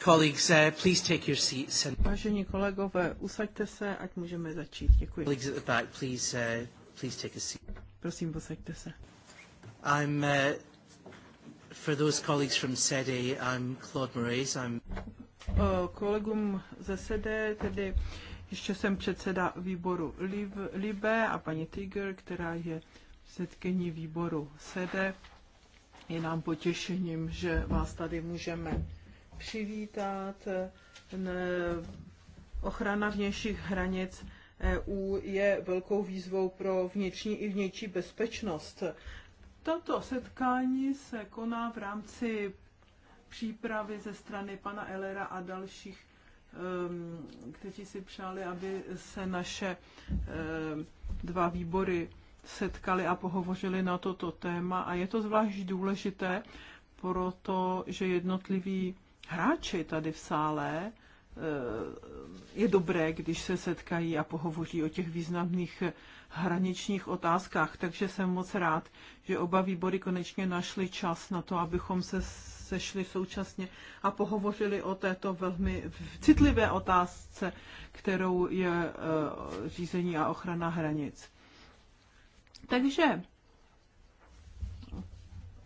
Colleagues, uh, please take your seats. And... Vážení kolegové, usaďte se, ať můžeme začít. Děkuji. Colleagues at the back, please, uh, please take a seat. Prosím, posaďte se. I'm, uh, for those colleagues from SEDE, I'm Claude Moraes. I'm... Uh, kolegům ze SEDE, tedy ještě jsem předseda výboru Lib LIBE a paní Tiger, která je předsedkyní výboru SEDE. Je nám potěšením, že vás tady můžeme přivítat. Ochrana vnějších hranic EU je velkou výzvou pro vnitřní i vnější bezpečnost. Toto setkání se koná v rámci přípravy ze strany pana Elera a dalších, ehm, kteří si přáli, aby se naše ehm, dva výbory setkali a pohovořili na toto téma. A je to zvlášť důležité, protože jednotliví hráči tady v sále, eh, je dobré, když se setkají a pohovoří o těch významných hraničních otázkách. Takže jsem moc rád, že oba výbory konečně našli čas na to, abychom se sešli současně a pohovořili o této velmi citlivé otázce, kterou je eh, řízení a ochrana hranic. Takže,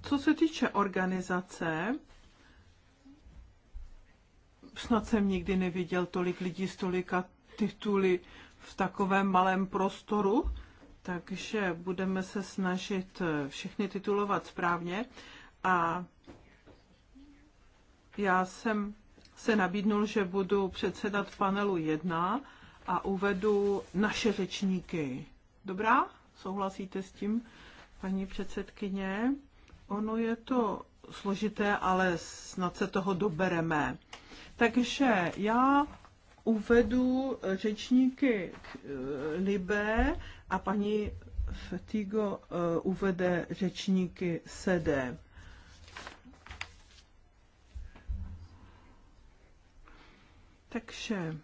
co se týče organizace, snad jsem nikdy neviděl tolik lidí s tolika tituly v takovém malém prostoru, takže budeme se snažit eh, všechny titulovat správně. A já jsem se nabídnul, že budu předsedat panelu 1 a uvedu naše řečníky. Dobrá? Souhlasíte s tím, paní předsedkyně? Ono je to složité, ale snad se toho dobereme. Takže já uvedu řečníky k eh, Libé a paní Fetigo eh, uvede řečníky sede. Takže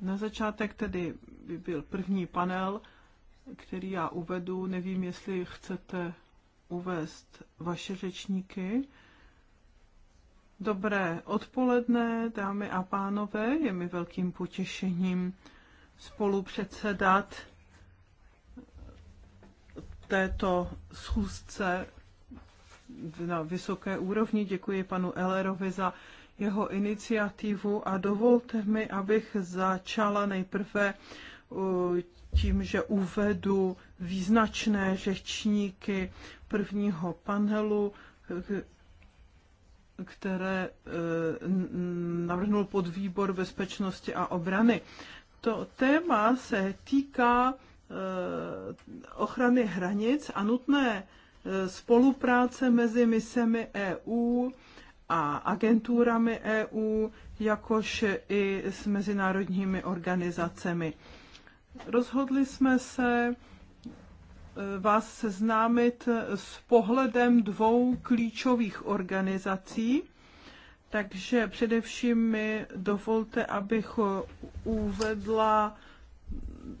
na začátek tedy by byl první panel, který já uvedu. Nevím, jestli chcete uvést vaše řečníky. Dobré odpoledne, dámy a pánové. Je mi velkým potěšením spolupředsedat této schůzce na vysoké úrovni. Děkuji panu Ellerovi za jeho iniciativu a dovolte mi, abych začala nejprve uh, tím, že uvedu význačné řečníky prvního panelu, které e, navrhnul podvýbor bezpečnosti a obrany. To téma se týká e, ochrany hranic a nutné e, spolupráce mezi misemi EU a agenturami EU, jakož i s mezinárodními organizacemi. Rozhodli jsme se vás seznámit s pohledem dvou klíčových organizací. Takže především mi dovolte, abych uvedla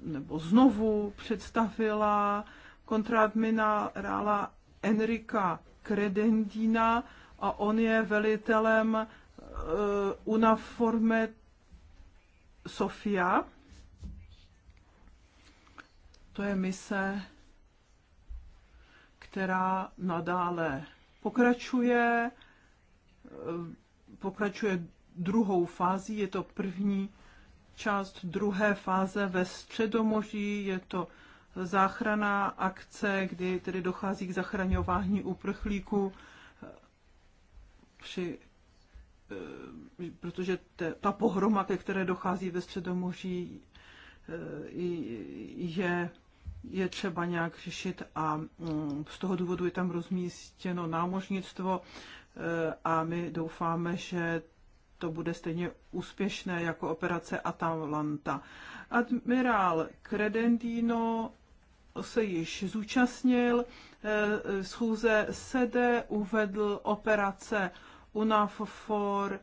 nebo znovu představila kontrátminála Enrika Credendina a on je velitelem eh, Unaforme Sofia. To je mise která nadále pokračuje. Eh, pokračuje druhou fází, je to první část druhé fáze ve Středomoří, je to záchrana akce, kdy tedy dochází k zachraňování uprchlíků eh, při eh, protože ta pohroma, ke které dochází ve Středomoří, je je třeba nějak řešit a mm, z toho důvodu je tam rozmístěno námořnictvo e, a my doufáme, že to bude stejně úspěšné jako operace Atalanta. Admirál Credendino se již zúčastnil e, schůze SEDE, uvedl operace UNAFOR e,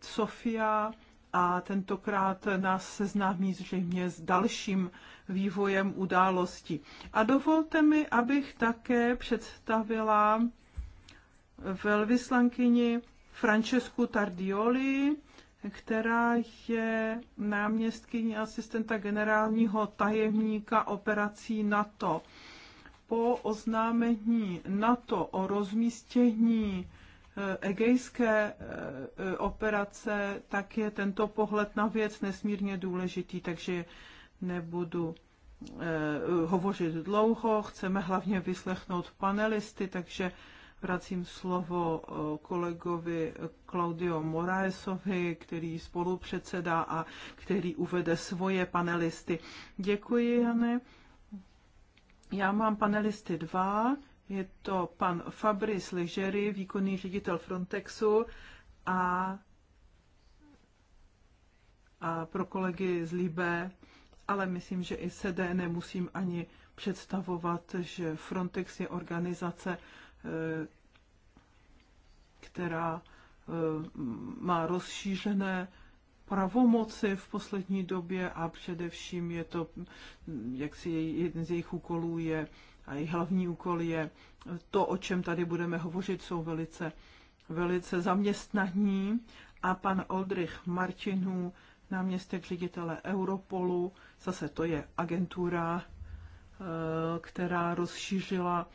Sofia a tentokrát nás seznámí zřejmě s dalším vývojem událostí. A dovolte mi, abych také představila velvyslankyni Francesku Tardioli, která je náměstkyní asistenta generálního tajemníka operací NATO. Po oznámení NATO o rozmístění Eh, egejské eh, eh, operace, tak je tento pohled na věc nesmírně důležitý, takže nebudu hovořit dlouho, chceme hlavně vyslechnout panelisty, takže vracím slovo kolegovi Claudio Moraesovi, který spolupředsedá a který uvede svoje panelisty. Děkuji, Jane. Já mám panelisty dva. Je to pan Fabrice Ležery, výkonný ředitel Frontexu a, a pro kolegy z Libé, ale myslím, že i SED nemusím ani představovat, že Frontex je organizace, e, která e, má rozšířené pravomoci v poslední době a především je to, jak si jeden z jejich úkolů je a jejich hlavní úkol je to, o čem tady budeme hovořit, jsou velice, velice zaměstnaní. A pan Oldrich Martinů, náměstek ředitele Europolu, zase to je agentura, eh, která rozšířila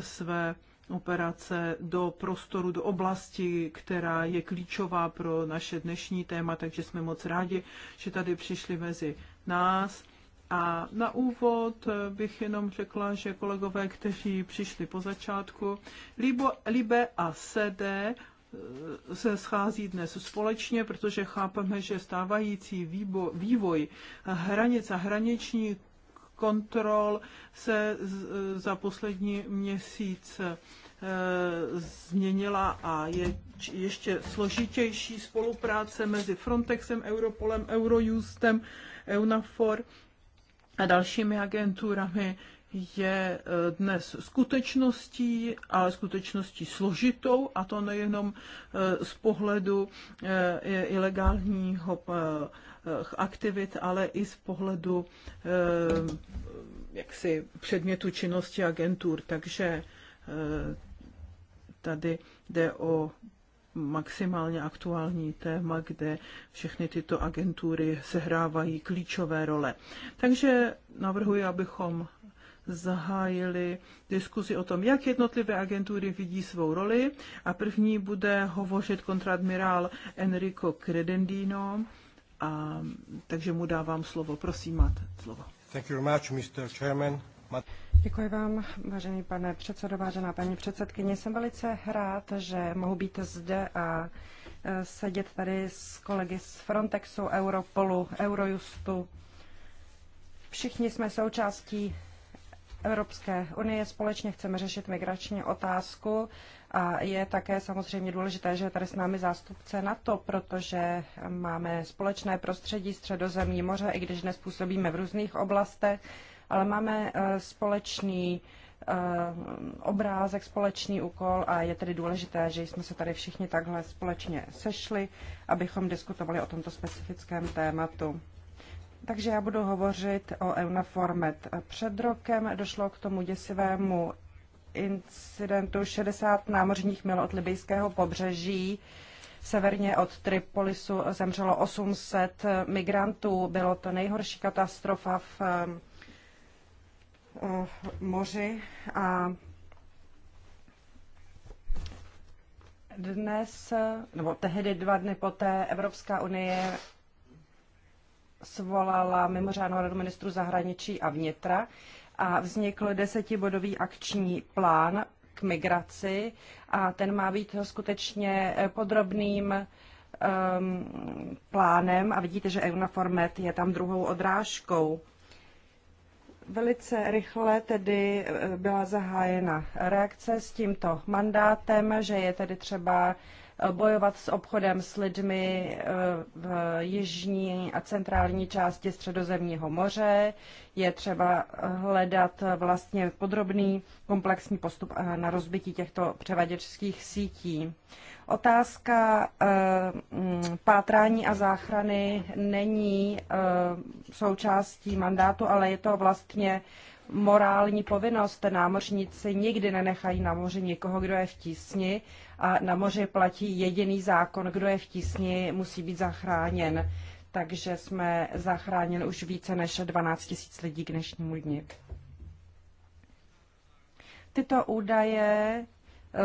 své operace do prostoru, do oblasti, která je klíčová pro naše dnešní téma, takže jsme moc rádi, že tady přišli mezi nás a na úvod bych jenom řekla, že kolegové, kteří přišli po začátku, Libo, Libe a Sede eh, se schází dnes společně, protože chápeme, že stávající výbo, vývoj hranic a hraniční kontrol se za poslední měsíc eh, změnila a je ještě složitější spolupráce mezi Frontexem, Europolem, Eurojustem, EUNAFOR a dalšími agenturami je eh, dnes skutečností, ale skutečností složitou, a to nejenom eh, z pohledu eh, ilegálního aktivit, ale i z pohledu jaksi předmětu činnosti agentur. Takže tady jde o maximálně aktuální téma, kde všechny tyto agentury sehrávají klíčové role. Takže navrhuji, abychom zahájili diskuzi o tom, jak jednotlivé agentury vidí svou roli a první bude hovořit kontradmirál Enrico Credendino, a, takže mu dávám slovo. Prosím, máte slovo. Thank you very much, Mr. Chairman. Děkuji vám, vážený pane předsedo, vážená paní předsedkyně. Jsem velice rád, že mohu být zde a e, sedět tady s kolegy z Frontexu, Europolu, Eurojustu. Všichni jsme součástí Evropské unie, společně chceme řešit migrační otázku a je také samozřejmě důležité, že je tady s námi zástupce NATO, protože máme společné prostředí Středozemní moře, i když dnes působíme v různých oblastech ale máme eh, společný eh, obrázek, společný úkol a je tedy důležité, že jsme se tady všichni takhle společně sešli, abychom diskutovali o tomto specifickém tématu. Takže já budu hovořit o EUNAFORMET. Před rokem došlo k tomu děsivému incidentu 60 námořních mil od libyjského pobřeží. Severně od Tripolisu zemřelo 800 migrantů. Bylo to nejhorší katastrofa v Eh, moři a dnes, nebo tehdy dva dny poté, Evropská unie svolala mimořádnou radu ministrů zahraničí a vnitra a vznikl desetibodový akční plán k migraci a ten má být skutečně podrobným um, plánem a vidíte, že formet je tam druhou odrážkou. Velice rychle tedy eh, byla zahájena reakce s tímto mandátem, že je tedy třeba eh, bojovat s obchodem s lidmi eh, v jižní a centrální části Středozemního moře. Je třeba hledat vlastně podrobný komplexní postup na rozbití těchto převaděčských sítí. Otázka eh, mm, pátrání a záchrany není eh, součástí mandátu, ale je to vlastně morální povinnost. Námořníci nikdy nenechají na moři nikoho, kdo je v tísni a na moři platí jediný zákon, kdo je v tísni, musí být zachráněn. Takže jsme zachránili už více než 12 tisíc lidí k dnešnímu dni. Tyto údaje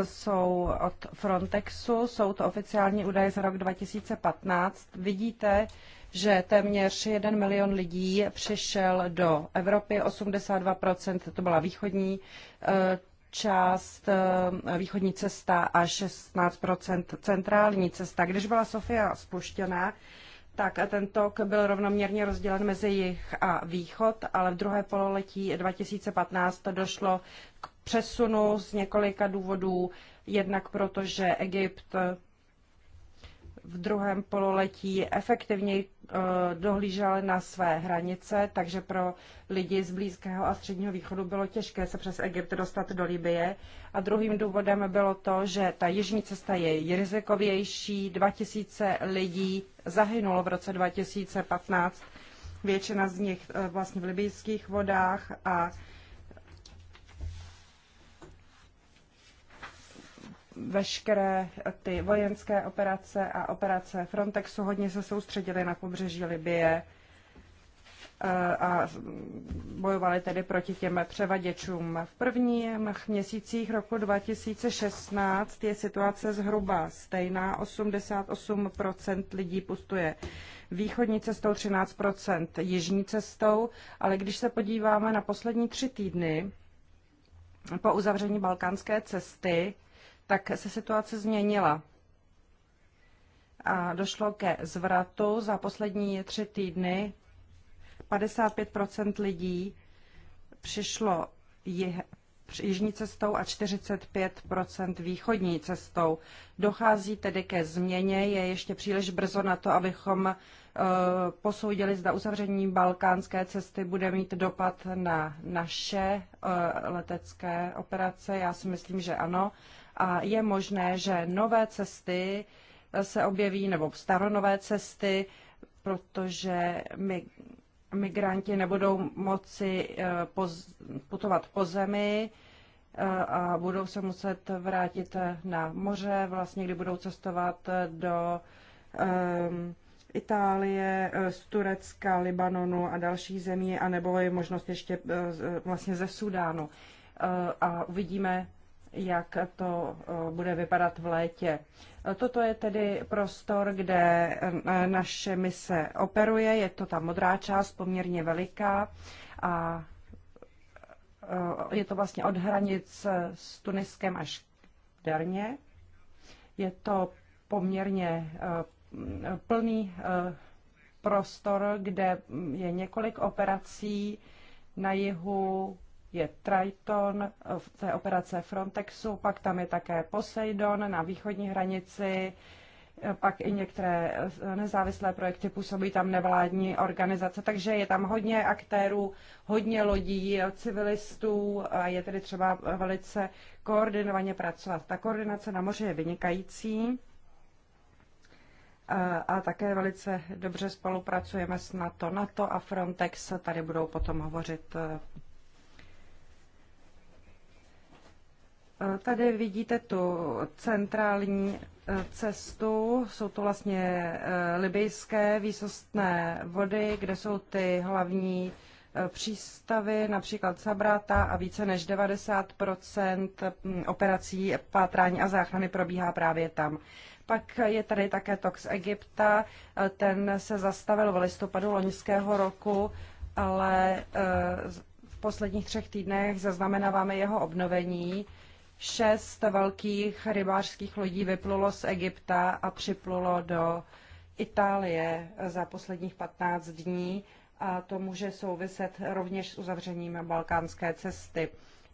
jsou od Frontexu, jsou to oficiální údaje za rok 2015. Vidíte, že téměř 1 milion lidí přišel do Evropy, 82% to byla východní eh, část, eh, východní cesta a 16% centrální cesta. Když byla Sofia spuštěná, tak ten tok byl rovnoměrně rozdělen mezi jich a východ, ale v druhé pololetí 2015 došlo k přesunu z několika důvodů. Jednak proto, že Egypt v druhém pololetí efektivněji eh, dohlížel na své hranice, takže pro lidi z Blízkého a Středního východu bylo těžké se přes Egypt dostat do Libie. A druhým důvodem bylo to, že ta jižní cesta je rizikovější. 2000 lidí zahynulo v roce 2015, většina z nich eh, vlastně v libijských vodách a veškeré ty vojenské operace a operace Frontexu hodně se soustředily na pobřeží Libie eh, a bojovali tedy proti těm převaděčům. V prvních měsících roku 2016 je situace zhruba stejná. 88% lidí pustuje východní cestou, 13% jižní cestou, ale když se podíváme na poslední tři týdny po uzavření balkánské cesty, tak se situace změnila. A došlo ke zvratu za poslední tři týdny. 55 lidí přišlo jih, jižní cestou a 45 východní cestou. Dochází tedy ke změně, je ještě příliš brzo na to, abychom eh, posoudili, zda uzavření balkánské cesty bude mít dopad na naše eh, letecké operace. Já si myslím, že ano a je možné, že nové cesty eh, se objeví nebo staronové cesty, protože my migranti nebudou moci eh, poz, putovat po zemi eh, a budou se muset vrátit na moře, vlastně kdy budou cestovat do um, Itálie, z Turecka, Libanonu a dalších zemí, anebo je možnost ještě vlastně ze Sudánu. A uvidíme, jak to eh, bude vypadat v létě. Toto je tedy prostor, kde eh, naše mise operuje, je to ta modrá část poměrně veliká a eh, je to vlastně od hranic s Tuniskem až k Derně. Je to poměrně plný prostor, kde je několik operací na jihu, je Triton v té operace Frontexu, pak tam je také Poseidon na východní hranici, pak i některé nezávislé projekty působí tam nevládní organizace, takže je tam hodně aktérů, hodně lodí, civilistů a je tedy třeba velice koordinovaně pracovat. Ta koordinace na moři je vynikající a, a také velice dobře spolupracujeme s NATO. NATO a Frontex tady budou potom hovořit Eh, tady vidíte tu centrální eh, cestu. Jsou to vlastně eh, libijské výsostné vody, kde jsou ty hlavní přístavy, například Sabrata a více než 90 hm, operací pátrání a záchrany probíhá právě tam. Pak je tady také tok z Egypta, ten se zastavil v listopadu loňského roku, ale v posledních třech týdnech zaznamenáváme jeho obnovení Šest velkých rybářských lodí vyplulo z Egypta a připlulo do Itálie za posledních 15 dní a to může souviset rovněž s uzavřením balkánské cesty.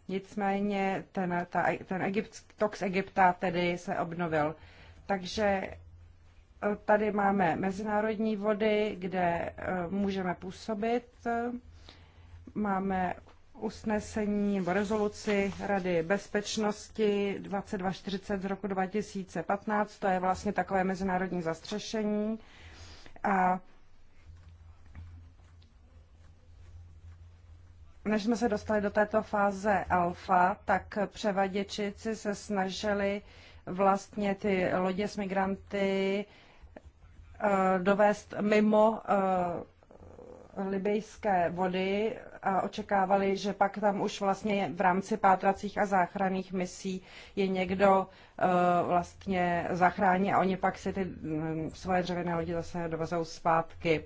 Nicméně ten, ta, ten Egypt, tok z Egypta tedy se obnovil. Takže eh, tady máme mezinárodní vody, kde eh, můžeme působit. Máme usnesení nebo rezoluci Rady bezpečnosti 2240 z roku 2015. To je vlastně takové mezinárodní zastřešení. A než jsme se dostali do této fáze alfa, tak převaděčici se snažili vlastně ty lodě s migranty eh, dovést mimo eh, libejské vody a očekávali, že pak tam už vlastně v rámci pátracích a záchranných misí je někdo eh, vlastně zachrání a oni pak si ty mm, svoje dřevěné lodi zase dovezou zpátky.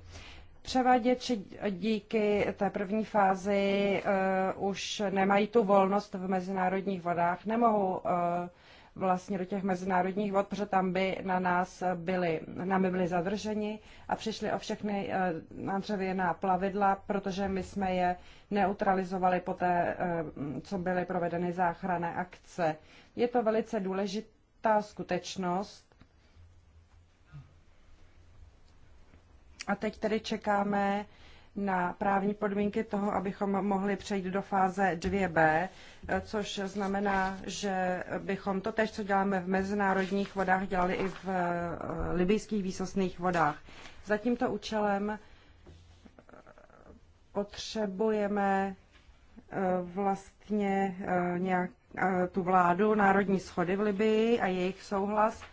Převaděči díky té první fázi eh, už nemají tu volnost v mezinárodních vodách, nemohou eh, vlastně do těch mezinárodních vod, protože tam by na nás byli, by byli zadrženi a přišli o všechny eh, nádřevěná plavidla, protože my jsme je neutralizovali po té, eh, co byly provedeny záchranné akce. Je to velice důležitá skutečnost. A teď tedy čekáme, na právní podmínky toho, abychom mohli přejít do fáze 2b, což znamená, že bychom to tež, co děláme v mezinárodních vodách, dělali i v eh, libijských výsostných vodách. Za tímto účelem eh, potřebujeme eh, vlastně nějak tu vládu národní schody v Libii a jejich souhlas –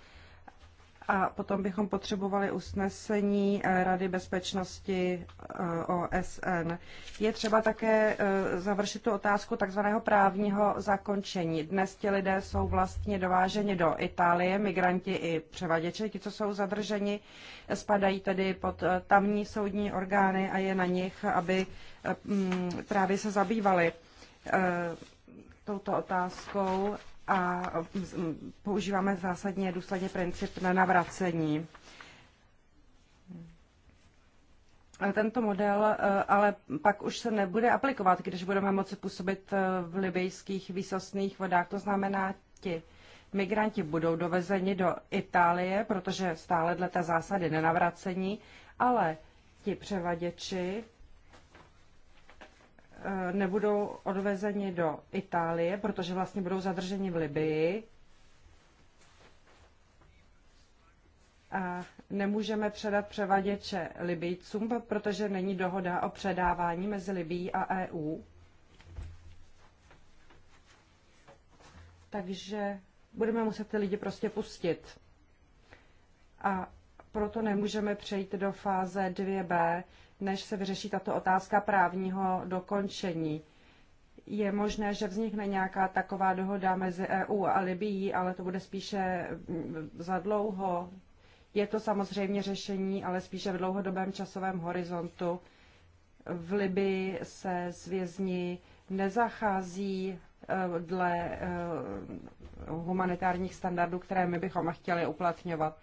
a potom bychom potřebovali usnesení eh, Rady bezpečnosti eh, OSN. Je třeba také eh, završit tu otázku takzvaného právního zakončení. Dnes ti lidé jsou vlastně dováženi do Itálie, migranti i převaděči, ti, co jsou zadrženi, spadají tedy pod tamní soudní orgány a je na nich, aby mm, právě se zabývali touto otázkou a používáme zásadně důsledně princip na navracení. Tento model e, ale pak už se nebude aplikovat, když budeme moci působit e, v libijských výsostných vodách. To znamená, ti migranti budou dovezeni do Itálie, protože stále dle té zásady nenavracení, ale ti převaděči Eh, nebudou odvezeni do Itálie, protože vlastně budou zadrženi v Libii. A nemůžeme předat převaděče Libijcům, protože není dohoda o předávání mezi Libií a EU. Takže budeme muset ty lidi prostě pustit. A proto nemůžeme přejít do fáze 2b, než se vyřeší tato otázka právního dokončení. Je možné, že vznikne nějaká taková dohoda mezi EU a Libií, ale to bude spíše mm, za dlouho. Je to samozřejmě řešení, ale spíše v dlouhodobém časovém horizontu. V Libii se z vězni nezachází eh, dle eh, humanitárních standardů, které my bychom chtěli uplatňovat.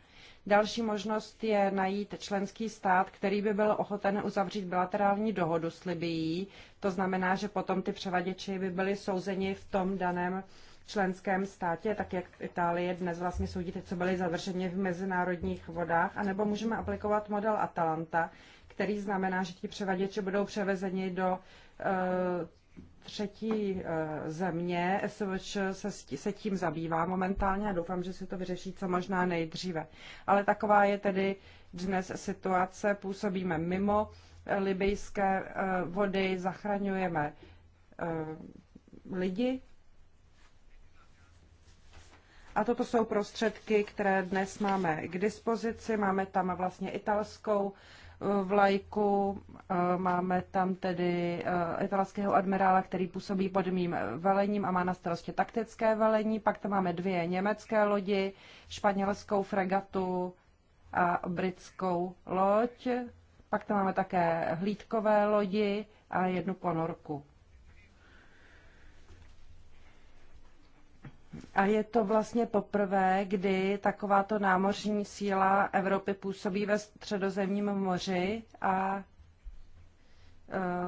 Další možnost je najít členský stát, který by byl ochoten uzavřít bilaterální dohodu s Libií. To znamená, že potom ty převaděči by byli souzeni v tom daném členském státě, tak jak Itálie dnes vlastně soudí ty, co byly zadrženi v mezinárodních vodách, anebo můžeme aplikovat model Atalanta, který znamená, že ti převaděči budou převezeni do eh, třetí eh, země. SVČ se, se tím zabývá momentálně a doufám, že se to vyřeší co možná nejdříve. Ale taková je tedy dnes situace. Působíme mimo eh, libejské eh, vody, zachraňujeme lidi. A toto jsou prostředky, které dnes máme k dispozici. Máme tam vlastně italskou vlajku. Eh, máme tam tedy eh, italského admirála, který působí pod mým velením a má na starosti taktické velení. Pak tam máme dvě německé lodi, španělskou fregatu a britskou loď. Pak tam máme také hlídkové lodi a jednu ponorku. A je to vlastně poprvé, kdy takováto námořní síla Evropy působí ve středozemním moři a e,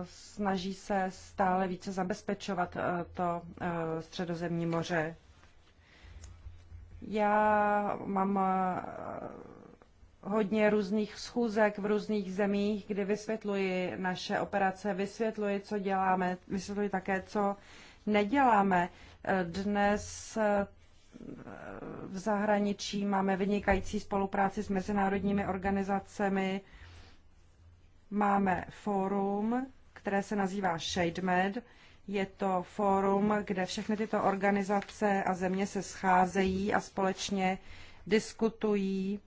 snaží se stále více zabezpečovat e, to e, středozemní moře. Já mám hodně různých schůzek v různých zemích, kdy vysvětluji naše operace, vysvětluji, co děláme, vysvětluji také, co neděláme. Dnes eh, v zahraničí máme vynikající spolupráci s mezinárodními organizacemi, máme fórum, které se nazývá ShadeMed. Je to fórum, kde všechny tyto organizace a země se scházejí a společně diskutují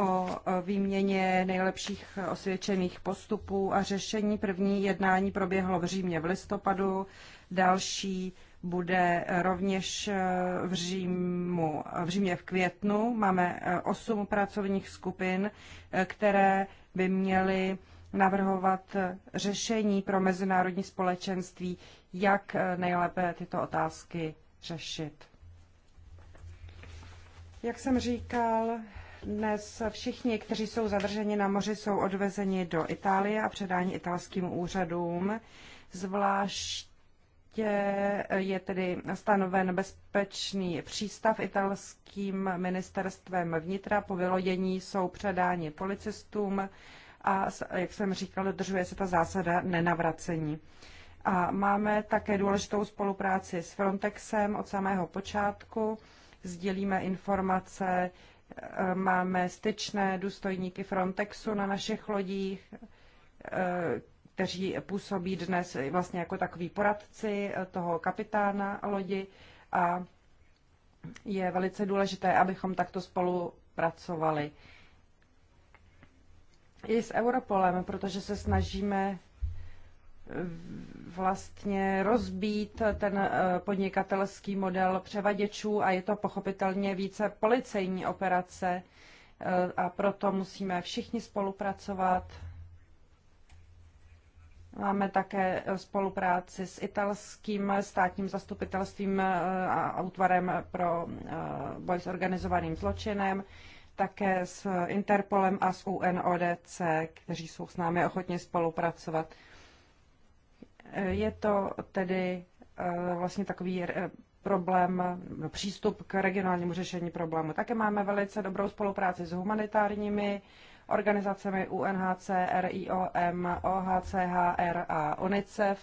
o výměně nejlepších osvědčených postupů a řešení. První jednání proběhlo v Římě v listopadu, další bude rovněž eh, v, Římu, v Římě v květnu. Máme eh, osm pracovních skupin, eh, které by měly navrhovat řešení pro mezinárodní společenství, jak nejlépe tyto otázky řešit. Jak jsem říkal, dnes všichni, kteří jsou zadrženi na moři, jsou odvezeni do Itálie a předáni italským úřadům. Zvlášť místě je tedy stanoven bezpečný přístav italským ministerstvem vnitra. Po vylodění jsou předáni policistům a, jak jsem říkal, dodržuje se ta zásada nenavracení. A máme také důležitou spolupráci s Frontexem od samého počátku. Sdělíme informace, e, máme styčné důstojníky Frontexu na našich lodích, e, kteří působí dnes vlastně jako takový poradci eh, toho kapitána lodi a je velice důležité, abychom takto spolu pracovali. I s Europolem, protože se snažíme eh, vlastně rozbít ten eh, podnikatelský model převaděčů a je to pochopitelně více policejní operace a proto musíme všichni spolupracovat Máme také spolupráci s italským státním zastupitelstvím eh, a útvarem pro eh, boj s organizovaným zločinem, také s Interpolem a s UNODC, kteří jsou s námi ochotně spolupracovat. Eh, je to tedy vlastně takový problém, no, přístup k regionálnímu řešení problému. Také máme velice dobrou spolupráci s humanitárními organizacemi UNHCR, IOM, OHCHR a UNICEF.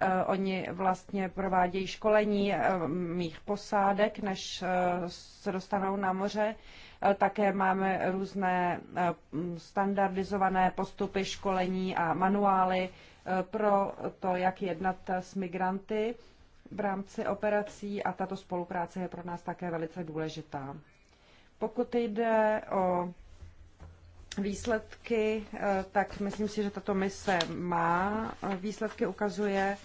Eh, oni vlastně provádějí školení eh, mých posádek, než eh, se dostanou na moře. Také máme různé standardizované postupy školení a manuály pro to, jak jednat s migranty v rámci operací a tato spolupráce je pro nás také velice důležitá. Pokud jde o výsledky, eh, tak myslím si, že tato mise má. Eh, výsledky ukazuje,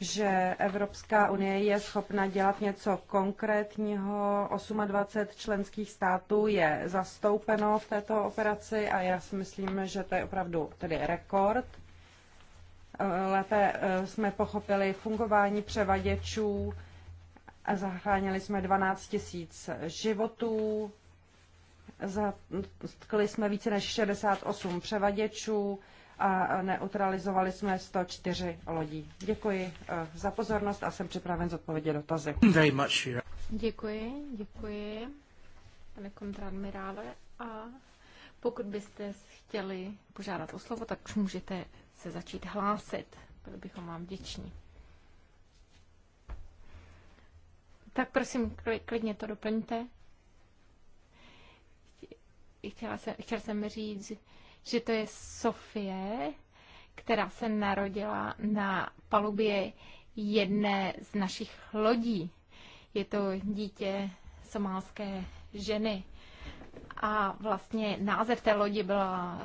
že Evropská unie je schopna dělat něco konkrétního. 28 členských států je zastoupeno v této operaci a já si myslím, že to je opravdu tedy rekord. Eh, lépe jsme pochopili fungování převaděčů a zachránili jsme 12 000 životů. Zatkli jsme více než 68 převaděčů a neutralizovali jsme 104 lodí. Děkuji eh, za pozornost a jsem připraven zodpovědět dotazy. Děkuji, děkuji, pane kontradmirále. A pokud byste chtěli požádat o slovo, tak už můžete se začít hlásit. Byli bychom vám vděční. Tak prosím, klidně to doplňte chtěla jsem, chtěla jsem říct, že to je Sofie, která se narodila na palubě jedné z našich lodí. Je to dítě somálské ženy. A vlastně název té lodi byla,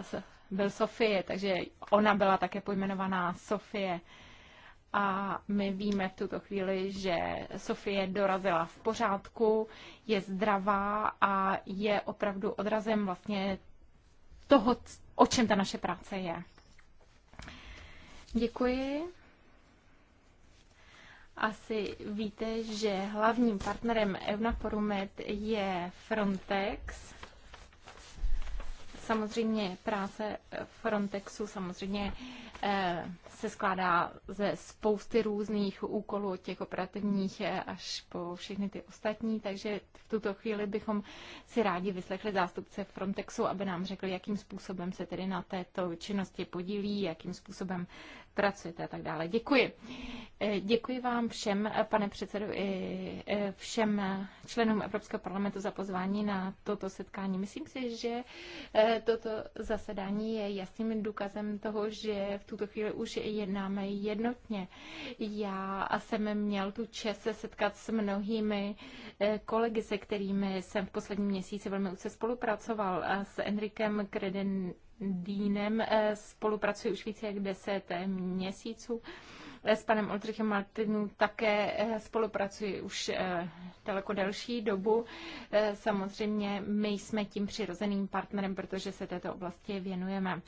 byl Sofie, takže ona byla také pojmenovaná Sofie a my víme v tuto chvíli, že Sofie dorazila v pořádku, je zdravá a je opravdu odrazem vlastně toho, o čem ta naše práce je. Děkuji. Asi víte, že hlavním partnerem Eunaforumet je Frontex. Samozřejmě práce Frontexu samozřejmě eh, se skládá ze spousty různých úkolů, těch operativních eh, až po všechny ty ostatní, takže v tuto chvíli bychom si rádi vyslechli zástupce Frontexu, aby nám řekl, jakým způsobem se tedy na této činnosti podílí, jakým způsobem pracujete a tak dále. Děkuji. Eh, děkuji vám všem, pane předsedu, i eh, všem členům Evropského parlamentu za pozvání na toto setkání. Myslím si, že toto zasedání je jasným důkazem toho, že v tuto chvíli už jednáme jednotně. Já jsem měl tu čest se setkat s mnohými eh, kolegy, se kterými jsem v posledním měsíci velmi úzce spolupracoval s Enrikem Kreden Dýnem eh, spolupracuji už více jak deset eh, měsíců s panem Oldřichem Martinu také eh, spolupracuji už eh, daleko delší dobu. Eh, samozřejmě my jsme tím přirozeným partnerem, protože se této oblasti věnujeme.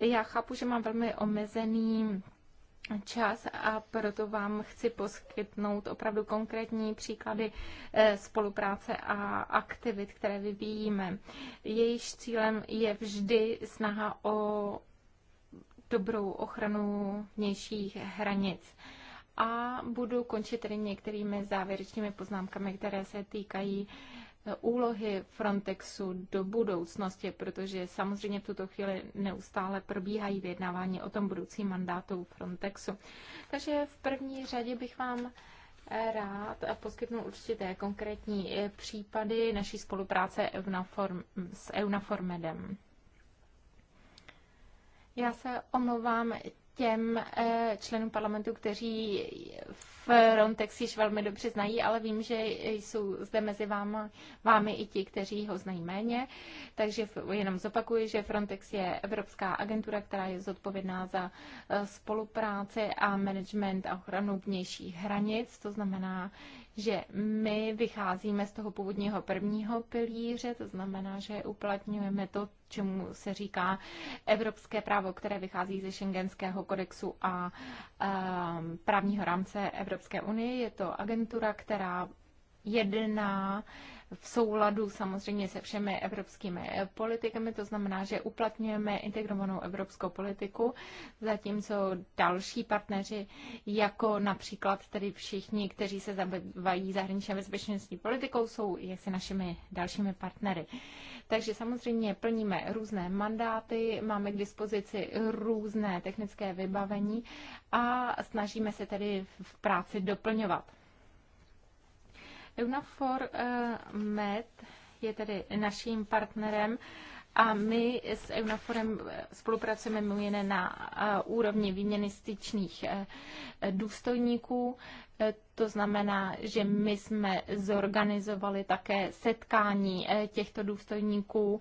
Já chápu, že mám velmi omezený čas a proto vám chci poskytnout opravdu konkrétní příklady spolupráce a aktivit, které vyvíjíme. Jejíž cílem je vždy snaha o dobrou ochranu vnějších hranic. A budu končit tedy některými závěrečnými poznámkami, které se týkají eh, úlohy Frontexu do budoucnosti, protože samozřejmě v tuto chvíli neustále probíhají vyjednávání o tom budoucím mandátu Frontexu. Takže v první řadě bych vám eh, rád poskytnu určité konkrétní eh, případy naší spolupráce EUNAFOR, s EUNAFORMEDem. Já se omlouvám těm eh, členům parlamentu, kteří Frontex již velmi dobře znají, ale vím, že jsou zde mezi vámi, vámi i ti, kteří ho znají méně. Takže jenom zopakuji, že Frontex je evropská agentura, která je zodpovědná za eh, spolupráci a management a ochranu vnějších hranic. To znamená, že my vycházíme z toho původního prvního pilíře, to znamená, že uplatňujeme to, čemu se říká evropské právo, které vychází ze šengenského kodexu a ehm, právního rámce Evropské unie. Je to agentura, která jedná v souladu samozřejmě se všemi evropskými politikami, to znamená, že uplatňujeme integrovanou evropskou politiku, zatímco další partneři, jako například tedy všichni, kteří se zabývají zahraniční bezpečnostní politikou, jsou jaksi našimi dalšími partnery. Takže samozřejmě plníme různé mandáty, máme k dispozici různé technické vybavení a snažíme se tedy v práci doplňovat. EUNAFOR eh, MED je tedy naším partnerem a my s EUNAFORem eh, spolupracujeme mimo jiné na eh, úrovni výměny styčných důstojníků. To znamená, že my jsme zorganizovali také setkání těchto důstojníků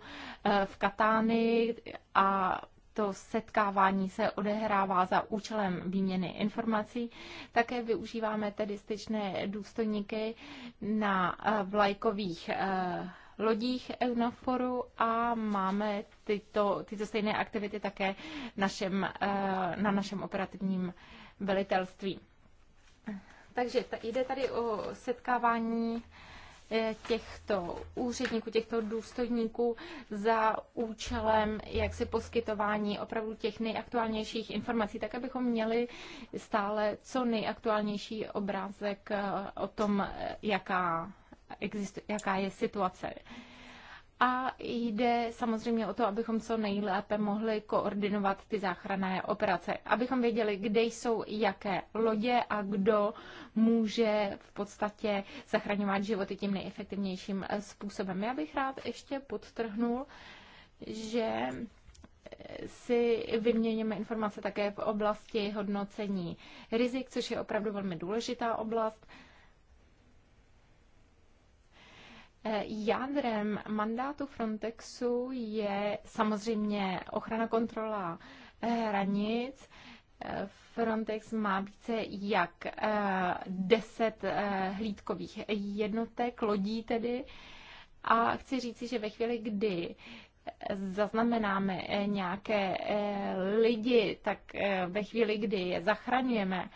v Katány a to setkávání se odehrává za účelem výměny informací. Také využíváme tedy styčné důstojníky na eh, vlajkových eh, lodích Eunaforu a máme tyto, tyto stejné aktivity také našem, eh, na našem operativním velitelství. Takže jde tady o setkávání těchto úředníků, těchto důstojníků za účelem jaksi poskytování opravdu těch nejaktuálnějších informací, tak abychom měli stále co nejaktuálnější obrázek eh, o tom, eh, jaká, existu, jaká je situace a jde samozřejmě o to, abychom co nejlépe mohli koordinovat ty záchranné operace, abychom věděli, kde jsou jaké lodě a kdo může v podstatě zachraňovat životy tím nejefektivnějším způsobem. Já bych rád ještě podtrhnul, že si vyměníme informace také v oblasti hodnocení rizik, což je opravdu velmi důležitá oblast. Eh, jádrem mandátu Frontexu je samozřejmě ochrana kontrola eh, hranic. Eh, Frontex má více jak 10 hlídkových jednotek, lodí tedy. A chci říci, že ve chvíli, kdy zaznamenáme nějaké lidi, tak ve chvíli, kdy je zachraňujeme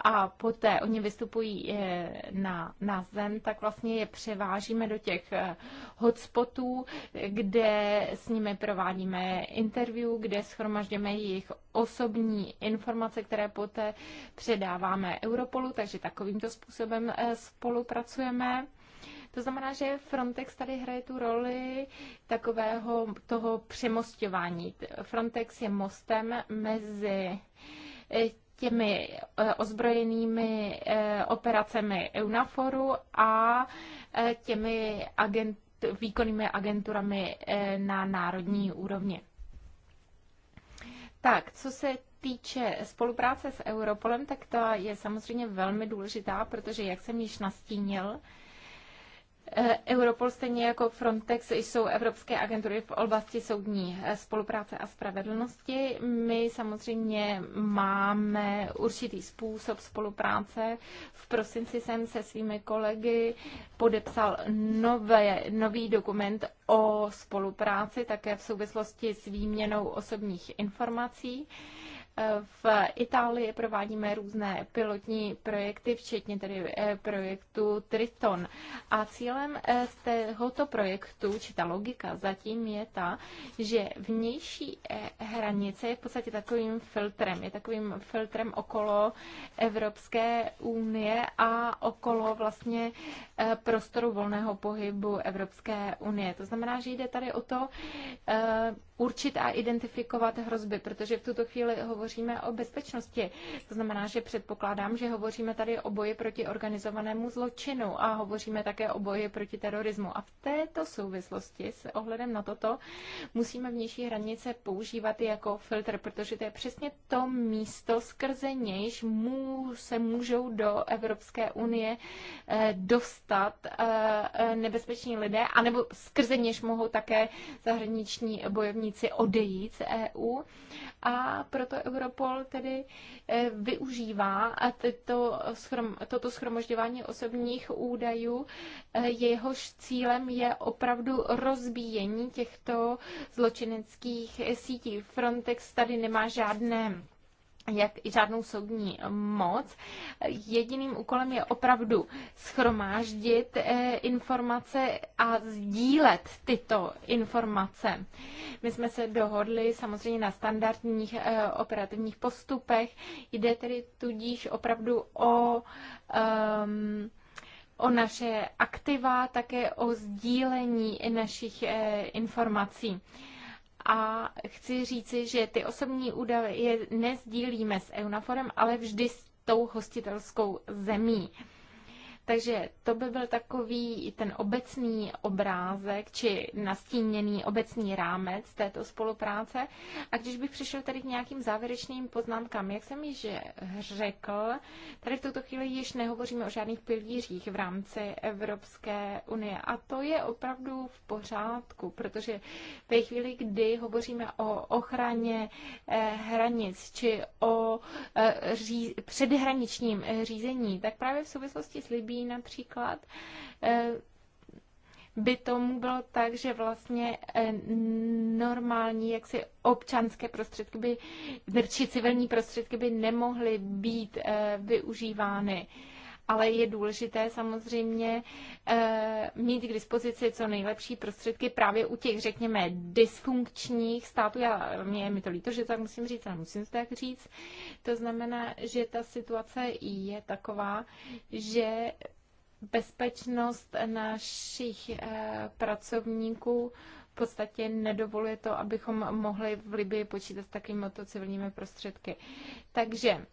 a poté oni vystupují eh, na, na zem, tak vlastně je převážíme do těch eh, hotspotů, kde s nimi provádíme interview, kde schromažďujeme jejich osobní informace, které poté předáváme Europolu, takže takovýmto způsobem eh, spolupracujeme. To znamená, že Frontex tady hraje tu roli takového toho přemostování. Frontex je mostem mezi těmi eh, ozbrojenými eh, operacemi EUNAFORu a eh, těmi agent, výkonnými agenturami na národní úrovni. Tak, co se týče spolupráce s Europolem, tak ta je samozřejmě velmi důležitá, protože, jak jsem již nastínil, Eh, Europol stejně jako Frontex jsou evropské agentury v oblasti soudní eh, spolupráce a spravedlnosti. My samozřejmě máme určitý způsob spolupráce. V prosinci jsem se svými kolegy podepsal nové, nový dokument o spolupráci, také v souvislosti s výměnou osobních informací. V Itálii provádíme různé pilotní projekty, včetně tedy eh, projektu Triton. A cílem eh, tohoto projektu, či ta logika zatím je ta, že vnější eh, hranice je v podstatě takovým filtrem, je takovým filtrem okolo Evropské unie a okolo vlastně prostoru volného pohybu Evropské unie. To znamená, že jde tady o to určit a identifikovat hrozby, protože v tuto chvíli hovoří hovoříme o bezpečnosti. To znamená, že předpokládám, že hovoříme tady o boji proti organizovanému zločinu a hovoříme také o boji proti terorismu. A v této souvislosti s ohledem na toto musíme vnější hranice používat jako filtr, protože to je přesně to místo, skrze nějž mů se můžou do Evropské unie eh, dostat eh, eh, nebezpeční lidé, anebo skrze něž mohou také zahraniční bojovníci odejít z EU. A proto Europol tedy eh, využívá tyto schrom, toto schromožďování osobních údajů. Eh, jehož cílem je opravdu rozbíjení těchto zločineckých sítí. Frontex tady nemá žádné jak žádnou soudní moc. Jediným úkolem je opravdu schromáždit eh, informace a sdílet tyto informace. My jsme se dohodli samozřejmě na standardních eh, operativních postupech. Jde tedy tudíž opravdu o um, o naše aktiva, také o sdílení našich eh, informací a chci říci, že ty osobní údaje nezdílíme s EUNAFORem, ale vždy s tou hostitelskou zemí. Takže to by byl takový ten obecný obrázek či nastíněný obecný rámec této spolupráce. A když bych přišel tady k nějakým závěrečným poznámkám, jak jsem již řekl, tady v tuto chvíli již nehovoříme o žádných pilířích v rámci Evropské unie. A to je opravdu v pořádku, protože ve chvíli, kdy hovoříme o ochraně eh, hranic či o eh, ří, předhraničním eh, řízení, tak právě v souvislosti s Libí Libí například, eh, by tomu bylo tak, že vlastně eh, normální, jaksi občanské prostředky by, či civilní prostředky by nemohly být eh, využívány ale je důležité samozřejmě eh, mít k dispozici co nejlepší prostředky právě u těch, řekněme, dysfunkčních států. Já, mě je mi to líto, že to tak musím říct, ale musím to tak říct. To znamená, že ta situace je taková, že bezpečnost našich eh, pracovníků v podstatě nedovoluje to, abychom mohli v Libii počítat s takovými civilními prostředky. Takže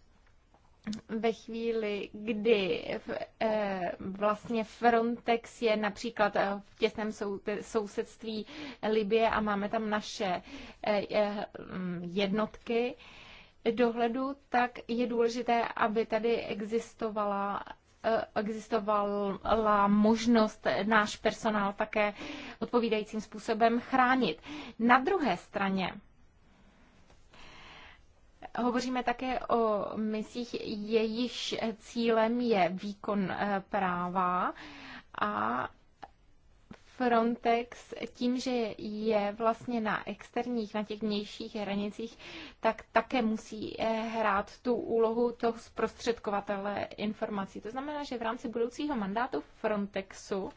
ve chvíli, kdy eh, vlastně Frontex je například eh, v těsném sousedství Libie a máme tam naše eh, mm, jednotky dohledu, tak je důležité, aby tady existovala existovala možnost náš personál také odpovídajícím způsobem chránit. Na druhé straně Hovoříme také o misích, jejichž cílem je výkon eh, práva a Frontex tím, že je vlastně na externích, na těch vnějších hranicích, tak také musí eh, hrát tu úlohu toho zprostředkovatele informací. To znamená, že v rámci budoucího mandátu Frontexu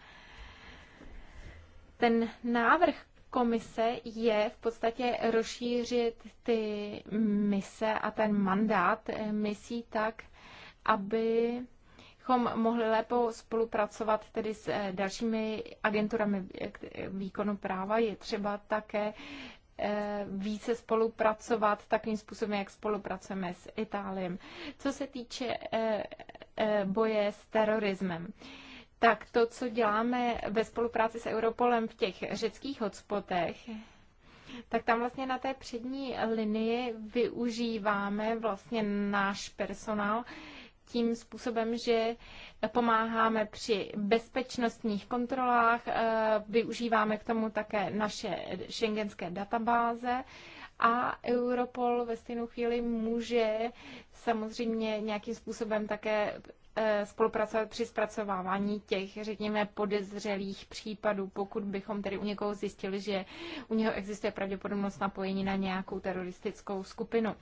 ten návrh komise je v podstatě rozšířit ty mise a ten mandát eh, misí tak, aby bychom mohli lépe spolupracovat tedy s eh, dalšími agenturami eh, výkonu práva. Je třeba také více spolupracovat takovým způsobem, jak spolupracujeme s Itálím. Co se týče boje s terorismem, tak to, co děláme ve spolupráci s Europolem v těch řeckých hotspotech, tak tam vlastně na té přední linii využíváme vlastně náš personál tím způsobem, že pomáháme při bezpečnostních kontrolách, eh, využíváme k tomu také naše šengenské databáze a Europol ve stejnou chvíli může samozřejmě nějakým způsobem také Eh, spolupracovat při zpracovávání těch, řekněme, podezřelých případů, pokud bychom tedy u někoho zjistili, že u něho existuje pravděpodobnost napojení na nějakou teroristickou skupinu.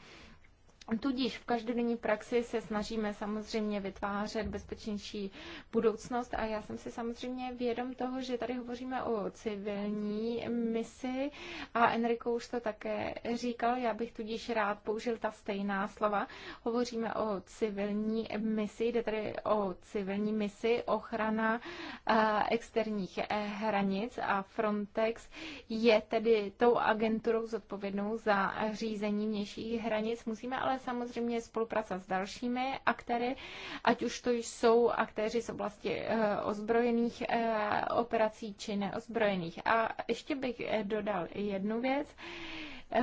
Tudíž v každodenní praxi se snažíme samozřejmě vytvářet bezpečnější budoucnost a já jsem si samozřejmě vědom toho, že tady hovoříme o civilní misi a Enrico už to také říkal, já bych tudíž rád použil ta stejná slova. Hovoříme o civilní misi, jde tady o civilní misi, ochrana eh, externích eh, hranic a Frontex je tedy tou agenturou zodpovědnou za řízení vnějších hranic. Musíme ale ale samozřejmě spolupráce s dalšími aktéry, ať už to jsou aktéři z oblasti eh, ozbrojených eh, operací či neozbrojených. A ještě bych eh, dodal jednu věc.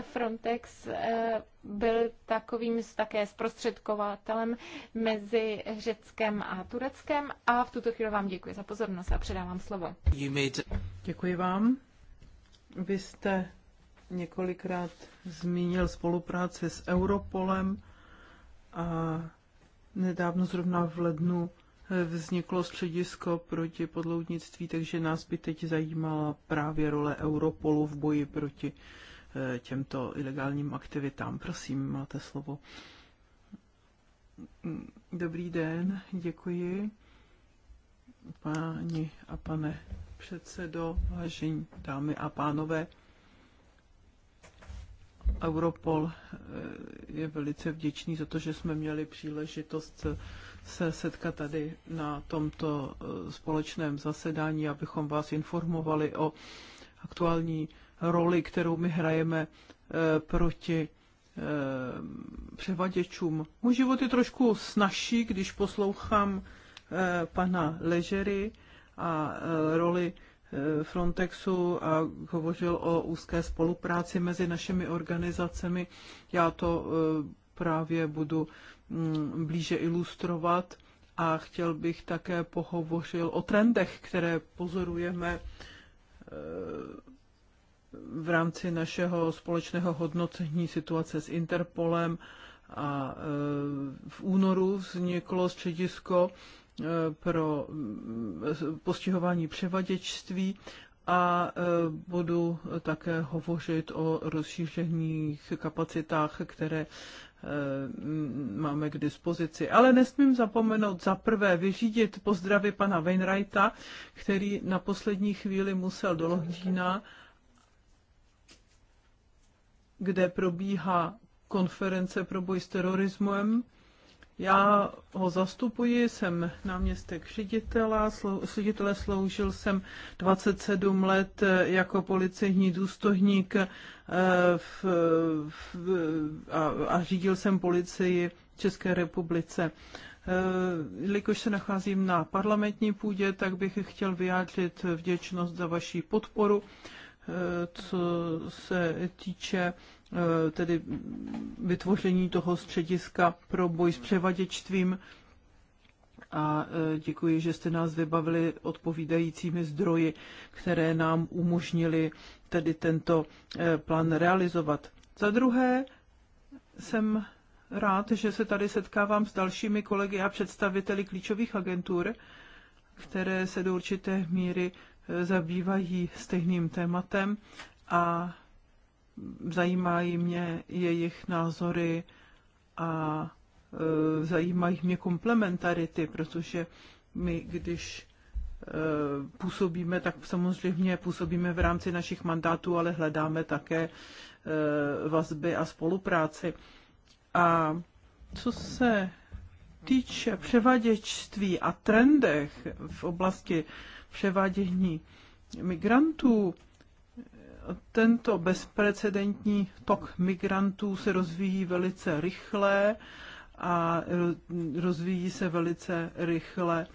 Frontex byl takovým také zprostředkovatelem mezi Řeckem a Tureckem a v tuto chvíli vám děkuji za pozornost a předávám slovo. Děkuji vám. Vy jste několikrát zmínil spolupráce s Europolem a nedávno zrovna v lednu vzniklo středisko proti podloudnictví, takže nás by teď zajímala právě role Europolu v boji proti eh, těmto ilegálním aktivitám. Prosím, máte slovo. Dobrý den, děkuji. Páni a pane předsedo, vážení dámy a pánové. Europol eh, je velice vděčný za to, že jsme měli příležitost se setkat tady na tomto eh, společném zasedání, abychom vás informovali o aktuální roli, kterou my hrajeme eh, proti převaděčům. Můj život je trošku snažší, když poslouchám pana Ležery a roli Eh, Frontexu a hovořil o úzké spolupráci mezi našimi organizacemi. Já to eh, právě budu mm, blíže ilustrovat a chtěl bych také pohovořil o trendech, které pozorujeme eh, v rámci našeho společného hodnocení situace s Interpolem a v únoru vzniklo středisko pro mm, postihování převaděčství a e, budu také hovořit o rozšířených kapacitách, které e, mm, máme k dispozici. Ale nesmím zapomenout za prvé vyřídit pozdravy pana Wainwrighta, který na poslední chvíli musel do Londýna, kde probíhá konference pro boj s terorismem já ho zastupuji, jsem náměstek ředitela, slou, ředitele sloužil jsem 27 let jako policejní důstojník eh, v, v, a, a řídil jsem policii České republice. Eh, jelikož se nacházím na parlamentní půdě, tak bych chtěl vyjádřit vděčnost za vaši podporu, eh, co se týče Eh, tedy vytvoření toho střediska pro boj s převaděčstvím. A eh, děkuji, že jste nás vybavili odpovídajícími zdroji, které nám umožnili tedy tento eh, plán realizovat. Za druhé jsem rád, že se tady setkávám s dalšími kolegy a představiteli klíčových agentur, které se do určité míry zabývají stejným tématem a zajímají mě jejich názory a e, zajímají mě komplementarity, protože my, když e, působíme, tak samozřejmě působíme v rámci našich mandátů, ale hledáme také e, vazby a spolupráci. A co se týče převaděčství a trendech v oblasti převádění migrantů, tento bezprecedentní tok migrantů se rozvíjí velice rychle a rozvíjí se velice rychle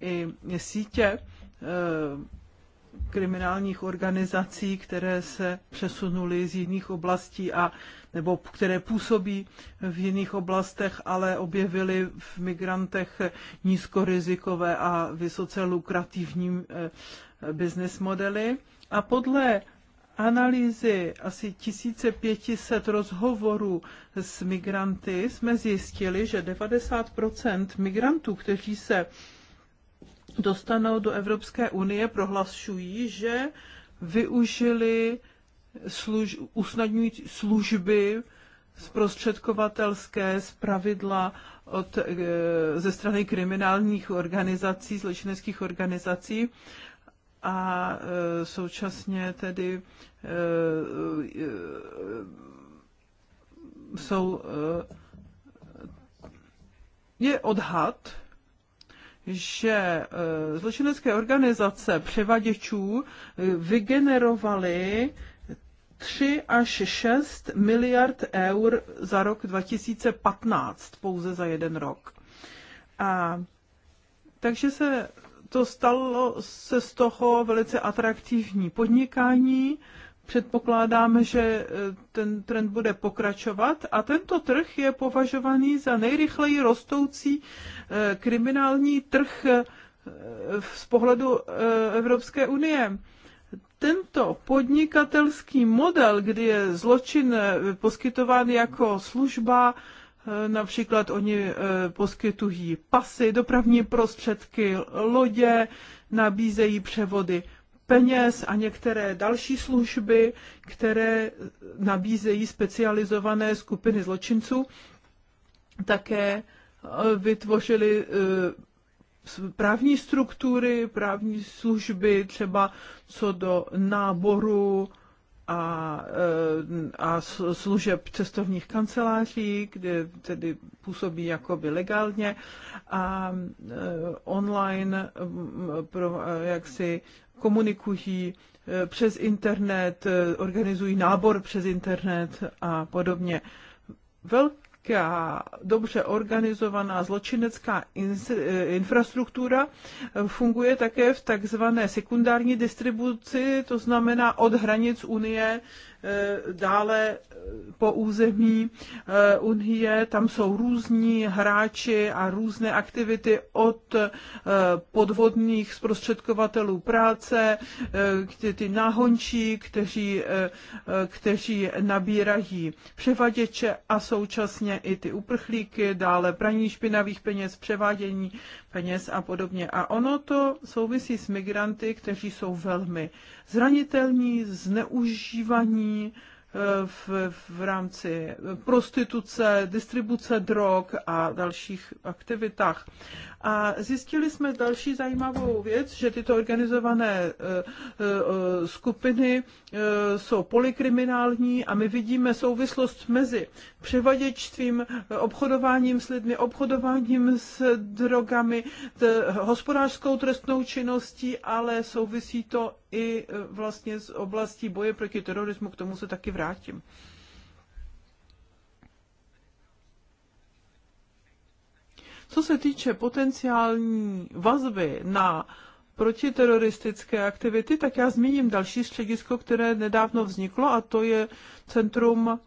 i sítě eh, kriminálních organizací, které se přesunuly z jiných oblastí a nebo které působí v jiných oblastech, ale objevily v migrantech nízkorizikové a vysoce lukrativní eh, business modely. A podle analýzy asi 1500 rozhovorů s migranty jsme zjistili, že 90 migrantů, kteří se dostanou do Evropské unie, prohlašují, že využili služ, usnadňují služby zprostředkovatelské z pravidla od, e, ze strany kriminálních organizací, zločineckých organizací a e, současně tedy e, e, jsou je odhad, že zločinecké organizace převaděčů vygenerovaly 3 až 6 miliard eur za rok 2015, pouze za jeden rok. A takže se to stalo se z toho velice atraktivní podnikání. Předpokládáme, že e, ten trend bude pokračovat a tento trh je považovaný za nejrychleji rostoucí e, kriminální trh e, z pohledu Evropské unie tento podnikatelský model, kdy je zločin poskytován jako služba, Eh, například oni eh, poskytují pasy, dopravní prostředky, lodě, nabízejí převody peněz a některé další služby, které nabízejí specializované skupiny zločinců. Také eh, vytvořili právní struktury, právní služby, třeba co do náboru a, eh, a služeb cestovních kanceláří, kde tedy působí jakoby legálně a eh, online mm, pro, eh, jak si komunikují přes internet, organizují nábor přes internet a podobně. Velk, nějaká dobře organizovaná zločinecká in, eh, infrastruktura eh, funguje také v takzvané sekundární distribuci, to znamená od hranic Unie Eh, dále eh, po území eh, Unie. Tam jsou různí hráči a různé aktivity od podvodných zprostředkovatelů práce, ty, ty náhončí, kteří, kteří nabírají převaděče a současně i ty uprchlíky, dále praní špinavých peněz, převádění peněz a podobně. A ono to souvisí s migranty, kteří jsou velmi zranitelní, zneužívaní eh, v, v rámci eh, prostituce, distribuce drog a dalších aktivitách. A zjistili jsme další zajímavou věc, že tyto organizované eh, eh, skupiny eh, jsou polikriminální a my vidíme souvislost mezi převaděčstvím, obchodováním s lidmi, obchodováním s drogami, hospodářskou trestnou činností, ale souvisí to i vlastně s oblastí boje proti terorismu, k tomu se taky vrátím. Co se týče potenciální vazby na protiteroristické aktivity, tak já zmíním další středisko, které nedávno vzniklo a to je Centrum eh,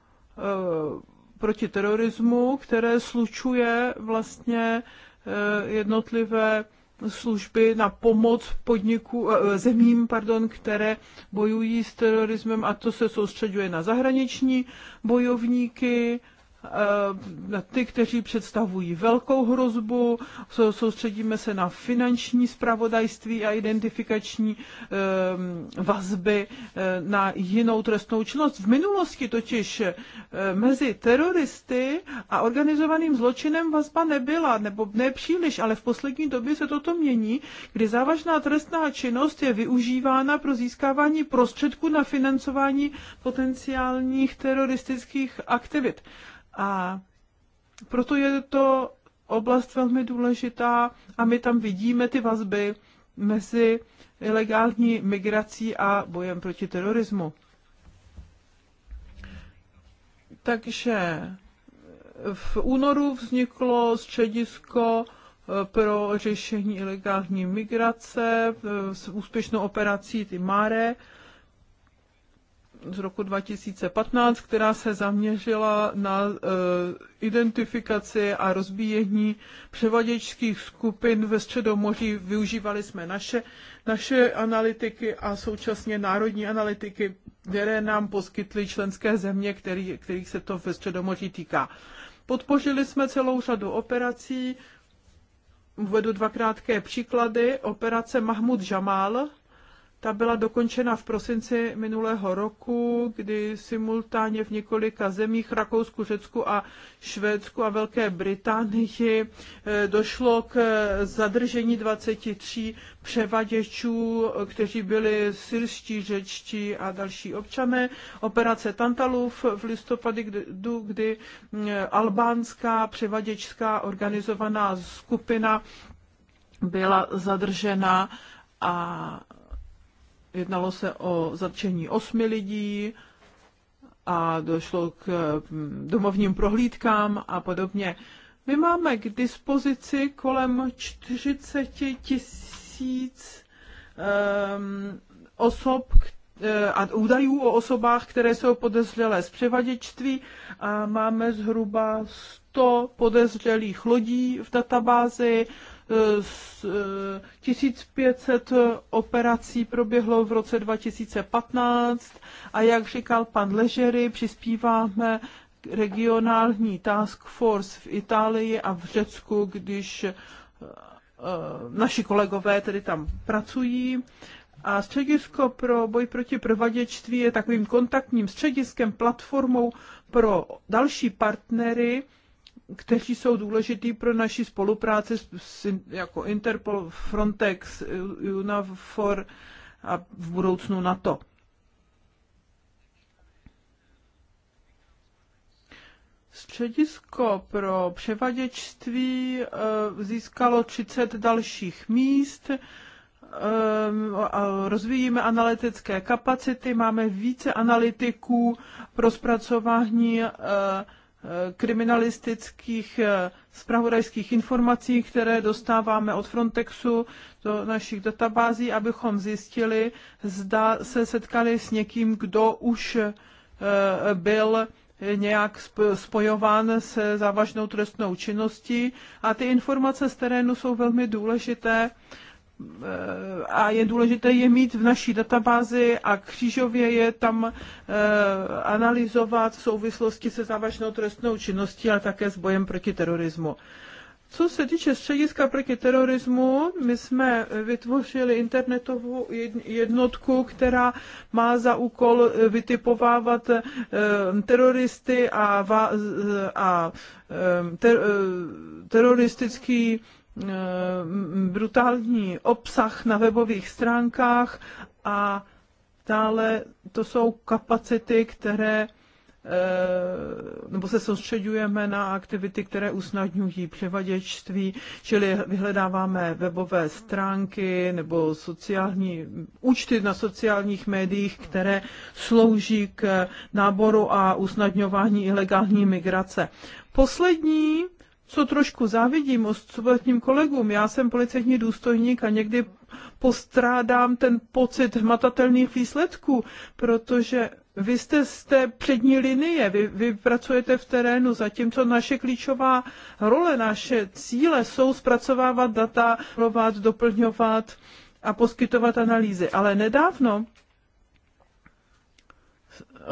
proti terorismu, které slučuje vlastně eh, jednotlivé služby na pomoc podniku, eh, zemím, pardon, které bojují s terorismem a to se soustředuje na zahraniční bojovníky, na eh, ty, kteří představují velkou hrozbu, soustředíme se na finanční spravodajství a identifikační eh, vazby eh, na jinou trestnou činnost. V minulosti totiž mezi teroristy a organizovaným zločinem vazba nebyla, nebo příliš, ale v poslední době se toto mění, kdy závažná trestná činnost je využívána pro získávání prostředků na financování potenciálních teroristických aktivit. A proto je to oblast velmi důležitá a my tam vidíme ty vazby mezi ilegální migrací a bojem proti terorismu. Takže v únoru vzniklo středisko eh, pro řešení ilegální migrace eh, s úspěšnou operací Timare z roku 2015, která se zaměřila na e, identifikaci a rozbíjení převaděčských skupin ve Středomoří. Využívali jsme naše, naše analytiky a současně národní analytiky, které nám poskytly členské země, který, kterých se to ve Středomoří týká. Podpořili jsme celou řadu operací, uvedu dva krátké příklady. Operace Mahmud Jamal, ta byla dokončena v prosinci minulého roku, kdy simultánně v několika zemích, Rakousku, Řecku a Švédsku a Velké Británii, eh, došlo k eh, zadržení 23 převaděčů, kteří byli syrští, řečtí a další občané. Operace Tantalův v listopadu, kdy, kdy eh, albánská převaděčská organizovaná skupina byla zadržena a jednalo se o zatčení osmi lidí a došlo k mm, domovním prohlídkám a podobně. My máme k dispozici kolem 40 tisíc um, osob eh, a údajů o osobách, které jsou podezřelé z převaděčství a máme zhruba 100 podezřelých lodí v databázi, 1500 operací proběhlo v roce 2015 a jak říkal pan Ležery, přispíváme regionální task force v Itálii a v Řecku, když eh, naši kolegové tedy tam pracují. A středisko pro boj proti prvaděčství je takovým kontaktním střediskem, platformou pro další partnery, kteří jsou důležitý pro naši spolupráci s, jako Interpol, Frontex, UNAFOR a v budoucnu NATO. Středisko pro převaděčství eh, získalo 30 dalších míst, ehm, rozvíjíme analytické kapacity, máme více analytiků pro zpracování eh, kriminalistických eh, zpravodajských informací, které dostáváme od Frontexu do našich databází, abychom zjistili, zda se setkali s někým, kdo už eh, byl nějak spojován se závažnou trestnou činností. A ty informace z terénu jsou velmi důležité Eh, a je důležité je mít v naší databázi a křížově je tam eh, analyzovat v souvislosti se závažnou trestnou činností a také s bojem proti terorismu. Co se týče střediska proti terorismu, my jsme vytvořili internetovou jednotku, která má za úkol eh, vytipovávat teroristy a, a ter, teroristický Eh, brutální obsah na webových stránkách a dále to jsou kapacity, které eh, nebo se soustředujeme na aktivity, které usnadňují převaděčství, čili vyhledáváme webové stránky nebo sociální účty na sociálních médiích, které slouží k náboru a usnadňování ilegální migrace. Poslední co trošku závidím ostatním kolegům, já jsem policejní důstojník a někdy postrádám ten pocit hmatatelných výsledků, protože vy jste z té přední linie, vy, vy pracujete v terénu, zatímco naše klíčová role, naše cíle jsou zpracovávat data, doplňovat a poskytovat analýzy. Ale nedávno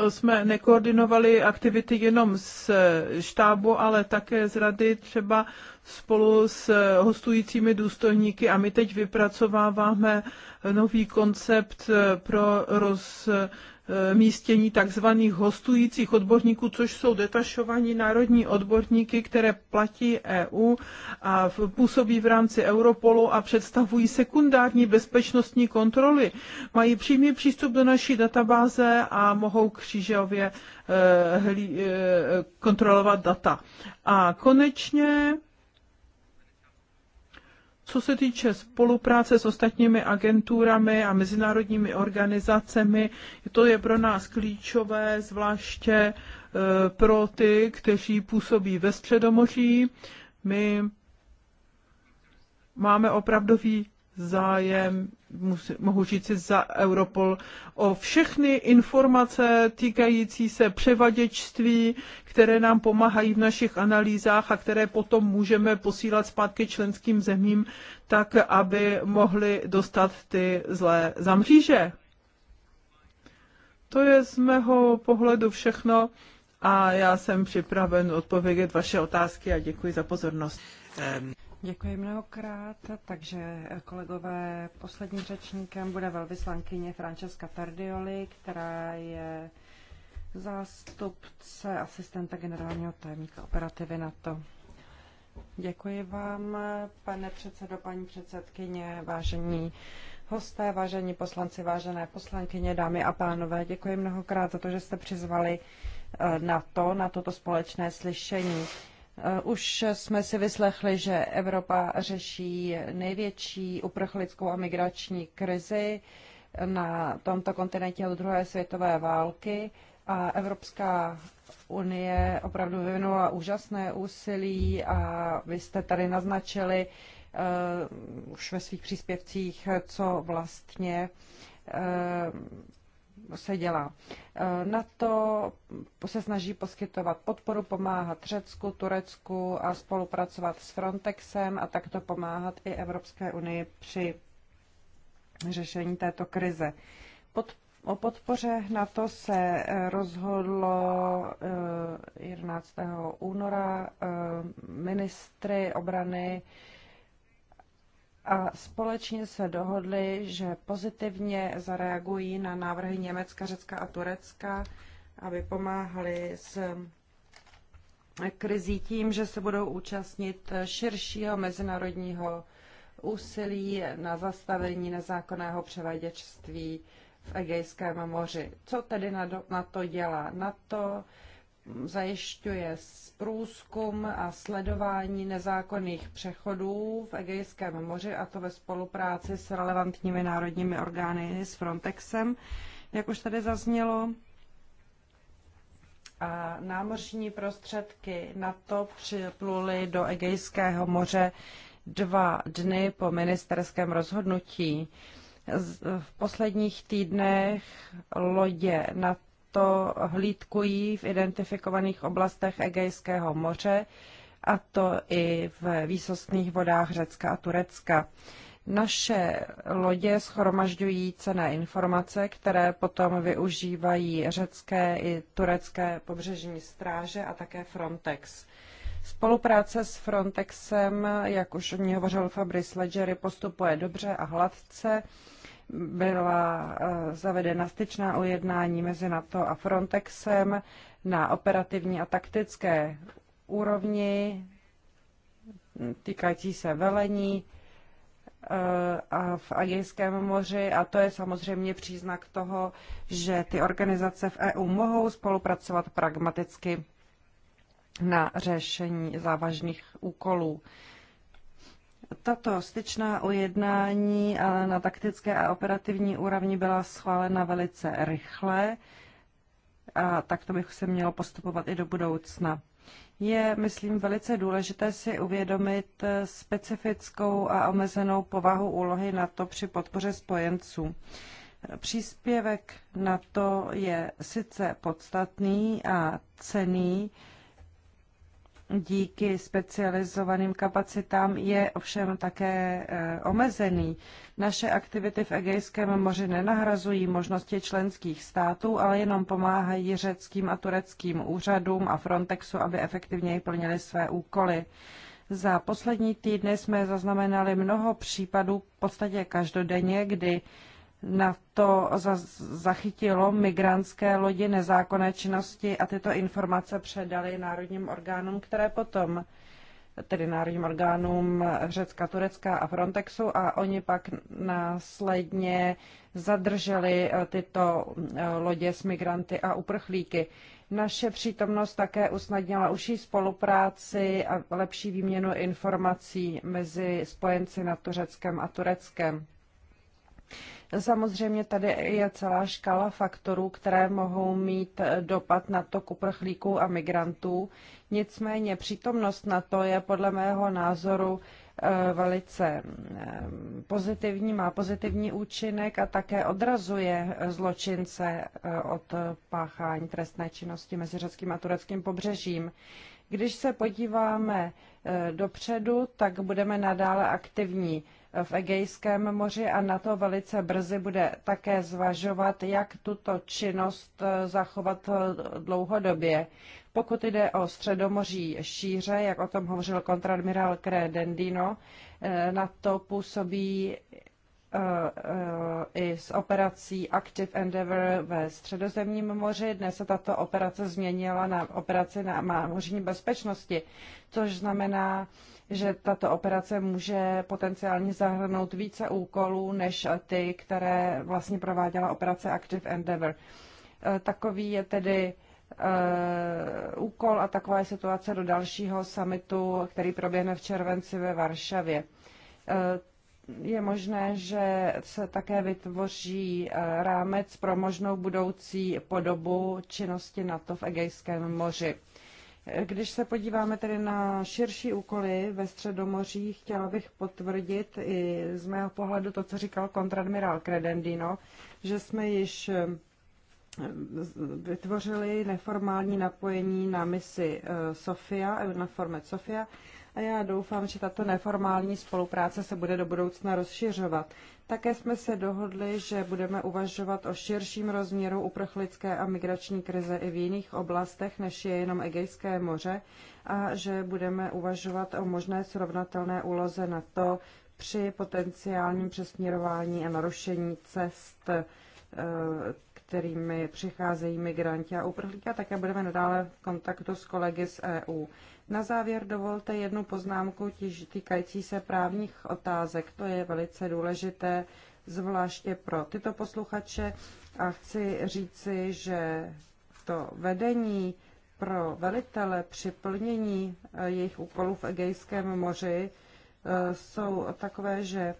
jsme nekoordinovali aktivity jenom z štábu, ale také z rady třeba spolu s hostujícími důstojníky a my teď vypracováváme nový koncept pro roz místění takzvaných hostujících odborníků, což jsou detašovaní národní odborníky, které platí EU a působí v rámci Europolu a představují sekundární bezpečnostní kontroly. Mají přímý přístup do naší databáze a mohou křížově eh, eh, kontrolovat data. A konečně co se týče spolupráce s ostatními agenturami a mezinárodními organizacemi, to je pro nás klíčové, zvláště e, pro ty, kteří působí ve Středomoří. My máme opravdový zájem, musí, mohu říct za Europol, o všechny informace týkající se převaděčství, které nám pomáhají v našich analýzách a které potom můžeme posílat zpátky členským zemím, tak aby mohli dostat ty zlé zamříže. To je z mého pohledu všechno a já jsem připraven odpovědět vaše otázky a děkuji za pozornost. Um. Děkuji mnohokrát. Takže eh, kolegové, posledním řečníkem bude velvyslankyně Francesca Tardioli, která je zástupce asistenta generálního tajemníka operativy NATO. Děkuji vám, pane předsedo, paní předsedkyně, vážení hosté, vážení poslanci, vážené poslankyně, dámy a pánové. Děkuji mnohokrát za to, že jste přizvali eh, na to, na toto společné slyšení. Eh, už jsme si vyslechli, že Evropa řeší největší uprchlickou a migrační krizi eh, na tomto kontinentě od druhé světové války a Evropská unie opravdu vyvinula úžasné úsilí a vy jste tady naznačili uh, už ve svých příspěvcích, co vlastně uh, se dělá. E, na to se snaží poskytovat podporu, pomáhat Řecku, Turecku a spolupracovat s Frontexem a takto pomáhat i Evropské unii při řešení této krize. Pod, o podpoře to se e, rozhodlo e, 11. února ministry obrany a společně se dohodli, že pozitivně zareagují na návrhy Německa, Řecka a Turecka, aby pomáhali s krizí tím, že se budou účastnit širšího mezinárodního úsilí na zastavení nezákonného převaděčství v Egejském moři. Co tedy na to dělá? Na to zajišťuje průzkum a sledování nezákonných přechodů v Egejském moři, a to ve spolupráci s relevantními národními orgány s Frontexem, jak už tady zaznělo. A námořní prostředky NATO připluly do Egejského moře dva dny po ministerském rozhodnutí. V posledních týdnech lodě na často hlídkují v identifikovaných oblastech Egejského moře, a to i v výsostných vodách Řecka a Turecka. Naše lodě schromažďují cené informace, které potom využívají řecké i turecké pobřežní stráže a také Frontex. Spolupráce s Frontexem, jak už o ní hovořil Fabrice Ledgery, postupuje dobře a hladce byla eh, zavedena styčná ujednání mezi NATO a Frontexem na operativní a taktické úrovni týkající se velení eh, a v Agejském moři a to je samozřejmě příznak toho, že ty organizace v EU mohou spolupracovat pragmaticky na řešení závažných úkolů. Tato styčná ujednání na taktické a operativní úrovni byla schválena velice rychle a tak to bych se mělo postupovat i do budoucna. Je, myslím, velice důležité si uvědomit specifickou a omezenou povahu úlohy NATO při podpoře spojenců. Příspěvek NATO je sice podstatný a cený, díky specializovaným kapacitám je ovšem také eh, omezený. Naše aktivity v Egejském moři nenahrazují možnosti členských států, ale jenom pomáhají řeckým a tureckým úřadům a Frontexu, aby efektivněji plnili své úkoly. Za poslední týdny jsme zaznamenali mnoho případů, v podstatě každodenně, kdy na to zachytilo migrantské lodi nezákonné činnosti a tyto informace předali národním orgánům, které potom tedy národním orgánům Řecka, Turecka a Frontexu a oni pak následně zadrželi eh, tyto eh, lodě s migranty a uprchlíky. Naše přítomnost také usnadnila užší spolupráci a lepší výměnu informací mezi spojenci na Tureckem a Tureckem. Samozřejmě tady je celá škala faktorů, které mohou mít dopad na tok uprchlíků a migrantů. Nicméně přítomnost na to je podle mého názoru eh, velice eh, pozitivní, má pozitivní účinek a také odrazuje eh, zločince od páchání trestné činnosti mezi řeckým a tureckým pobřežím. Když se podíváme dopředu, tak budeme nadále aktivní v Egejském moři a na to velice brzy bude také zvažovat, jak tuto činnost eh, zachovat eh, dlouhodobě. Pokud jde o středomoří šíře, jak o tom hovořil kontradmirál Credendino, eh, na to působí i s operací Active Endeavour ve středozemním moři. Dnes se tato operace změnila na operaci na mořní bezpečnosti, což znamená, že tato operace může potenciálně zahrnout více úkolů než ty, které vlastně prováděla operace Active Endeavour. Eh, takový je tedy eh, úkol a taková je situace do dalšího summitu, který proběhne v červenci ve Varšavě. Eh, je možné, že se také vytvoří rámec pro možnou budoucí podobu činnosti NATO v Egejském moři. Když se podíváme tedy na širší úkoly ve Středomoří, chtěla bych potvrdit i z mého pohledu to, co říkal kontradmirál Credendino, že jsme již eh, vytvořili neformální napojení na misi eh, Sofia, eh, na formě Sofia a já doufám, že tato neformální spolupráce se bude do budoucna rozšiřovat. Také jsme se dohodli, že budeme uvažovat o širším rozměru uprchlické a migrační krize i v jiných oblastech, než je jenom Egejské moře, a že budeme uvažovat o možné srovnatelné úloze na to při potenciálním přesměrování a narušení cest, eh, kterými přicházejí migranti a uprchlíci. A také budeme nadále v kontaktu s kolegy z EU. Na závěr dovolte jednu poznámku týkající se právních otázek. To je velice důležité, zvláště pro tyto posluchače. A chci říci, že to vedení pro velitele při plnění eh, jejich úkolů v Egejském moři eh, jsou takové, že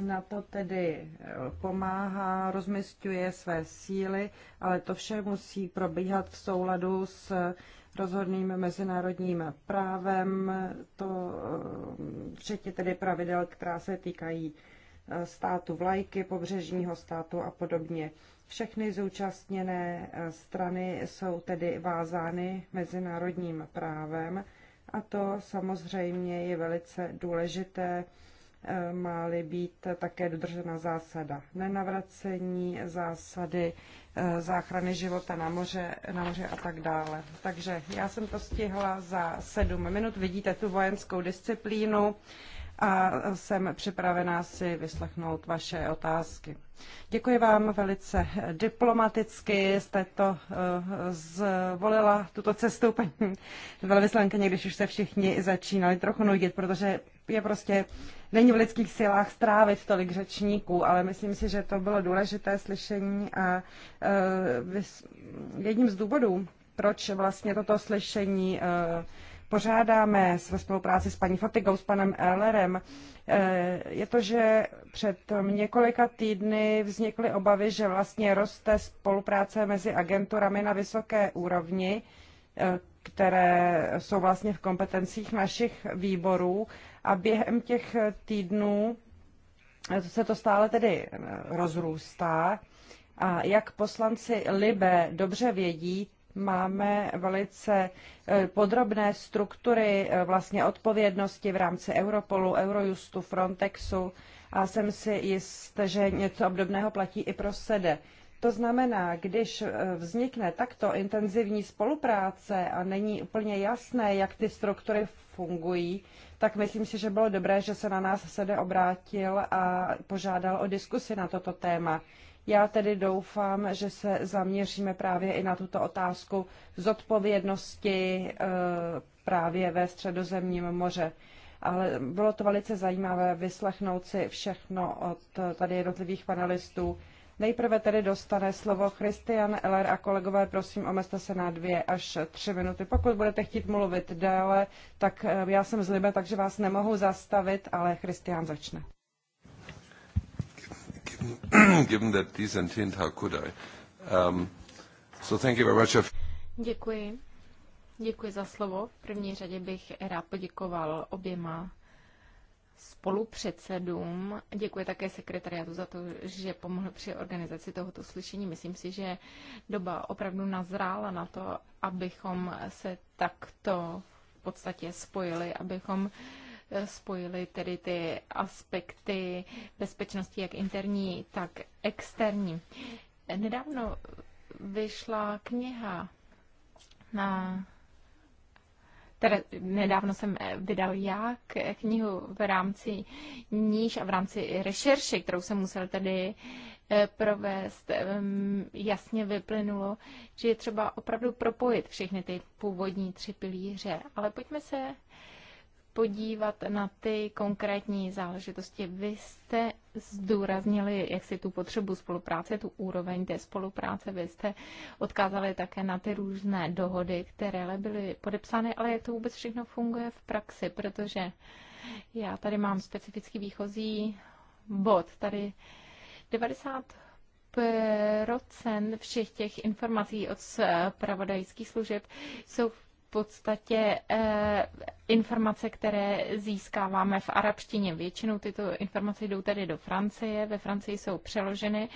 na to tedy eh, pomáhá, rozmistňuje své síly, ale to vše musí probíhat v souladu s rozhodným mezinárodním právem, to eh, včetně tedy pravidel, která se týkají eh, státu vlajky, pobřežního státu a podobně. Všechny zúčastněné eh, strany jsou tedy vázány mezinárodním právem a to samozřejmě je velice důležité, má-li být také dodržena zásada nenavracení, zásady Eh, záchrany života na, moře, na moře a tak dále. Takže já jsem to stihla za sedm minut. Vidíte tu vojenskou disciplínu a jsem připravená si vyslechnout vaše otázky. Děkuji vám velice diplomaticky, jste to eh, zvolila tuto cestu, paní velvyslankyně, když už se všichni začínali trochu nudit, protože je prostě není v lidských silách strávit tolik řečníků, ale myslím si, že to bylo důležité slyšení a eh, jedním z důvodů, proč vlastně toto slyšení eh, pořádáme ve spolupráci s paní Fatigou, s panem Ellerem, eh, je to, že před několika týdny vznikly obavy, že vlastně roste spolupráce mezi agenturami na vysoké úrovni, které jsou vlastně v kompetencích našich výborů a během těch týdnů se to stále tedy eh, rozrůstá. A jak poslanci Libe dobře vědí, máme velice eh, podrobné struktury eh, vlastně odpovědnosti v rámci Europolu, Eurojustu, Frontexu a jsem si jist, že něco obdobného platí i pro SEDE. To znamená, když eh, vznikne takto intenzivní spolupráce a není úplně jasné, jak ty struktury fungují, tak myslím si, že bylo dobré, že se na nás sede obrátil a požádal o diskusi na toto téma. Já tedy doufám, že se zaměříme právě i na tuto otázku zodpovědnosti eh, právě ve středozemním moře. Ale bylo to velice zajímavé vyslechnout si všechno od eh, tady jednotlivých panelistů. Nejprve tedy dostane slovo Christian Eller a kolegové, prosím, omezte se na dvě až tři minuty. Pokud budete chtít mluvit déle, tak eh, já jsem z Libe, takže vás nemohu zastavit, ale Christian začne. Um, Děkuji. Děkuji za slovo. V první řadě bych rád poděkoval oběma spolupředsedům. Děkuji také sekretariátu za to, že pomohl při organizaci tohoto slyšení. Myslím si, že doba opravdu nazrála na to, abychom se takto v podstatě spojili, abychom eh, spojili tedy ty aspekty bezpečnosti, jak interní, tak externí. Nedávno vyšla kniha na které nedávno jsem eh, vydal já k eh, knihu v rámci níž a v rámci rešerše, kterou jsem musel tedy eh, provést, ehm, jasně vyplynulo, že je třeba opravdu propojit všechny ty původní tři pilíře. Ale pojďme se podívat na ty konkrétní záležitosti. Vy jste zdůraznili, jak si tu potřebu spolupráce, tu úroveň té spolupráce, vy jste odkázali také na ty různé dohody, které byly podepsány, ale jak to vůbec všechno funguje v praxi, protože já tady mám specifický výchozí bod. Tady 90 procent všech těch informací od zpravodajských služeb jsou v podstatě eh, informace, které získáváme v arabštině. Většinou tyto informace jdou tedy do Francie, ve Francii jsou přeloženy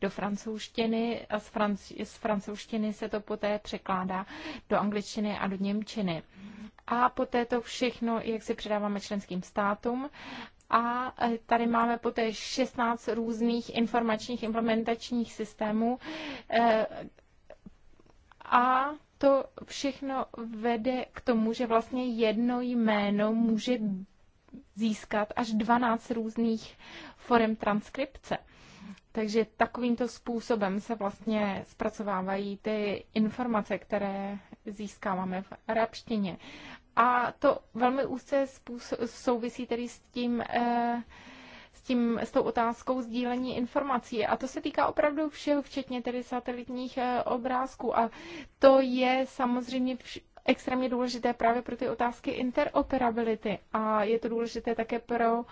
do francouzštiny a z, franc- z francouzštiny se to poté překládá do angličtiny a do němčiny. A poté to všechno, jak si předáváme členským státům a eh, tady máme poté 16 různých informačních implementačních systémů eh, a to všechno vede k tomu, že vlastně jedno jméno může získat až 12 různých forem transkripce. Takže takovýmto způsobem se vlastně zpracovávají ty informace, které získáváme v arabštině. A to velmi úzce souvisí tedy s tím eh, tím, s tou otázkou sdílení informací. A to se týká opravdu všeho, včetně tedy satelitních eh, obrázků. A to je samozřejmě vš- extrémně důležité právě pro ty otázky interoperability. A je to důležité také pro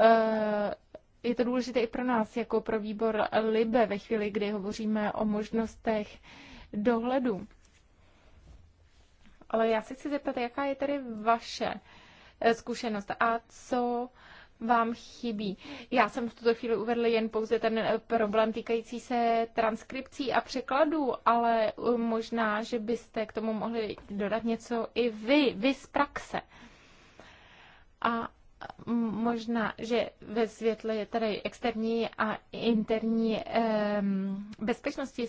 eh, je to důležité i pro nás, jako pro výbor LIBE, ve chvíli, kdy hovoříme o možnostech dohledu. Ale já se chci zeptat, jaká je tedy vaše eh, zkušenost a co vám chybí. Já jsem v tuto chvíli uvedl jen pouze ten eh, problém týkající se transkripcí a překladů, ale eh, možná, že byste k tomu mohli dodat něco i vy, vy z praxe. A eh, možná, že ve světle je tady externí a interní eh, bezpečnosti,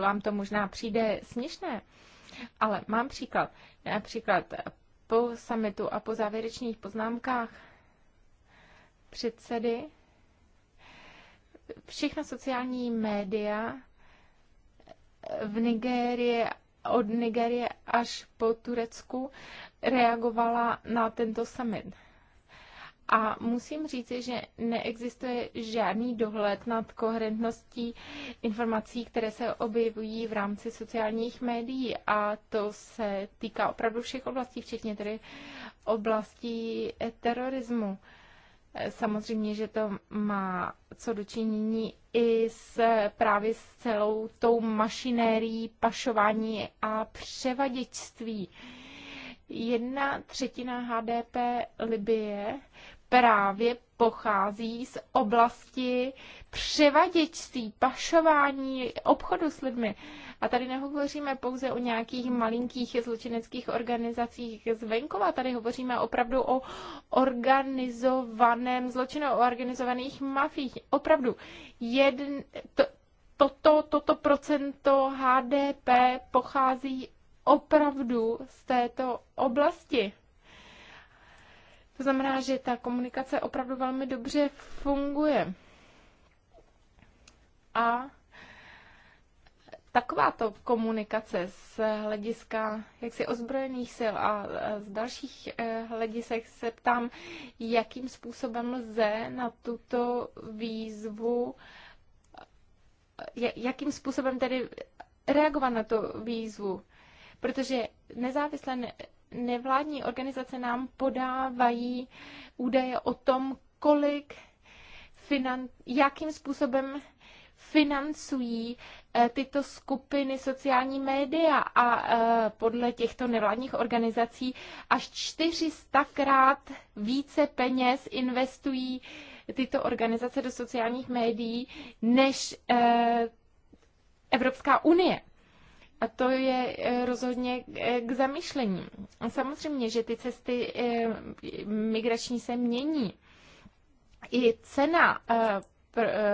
vám to možná přijde směšné, ale mám příklad. Například po summitu a po závěrečných poznámkách předsedy. Všechna sociální média v Nigérie, od Nigerie až po Turecku reagovala na tento summit. A musím říci, že neexistuje žádný dohled nad koherentností informací, které se objevují v rámci sociálních médií. A to se týká opravdu všech oblastí, včetně tedy oblastí terorismu. Samozřejmě, že to má co dočinění i s právě s celou tou mašinérií pašování a převaděčství. Jedna třetina HDP Libie právě pochází z oblasti převaděčství, pašování, obchodu s lidmi. A tady nehovoříme pouze o nějakých malinkých zločineckých organizacích z venkova, tady hovoříme opravdu o organizovaném zločinu, o organizovaných mafích. Opravdu, jedn, to, toto, toto procento HDP pochází opravdu z této oblasti. To znamená, že ta komunikace opravdu velmi dobře funguje. A takováto komunikace z hlediska jaksi ozbrojených sil a z dalších eh, hledisek se ptám, jakým způsobem lze na tuto výzvu, eh, jakým způsobem tedy reagovat na tu výzvu. Protože nezávisle nevládní organizace nám podávají údaje o tom, kolik finan- jakým způsobem financují eh, tyto skupiny sociální média a eh, podle těchto nevládních organizací až 400 krát více peněz investují tyto organizace do sociálních médií než eh, Evropská unie. A to je e, rozhodně e, k zamyšlení. Samozřejmě, že ty cesty e, migrační se mění. I cena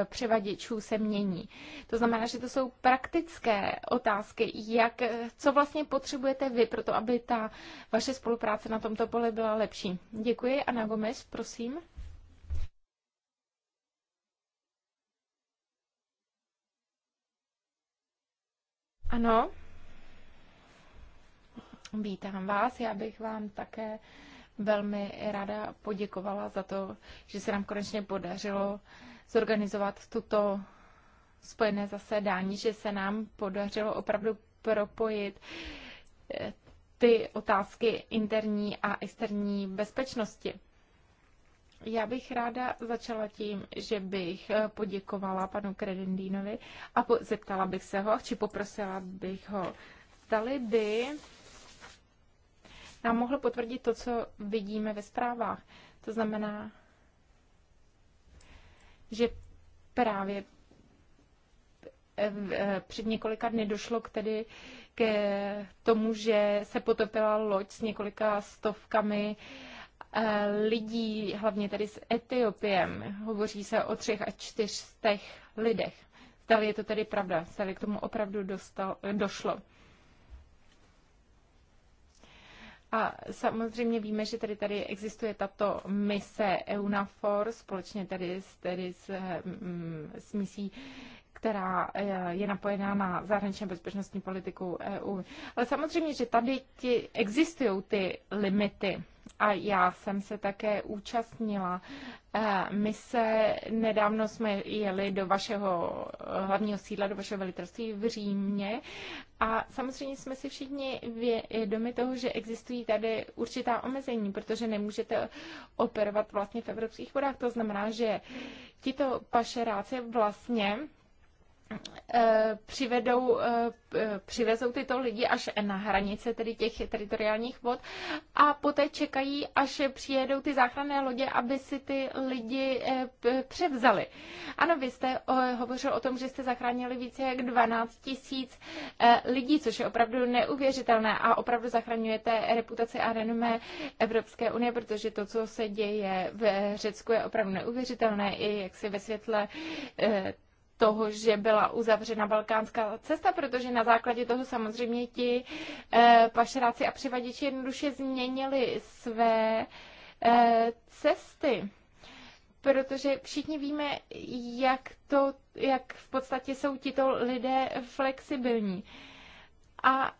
převaděčů se mění. To znamená, že to jsou praktické otázky, jak, co vlastně potřebujete vy pro to, aby ta vaše spolupráce na tomto poli byla lepší. Děkuji. Ana Gomez, prosím. Ano. Vítám vás. Já bych vám také velmi ráda poděkovala za to, že se nám konečně podařilo zorganizovat tuto spojené zasedání, že se nám podařilo opravdu propojit eh, ty otázky interní a externí bezpečnosti. Já bych ráda začala tím, že bych eh, poděkovala panu Kredendínovi a po- zeptala bych se ho, či poprosila bych ho, zdali by nám mohl potvrdit to, co vidíme ve zprávách. To znamená, že právě eh, eh, před několika dny došlo k tedy k tomu, že se potopila loď s několika stovkami Eh, lidí, hlavně tady s Etiopiem. Hovoří se o třech a čtyřstech lidech. Zdali je to tedy pravda, zdali k tomu opravdu dostal, došlo. A samozřejmě víme, že tady, tady existuje tato mise EUNAFOR společně tady, tady s, mm, s misí která eh, je napojená na zahraničně bezpečnostní politiku EU. Ale samozřejmě, že tady ti existují ty limity a já jsem se také účastnila. Eh, My se nedávno jsme jeli do vašeho eh, hlavního sídla, do vašeho velitelství v Římě a samozřejmě jsme si všichni vědomi toho, že existují tady určitá omezení, protože nemůžete operovat vlastně v evropských vodách. To znamená, že tito pašeráci vlastně Eh, přivedou, eh, eh, přivezou tyto lidi až na hranice tedy těch teritoriálních vod a poté čekají, až přijedou ty záchranné lodě, aby si ty lidi převzali. Ano, vy jste hovořil o tom, že jste zachránili více jak 12 tisíc lidí, což je opravdu neuvěřitelné a opravdu zachraňujete reputaci a renomé Evropské unie, protože to, co se děje v Řecku, je opravdu neuvěřitelné i jak si ve světle toho, že byla uzavřena balkánská cesta, protože na základě toho samozřejmě ti eh, pašeráci a přivaděči jednoduše změnili své eh, cesty. Protože všichni víme, jak, to, jak v podstatě jsou tito lidé flexibilní. A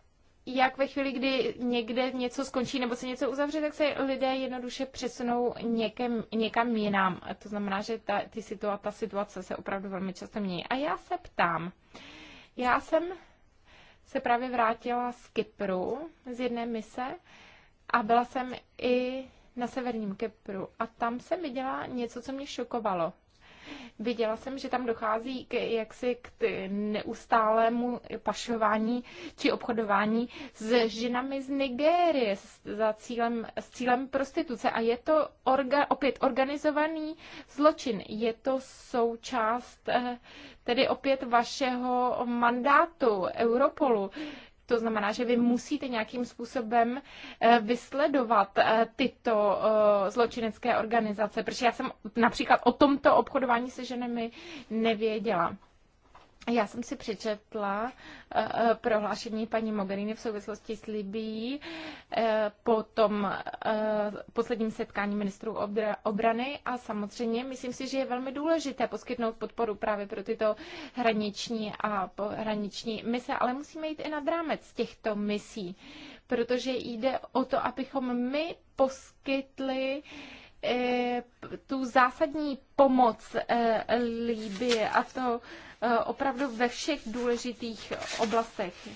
jak ve chvíli, kdy někde něco skončí nebo se něco uzavře, tak se lidé jednoduše přesunou někam, někam jinam. A to znamená, že ta, ty situace, ta situace se opravdu velmi často mění. A já se ptám, já jsem se právě vrátila z Kypru, z jedné mise, a byla jsem i na severním Kypru. A tam jsem viděla něco, co mě šokovalo. Viděla jsem, že tam dochází k, jaksi k neustálému pašování či obchodování s ženami z Nigérie s, za cílem, s cílem prostituce a je to orga, opět organizovaný zločin. Je to součást eh, tedy opět vašeho mandátu Europolu. To znamená, že vy musíte nějakým způsobem eh, vysledovat eh, tyto eh, zločinecké organizace, protože já jsem například o tomto obchodování se ženami nevěděla. Já jsem si přečetla eh, eh, prohlášení paní Mogherini v souvislosti s Libií eh, po tom posledním setkání ministrů obrany a samozřejmě myslím si, že je velmi důležité poskytnout podporu právě pro tyto hraniční a pohraniční mise, ale musíme jít i nad rámec těchto misí, protože jde o to, abychom my poskytli tu zásadní pomoc Libii a to Eh, opravdu ve všech důležitých oblastech.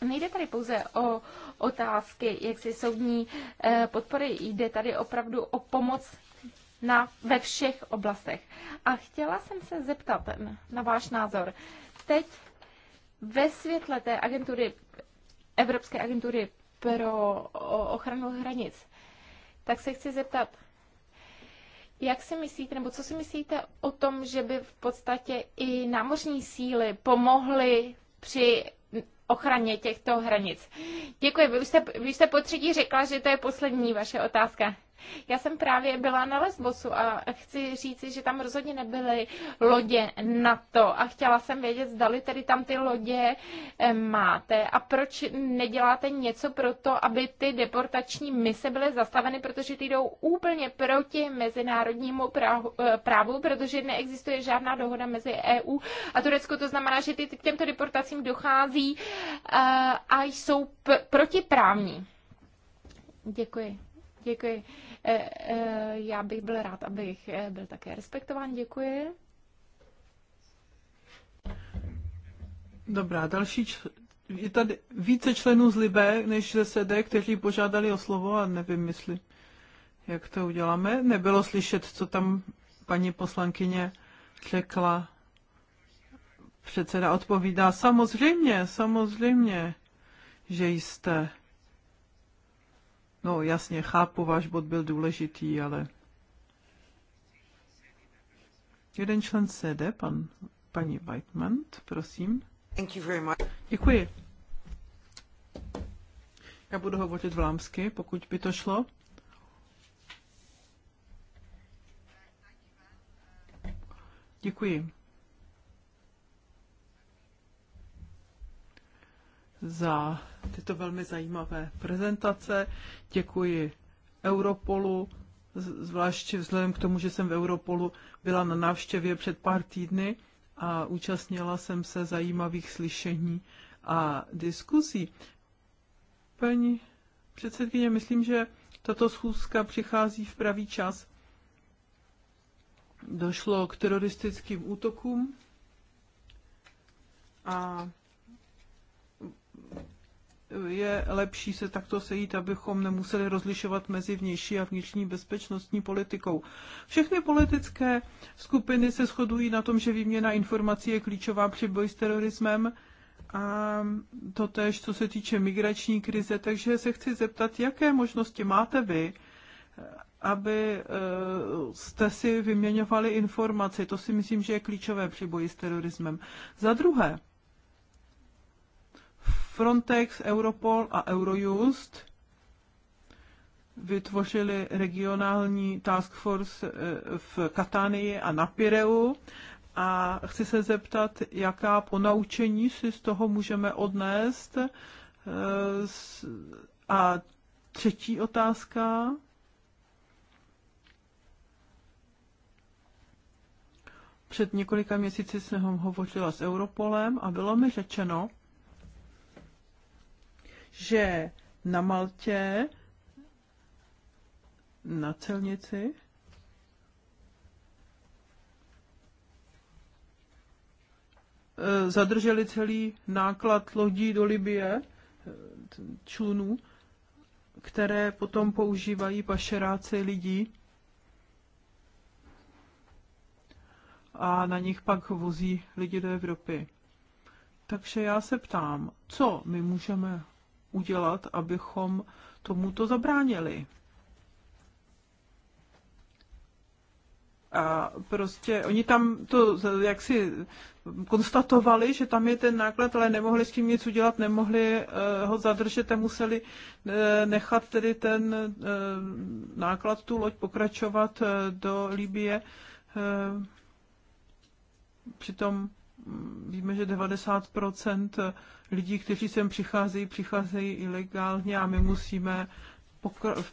Nejde tady pouze o otázky, jak si soudní eh, podpory, jde tady opravdu o pomoc na, ve všech oblastech. A chtěla jsem se zeptat na váš názor. Teď ve světle té agentury, Evropské agentury pro ochranu hranic, tak se chci zeptat, jak si myslíte, nebo co si myslíte o tom, že by v podstatě i námořní síly pomohly při ochraně těchto hranic? Děkuji. Vy už jste, vy už jste po třetí řekla, že to je poslední vaše otázka. Já jsem právě byla na Lesbosu a chci říci, že tam rozhodně nebyly lodě na to a chtěla jsem vědět, zdali tedy tam ty lodě eh, máte a proč neděláte něco pro to, aby ty deportační mise byly zastaveny, protože ty jdou úplně proti mezinárodnímu právu, eh, právu protože neexistuje žádná dohoda mezi EU a Turecko. To znamená, že ty, k těmto deportacím dochází eh, a jsou protiprávní. Děkuji. Děkuji. E, e, já bych byl rád, abych e, byl také respektován. Děkuji. Dobrá, další čl... je tady více členů z Libé než ze SD, kteří požádali o slovo a nevím, jestli jak to uděláme. Nebylo slyšet, co tam paní poslankyně řekla. Předseda odpovídá, samozřejmě, samozřejmě, že jste No jasně, chápu, váš bod byl důležitý, ale jeden člen CD, pan, paní Whiteman, prosím. Thank you very much. Děkuji. Já budu hovořit vlámsky, pokud by to šlo. Děkuji. Za tyto velmi zajímavé prezentace. Děkuji Europolu, zvláště vzhledem k tomu, že jsem v Europolu byla na návštěvě před pár týdny a účastnila jsem se zajímavých slyšení a diskuzí. Paní předsedkyně, myslím, že tato schůzka přichází v pravý čas. Došlo k teroristickým útokům a je lepší se takto sejít, abychom nemuseli rozlišovat mezi vnější a vnitřní bezpečnostní politikou. Všechny politické skupiny se shodují na tom, že výměna informací je klíčová při boji s terorismem a to tež, co se týče migrační krize. Takže se chci zeptat, jaké možnosti máte vy, aby eh, jste si vyměňovali informaci. To si myslím, že je klíčové při boji s terorismem. Za druhé, Frontex, Europol a Eurojust vytvořili regionální task force eh, v Katánii a na Pireu a chci se zeptat, jaká ponaučení si z toho můžeme odnést. Eh, a třetí otázka. Před několika měsíci jsem hovořila s Europolem a bylo mi řečeno, že na Maltě na celnici eh, zadrželi celý náklad lodí do Libie, eh, člunů, které potom používají pašeráci lidí a na nich pak vozí lidi do Evropy. Takže já se ptám, co my můžeme udělat, abychom tomuto zabránili. A prostě oni tam to jak si konstatovali, že tam je ten náklad, ale nemohli s tím nic udělat, nemohli eh, ho zadržet a museli eh, nechat tedy ten eh, náklad, tu loď pokračovat do Libie. Přitom víme, že 90% lidí, kteří sem přicházejí, přicházejí ilegálně a my musíme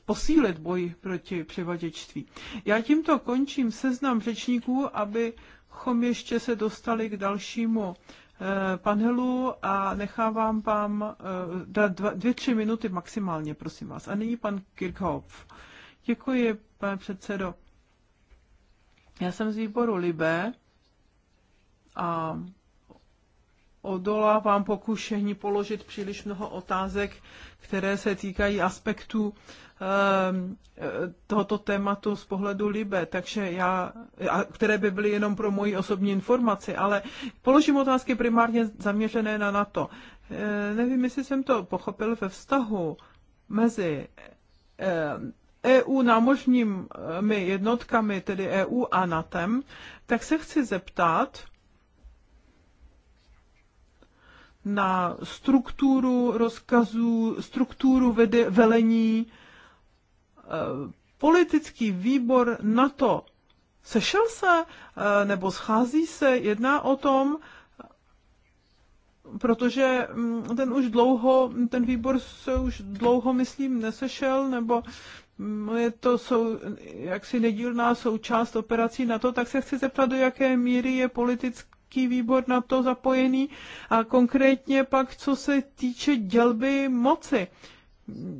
posílit boj proti převaděčství. Já tímto končím seznam řečníků, abychom ještě se dostali k dalšímu eh, panelu a nechávám vám eh, dvě, tři minuty maximálně, prosím vás. A nyní pan Kirchhoff. Děkuji, pane předsedo. Já jsem z výboru Libé a odolávám pokušení položit příliš mnoho otázek, které se týkají aspektů ehm, e, tohoto tématu z pohledu Libe, takže já, které by byly jenom pro moji osobní informaci, ale položím otázky primárně zaměřené na NATO. E, nevím, jestli jsem to pochopil ve vztahu mezi EU ehm, e námořními jednotkami, tedy EU a NATO, tak se chci zeptat, na strukturu rozkazů, strukturu vede, velení. Eh, politický výbor na to sešel se eh, nebo schází se, jedná o tom, protože mm, ten už dlouho, ten výbor se už dlouho, myslím, nesešel, nebo mm, je to jsou, jaksi nedílná součást operací na to, tak se chci zeptat, do jaké míry je politický Evropský výbor na to zapojený a konkrétně pak, co se týče dělby moci.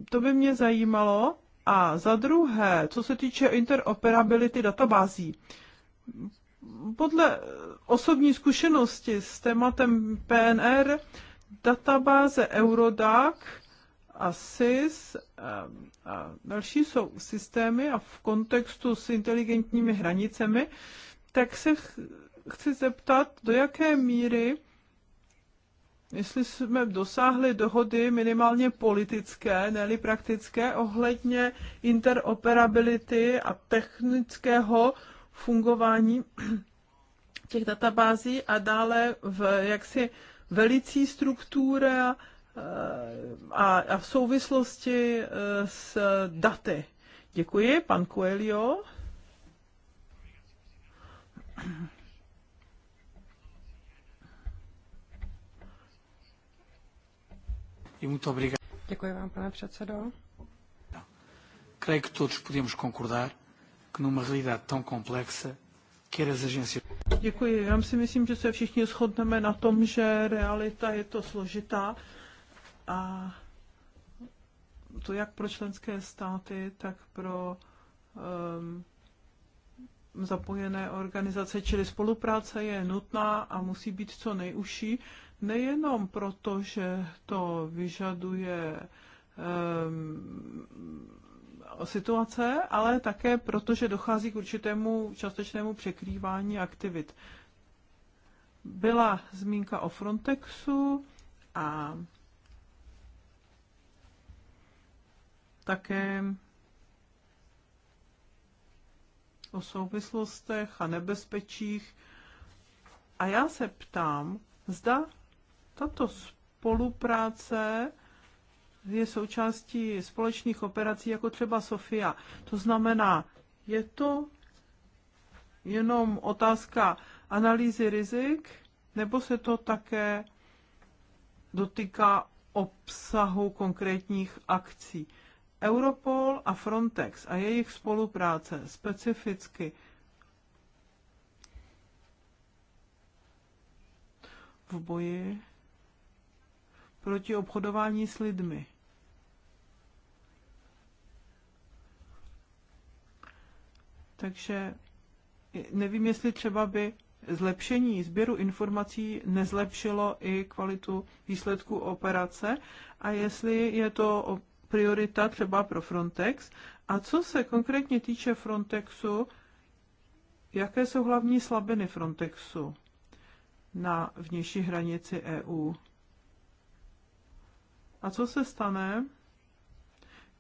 To by mě zajímalo. A za druhé, co se týče interoperability databází. Podle osobní zkušenosti s tématem PNR, databáze Eurodac a SIS eh, a další jsou systémy a v kontextu s inteligentními hranicemi, tak se chci zeptat, do jaké míry, jestli jsme dosáhli dohody minimálně politické, ne li praktické, ohledně interoperability a technického fungování těch databází a dále v jaksi velicí struktura eh, a, a v souvislosti eh, s daty. Děkuji, pan Coelho. Děkuji vám, pane předsedo. Creio que todos podemos concordar que numa realidade tão complexa Děkuji. Já si myslím, že se všichni shodneme na tom, že realita je to složitá a to jak pro členské státy, tak pro um, zapojené organizace, čili spolupráce je nutná a musí být co nejužší nejenom proto, že to vyžaduje ehm, situace, ale také proto, že dochází k určitému částečnému překrývání aktivit. Byla zmínka o Frontexu a také o souvislostech a nebezpečích. A já se ptám, zda tato spolupráce je součástí společných operací, jako třeba Sofia. To znamená, je to jenom otázka analýzy rizik, nebo se to také dotýká obsahu konkrétních akcí. Europol a Frontex a jejich spolupráce specificky v boji proti obchodování s lidmi. Takže nevím, jestli třeba by zlepšení sběru informací nezlepšilo i kvalitu výsledku operace a jestli je to priorita třeba pro Frontex. A co se konkrétně týče Frontexu, jaké jsou hlavní slabiny Frontexu na vnější hranici EU? A co se stane,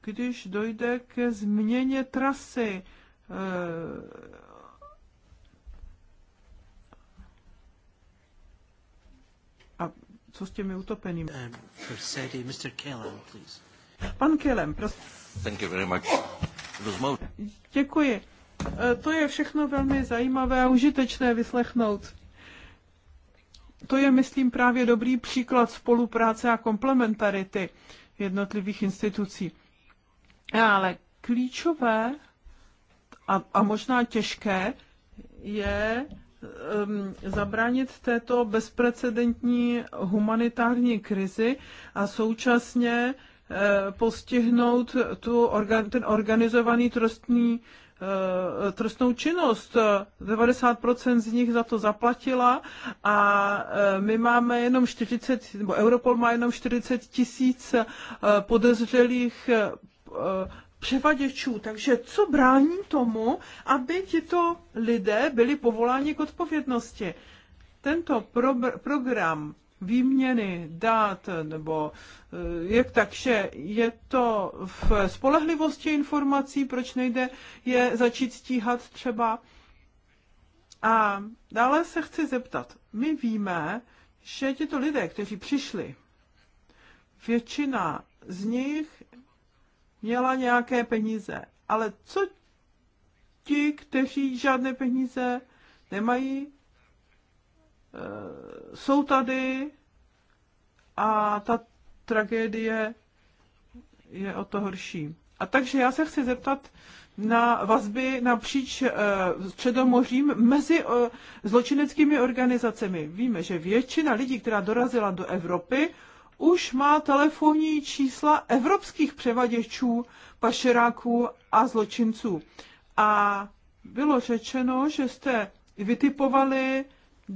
když dojde ke změně trasy? Eh, a co s těmi utopenými? Eh, Pan Kelem, prosím. Thank Děkuji. Eh, to je všechno velmi zajímavé a užitečné vyslechnout to je, myslím, právě dobrý příklad spolupráce a komplementarity jednotlivých institucí. Ale klíčové a, a možná těžké je um, zabránit této bezprecedentní humanitární krizi a současně eh, postihnout tu orga, ten organizovaný trostný Eh, trestnou činnost. 90% z nich za to zaplatila a eh, my máme jenom 40, nebo Europol má jenom 40 tisíc eh, podezřelých převaděčů. Takže co brání tomu, aby tito lidé byli povoláni k odpovědnosti? Tento pro- program výměny dát nebo eh, jak takže je to v spolehlivosti informací, proč nejde je začít stíhat třeba. A dále se chci zeptat. My víme, že těto lidé, kteří přišli, většina z nich měla nějaké peníze. Ale co ti, kteří žádné peníze nemají, Eh, jsou tady a ta tragédie je o to horší. A takže já se chci zeptat na vazby napříč uh, Středomořím mezi uh, zločineckými organizacemi. Víme, že většina lidí, která dorazila do Evropy, už má telefonní čísla evropských převaděčů, pašeráků a zločinců. A bylo řečeno, že jste vytipovali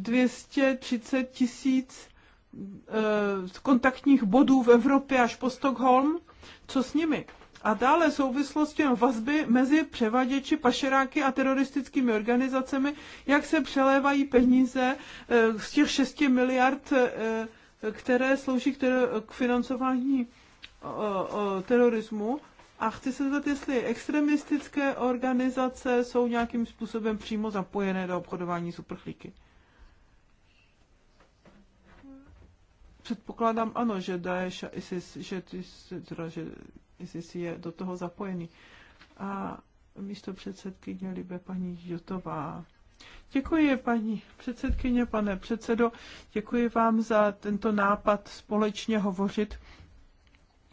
230 tisíc eh, kontaktních bodů v Evropě až po Stockholm. Co s nimi? A dále souvislosti a vazby mezi převaděči, pašeráky a teroristickými organizacemi, jak se přelévají peníze eh, z těch 6 miliard, eh, které slouží k financování terorismu. A chci se zeptat, jestli extremistické organizace jsou nějakým způsobem přímo zapojené do obchodování s uprchlíky. předpokládám ano, že Daesh a ISIS, že, teda, že ISIS je do toho zapojený. A místo předsedkyně Libe paní Jotová. Děkuji, paní předsedkyně, pane předsedo. Děkuji vám za tento nápad společně hovořit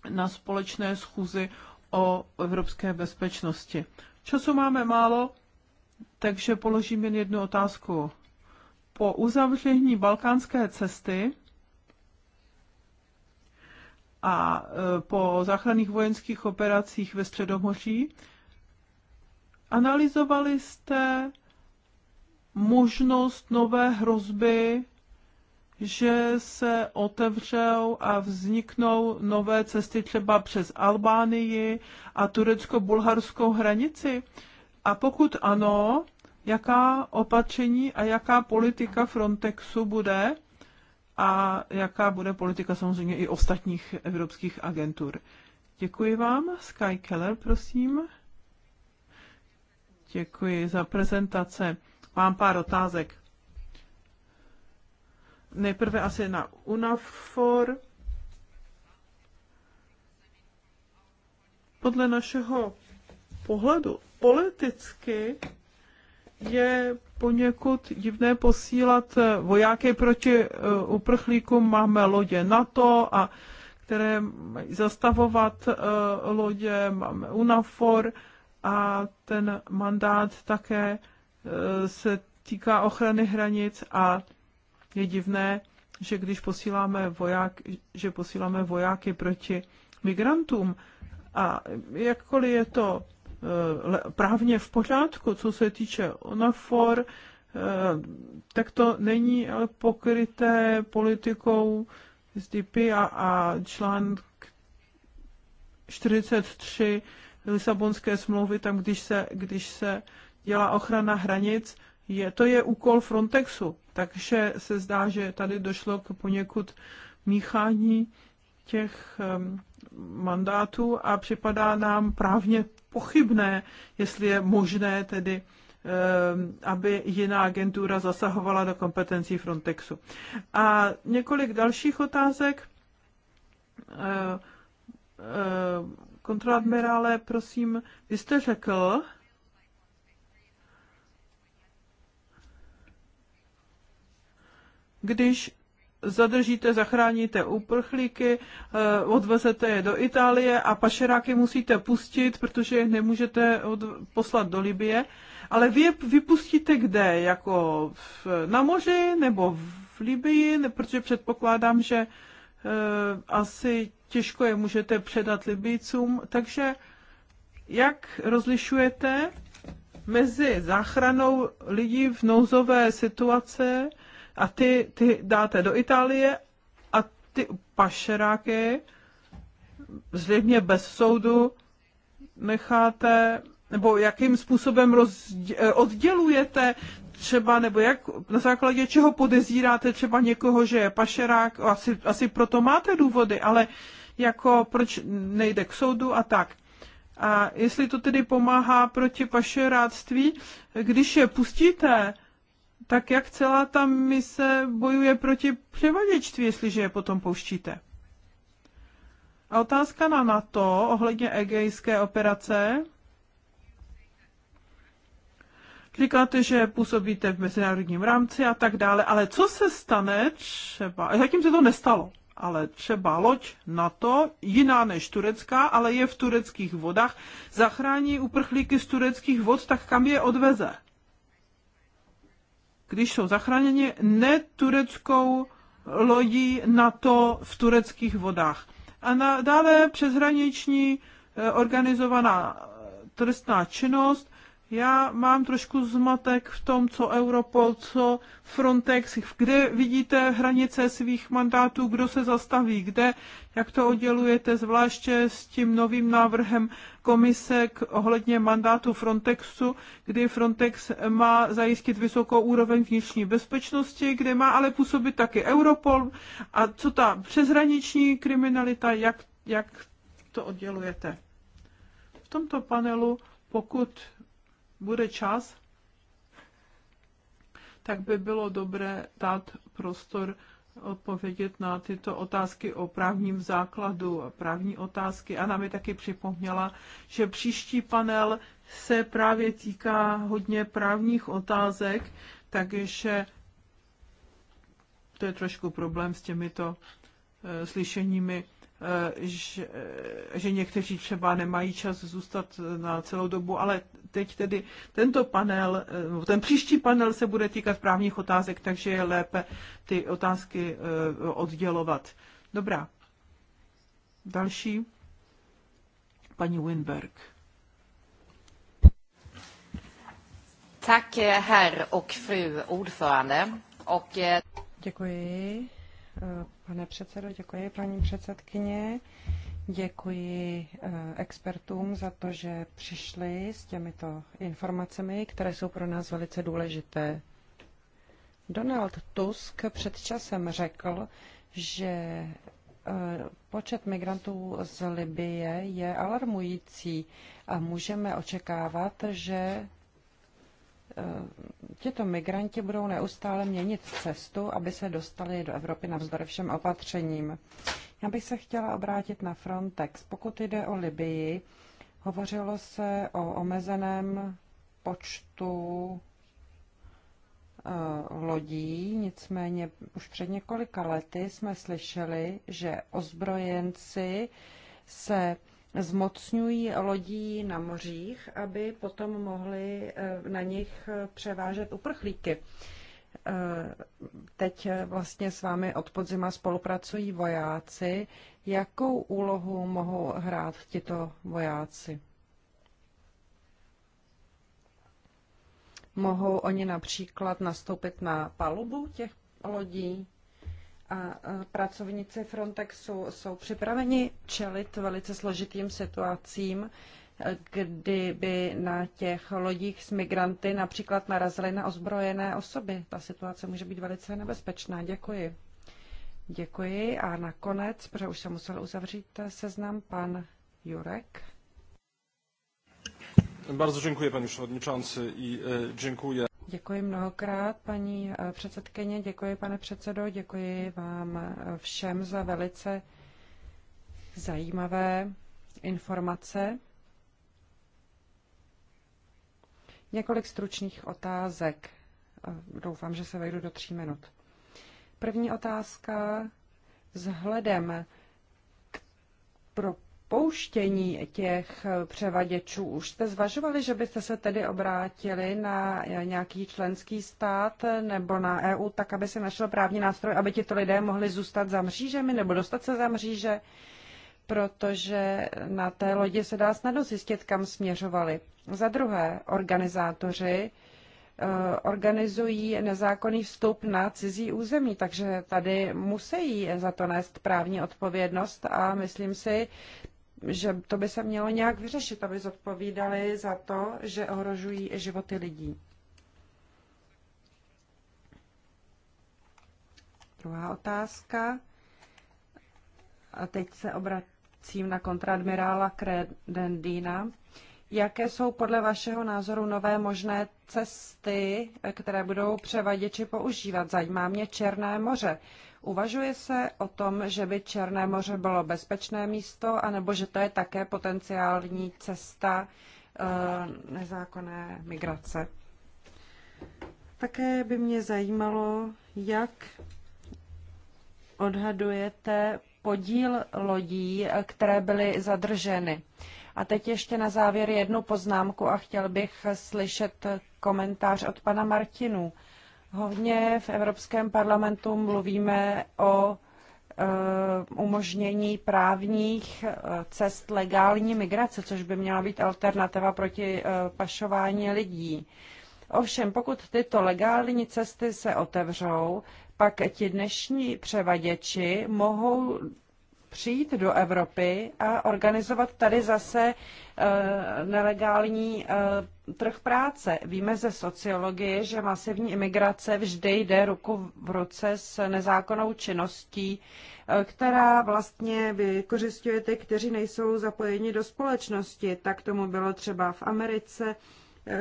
na společné schůzi o evropské bezpečnosti. Času máme málo, takže položím jen jednu otázku. Po uzavření balkánské cesty a e, po záchranných vojenských operacích ve Středomoří. Analyzovali jste možnost nové hrozby, že se otevřou a vzniknou nové cesty třeba přes Albánii a turecko-bulharskou hranici? A pokud ano, jaká opatření a jaká politika Frontexu bude, a jaká bude politika samozřejmě i ostatních evropských agentur. Děkuji vám. Sky Keller, prosím. Děkuji za prezentace. Mám pár otázek. Nejprve asi na UNAFOR. Podle našeho pohledu politicky je poněkud divné posílat eh, vojáky proti eh, uprchlíkům. Máme lodě NATO, a které mají zastavovat eh, lodě, máme UNAFOR a ten mandát také se týká ochrany hranic a je divné, že když posíláme voják, že posíláme vojáky proti migrantům a jakkoliv je to Eh, právně v pořádku, co se týče ONAFOR, eh, tak to není pokryté politikou SDP a, a článek 43 Lisabonské smlouvy, tam když se, když se dělá ochrana hranic, je, to je úkol Frontexu, takže se zdá, že tady došlo k poněkud míchání těch mandátů a připadá nám právně pochybné, jestli je možné tedy aby jiná agentura zasahovala do kompetencí Frontexu. A několik dalších otázek. E, e, kontraadmirále, prosím, vy jste řekl, když zadržíte, zachráníte uprchlíky, eh, odvezete je do Itálie a pašeráky musíte pustit, protože je nemůžete poslat do Libie. Ale vy je vypustíte kde? Jako v, na moři nebo v Libii? Protože předpokládám, že e, asi těžko je můžete předat Libijcům. Takže jak rozlišujete mezi záchranou lidí v nouzové situace a ty, ty dáte do Itálie a ty pašeráky zřejmě bez soudu necháte, nebo jakým způsobem rozdě, eh, oddělujete třeba, nebo jak na základě čeho podezíráte třeba někoho, že je pašerák, asi, asi proto máte důvody, ale jako proč nejde k soudu a tak. A jestli to tedy pomáhá proti pašeráctví, když je pustíte, tak jak celá ta mise bojuje proti převaděčství, jestliže je potom pouštíte? A otázka na NATO ohledně egejské operace. Říkáte, že působíte v mezinárodním rámci a tak dále, ale co se stane třeba, zatím se to nestalo, ale třeba loď NATO, jiná než turecká, ale je v tureckých vodách, zachrání uprchlíky z tureckých vod, tak kam je odveze? když jsou zachráněni netureckou lodí NATO v tureckých vodách. A na, dále přeshraniční eh, organizovaná trestná činnost já mám trošku zmatek v tom, co Europol, co Frontex, kde vidíte hranice svých mandátů, kdo se zastaví, kde, jak to oddělujete, zvláště s tím novým návrhem komise k ohledně mandátu Frontexu, kdy Frontex má zajistit vysokou úroveň vnitřní bezpečnosti, kde má ale působit taky Europol a co ta přeshraniční kriminalita, jak, jak to oddělujete. V tomto panelu, pokud bude čas, tak by bylo dobré dát prostor odpovědět na tyto otázky o právním základu a právní otázky. Ana mi taky připomněla, že příští panel se právě týká hodně právních otázek, takže to je trošku problém s těmito eh, slyšeními Eh, že, eh, že někteří třeba nemají čas zůstat na celou dobu, ale teď tedy tento panel, eh, ten příští panel se bude týkat právních otázek, takže je lépe ty otázky oddělovat. Dobrá. Další. Paní Winberg. Tak, her och fru ordförande. Och... Děkuji, Eh, pane předsedo, děkuji paní předsedkyně, děkuji eh, expertům za to, že přišli s těmito informacemi, které jsou pro nás velice důležité. Donald Tusk před časem řekl, že eh, počet migrantů z Libie je alarmující a můžeme očekávat, že Eh, tito migranti budou neustále měnit cestu, aby se dostali do Evropy navzdory všem opatřením. Já bych se chtěla obrátit na Frontex. Pokud jde o Libii, hovořilo se o omezeném počtu eh, lodí, nicméně už před několika lety jsme slyšeli, že ozbrojenci se zmocňují lodí na mořích, aby potom mohli eh, na nich převážet uprchlíky. Eh, teď eh, vlastně s vámi od podzima spolupracují vojáci. Jakou úlohu mohou hrát tito vojáci? Mohou oni například nastoupit na palubu těch lodí? a pracovníci Frontexu jsou připraveni čelit velice složitým situacím, kdyby na těch lodích s migranty například narazily na ozbrojené osoby. Ta situace může být velice nebezpečná. Děkuji. Děkuji a nakonec, protože už jsem musel uzavřít seznam, pan Jurek. Bardzo dziękuję panie przewodniczący i e, dziękuję. Děkuji mnohokrát, paní eh, předsedkyně, děkuji, pane předsedo, děkuji vám eh, všem za velice zajímavé informace. Několik stručných otázek. Eh, doufám, že se vejdu do tří minut. První otázka. Vzhledem k pro propouštění těch převaděčů. Už jste zvažovali, že byste se tedy obrátili na nějaký členský stát nebo na EU, tak aby se našel právní nástroj, aby tito lidé mohli zůstat za mřížemi nebo dostat se za mříže, protože na té lodi se dá snadno zjistit, kam směřovali. Za druhé, organizátoři eh, organizují nezákonný vstup na cizí území, takže tady musí za to nést právní odpovědnost a myslím si, že to by se mělo nějak vyřešit, aby zodpovídali za to, že ohrožují životy lidí. Druhá otázka. A teď se obracím na kontradmirála Credendina. Jaké jsou podle vašeho názoru nové možné cesty, které budou převaděči používat? Zajímá mě Černé moře. Uvažuje se o tom, že by Černé moře bylo bezpečné místo, anebo že to je také potenciální cesta eh, nezákonné migrace. Také by mě zajímalo, jak odhadujete podíl lodí, které byly zadrženy. A teď ještě na závěr jednu poznámku a chtěl bych slyšet komentář od pana Martinu. Hodně v Evropském parlamentu mluvíme o e, umožnění právních e, cest legální migrace, což by měla být alternativa proti e, pašování lidí. Ovšem, pokud tyto legální cesty se otevřou, pak ti dnešní převaděči mohou přijít do Evropy a organizovat tady zase eh, nelegální eh, trh práce. Víme ze sociologie, že masivní imigrace vždy jde ruku v ruce s nezákonnou činností, eh, která vlastně vykořišťuje ty, kteří nejsou zapojeni do společnosti. Tak tomu bylo třeba v Americe,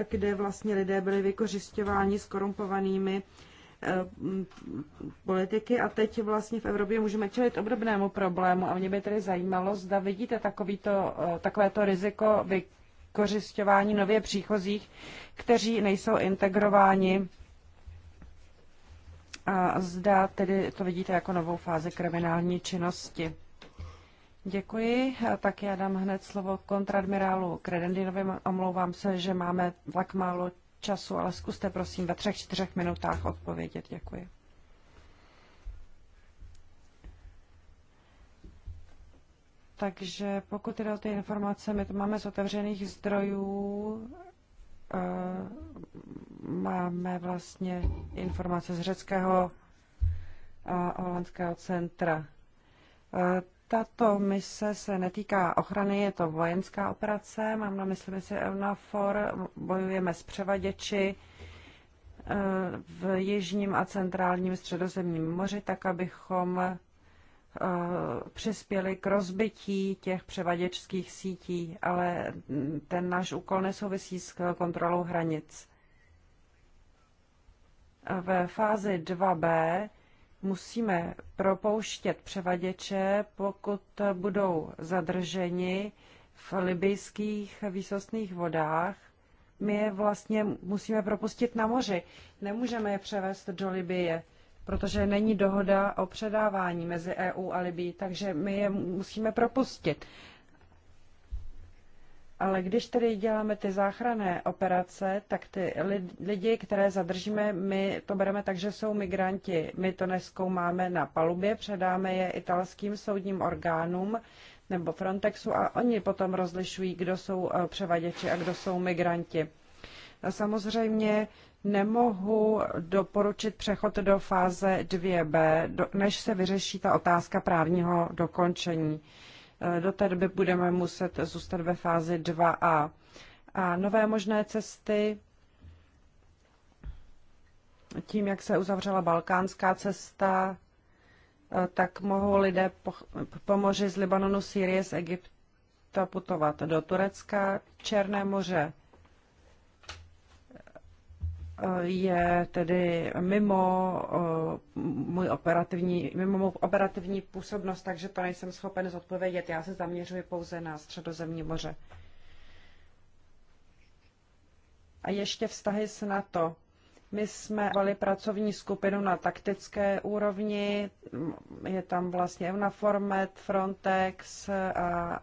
kde vlastně lidé byli vykořišťováni korumpovanými. Eh, politiky a teď vlastně v Evropě můžeme čelit obdobnému problému a mě by tedy zajímalo, zda vidíte takovýto, eh, takovéto riziko vykořišťování nově příchozích, kteří nejsou integrováni a zda tedy to vidíte jako novou fázi kriminální činnosti. Děkuji. Tak já dám hned slovo kontradmirálu Kredendinovi. Omlouvám se, že máme tak málo času, ale zkuste prosím ve třech, čtyřech minutách odpovědět. Děkuji. Takže pokud jde o ty informace, my to máme z otevřených zdrojů, eh, máme vlastně informace z řeckého a holandského centra. Eh, tato mise se netýká ochrany, je to vojenská operace, mám na mysli misi EUNAFOR, bojujeme s převaděči eh, v jižním a centrálním středozemním moři, tak abychom eh, přispěli k rozbití těch převaděčských sítí, ale ten náš úkol nesouvisí s kontrolou hranic. Ve fázi 2b musíme propouštět převaděče, pokud budou zadrženi v libijských výsostných vodách. My je vlastně musíme propustit na moři. Nemůžeme je převést do Libie, protože není dohoda o předávání mezi EU a Libií, takže my je musíme propustit. Ale když tedy děláme ty záchranné operace, tak ty lidi, které zadržíme, my to bereme tak, že jsou migranti. My to neskoumáme na palubě, předáme je italským soudním orgánům nebo Frontexu a oni potom rozlišují, kdo jsou eh, převaděči a kdo jsou migranti. A samozřejmě nemohu doporučit přechod do fáze 2b, než se vyřeší ta otázka právního dokončení. Eh, do té doby budeme muset zůstat ve fázi 2a. A nové možné cesty tím, jak se uzavřela balkánská cesta, eh, tak mohou lidé po, z Libanonu, Sýrie, z Egypta putovat do Turecka, Černé moře je tedy mimo eh, můj operativní, mimo můj operativní působnost, takže to nejsem schopen zodpovědět. Já se zaměřuji pouze na středozemní moře. A ještě vztahy s NATO. My jsme vali pracovní skupinu na taktické úrovni, je tam vlastně EUNAFORMET, Frontex a,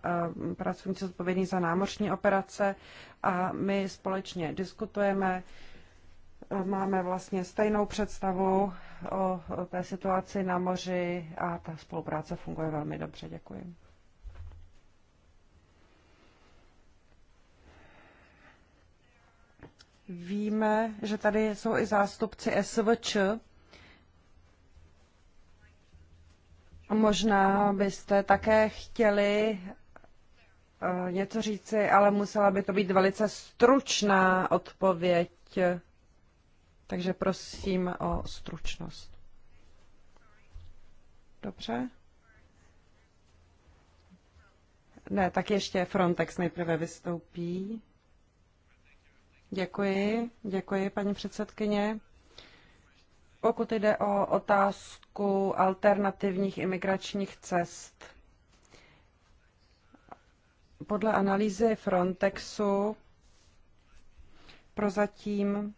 a pracovníci zodpovědní za námořní operace a my společně diskutujeme máme vlastně stejnou představu o té situaci na moři a ta spolupráce funguje velmi dobře. Děkuji. Víme, že tady jsou i zástupci SVČ. Možná byste také chtěli eh, něco říci, ale musela by to být velice stručná odpověď. Takže prosím o stručnost. Dobře. Ne, tak ještě Frontex nejprve vystoupí. Děkuji, děkuji, paní předsedkyně. Pokud jde o otázku alternativních imigračních cest, podle analýzy Frontexu prozatím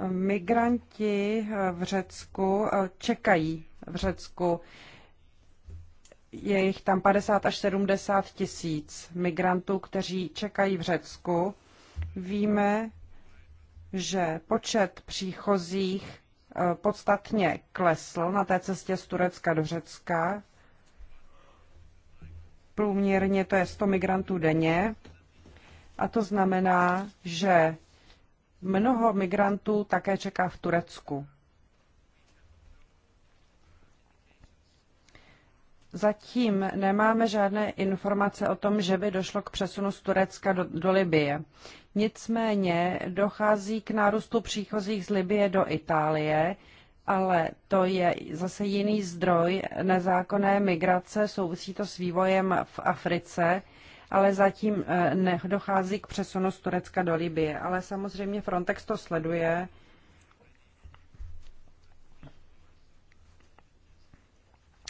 Migranti v Řecku eh, čekají v Řecku. Je jich tam 50 až 70 tisíc migrantů, kteří čekají v Řecku. Víme, že počet příchozích eh, podstatně klesl na té cestě z Turecka do Řecka. Průměrně to je 100 migrantů denně. A to znamená, že Mnoho migrantů také čeká v Turecku. Zatím nemáme žádné informace o tom, že by došlo k přesunu z Turecka do, do Libie. Nicméně dochází k nárůstu příchozích z Libie do Itálie, ale to je zase jiný zdroj nezákonné migrace, souvisí to s vývojem v Africe ale zatím eh, nedochází k přesunu z Turecka do Libie. Ale samozřejmě Frontex to sleduje.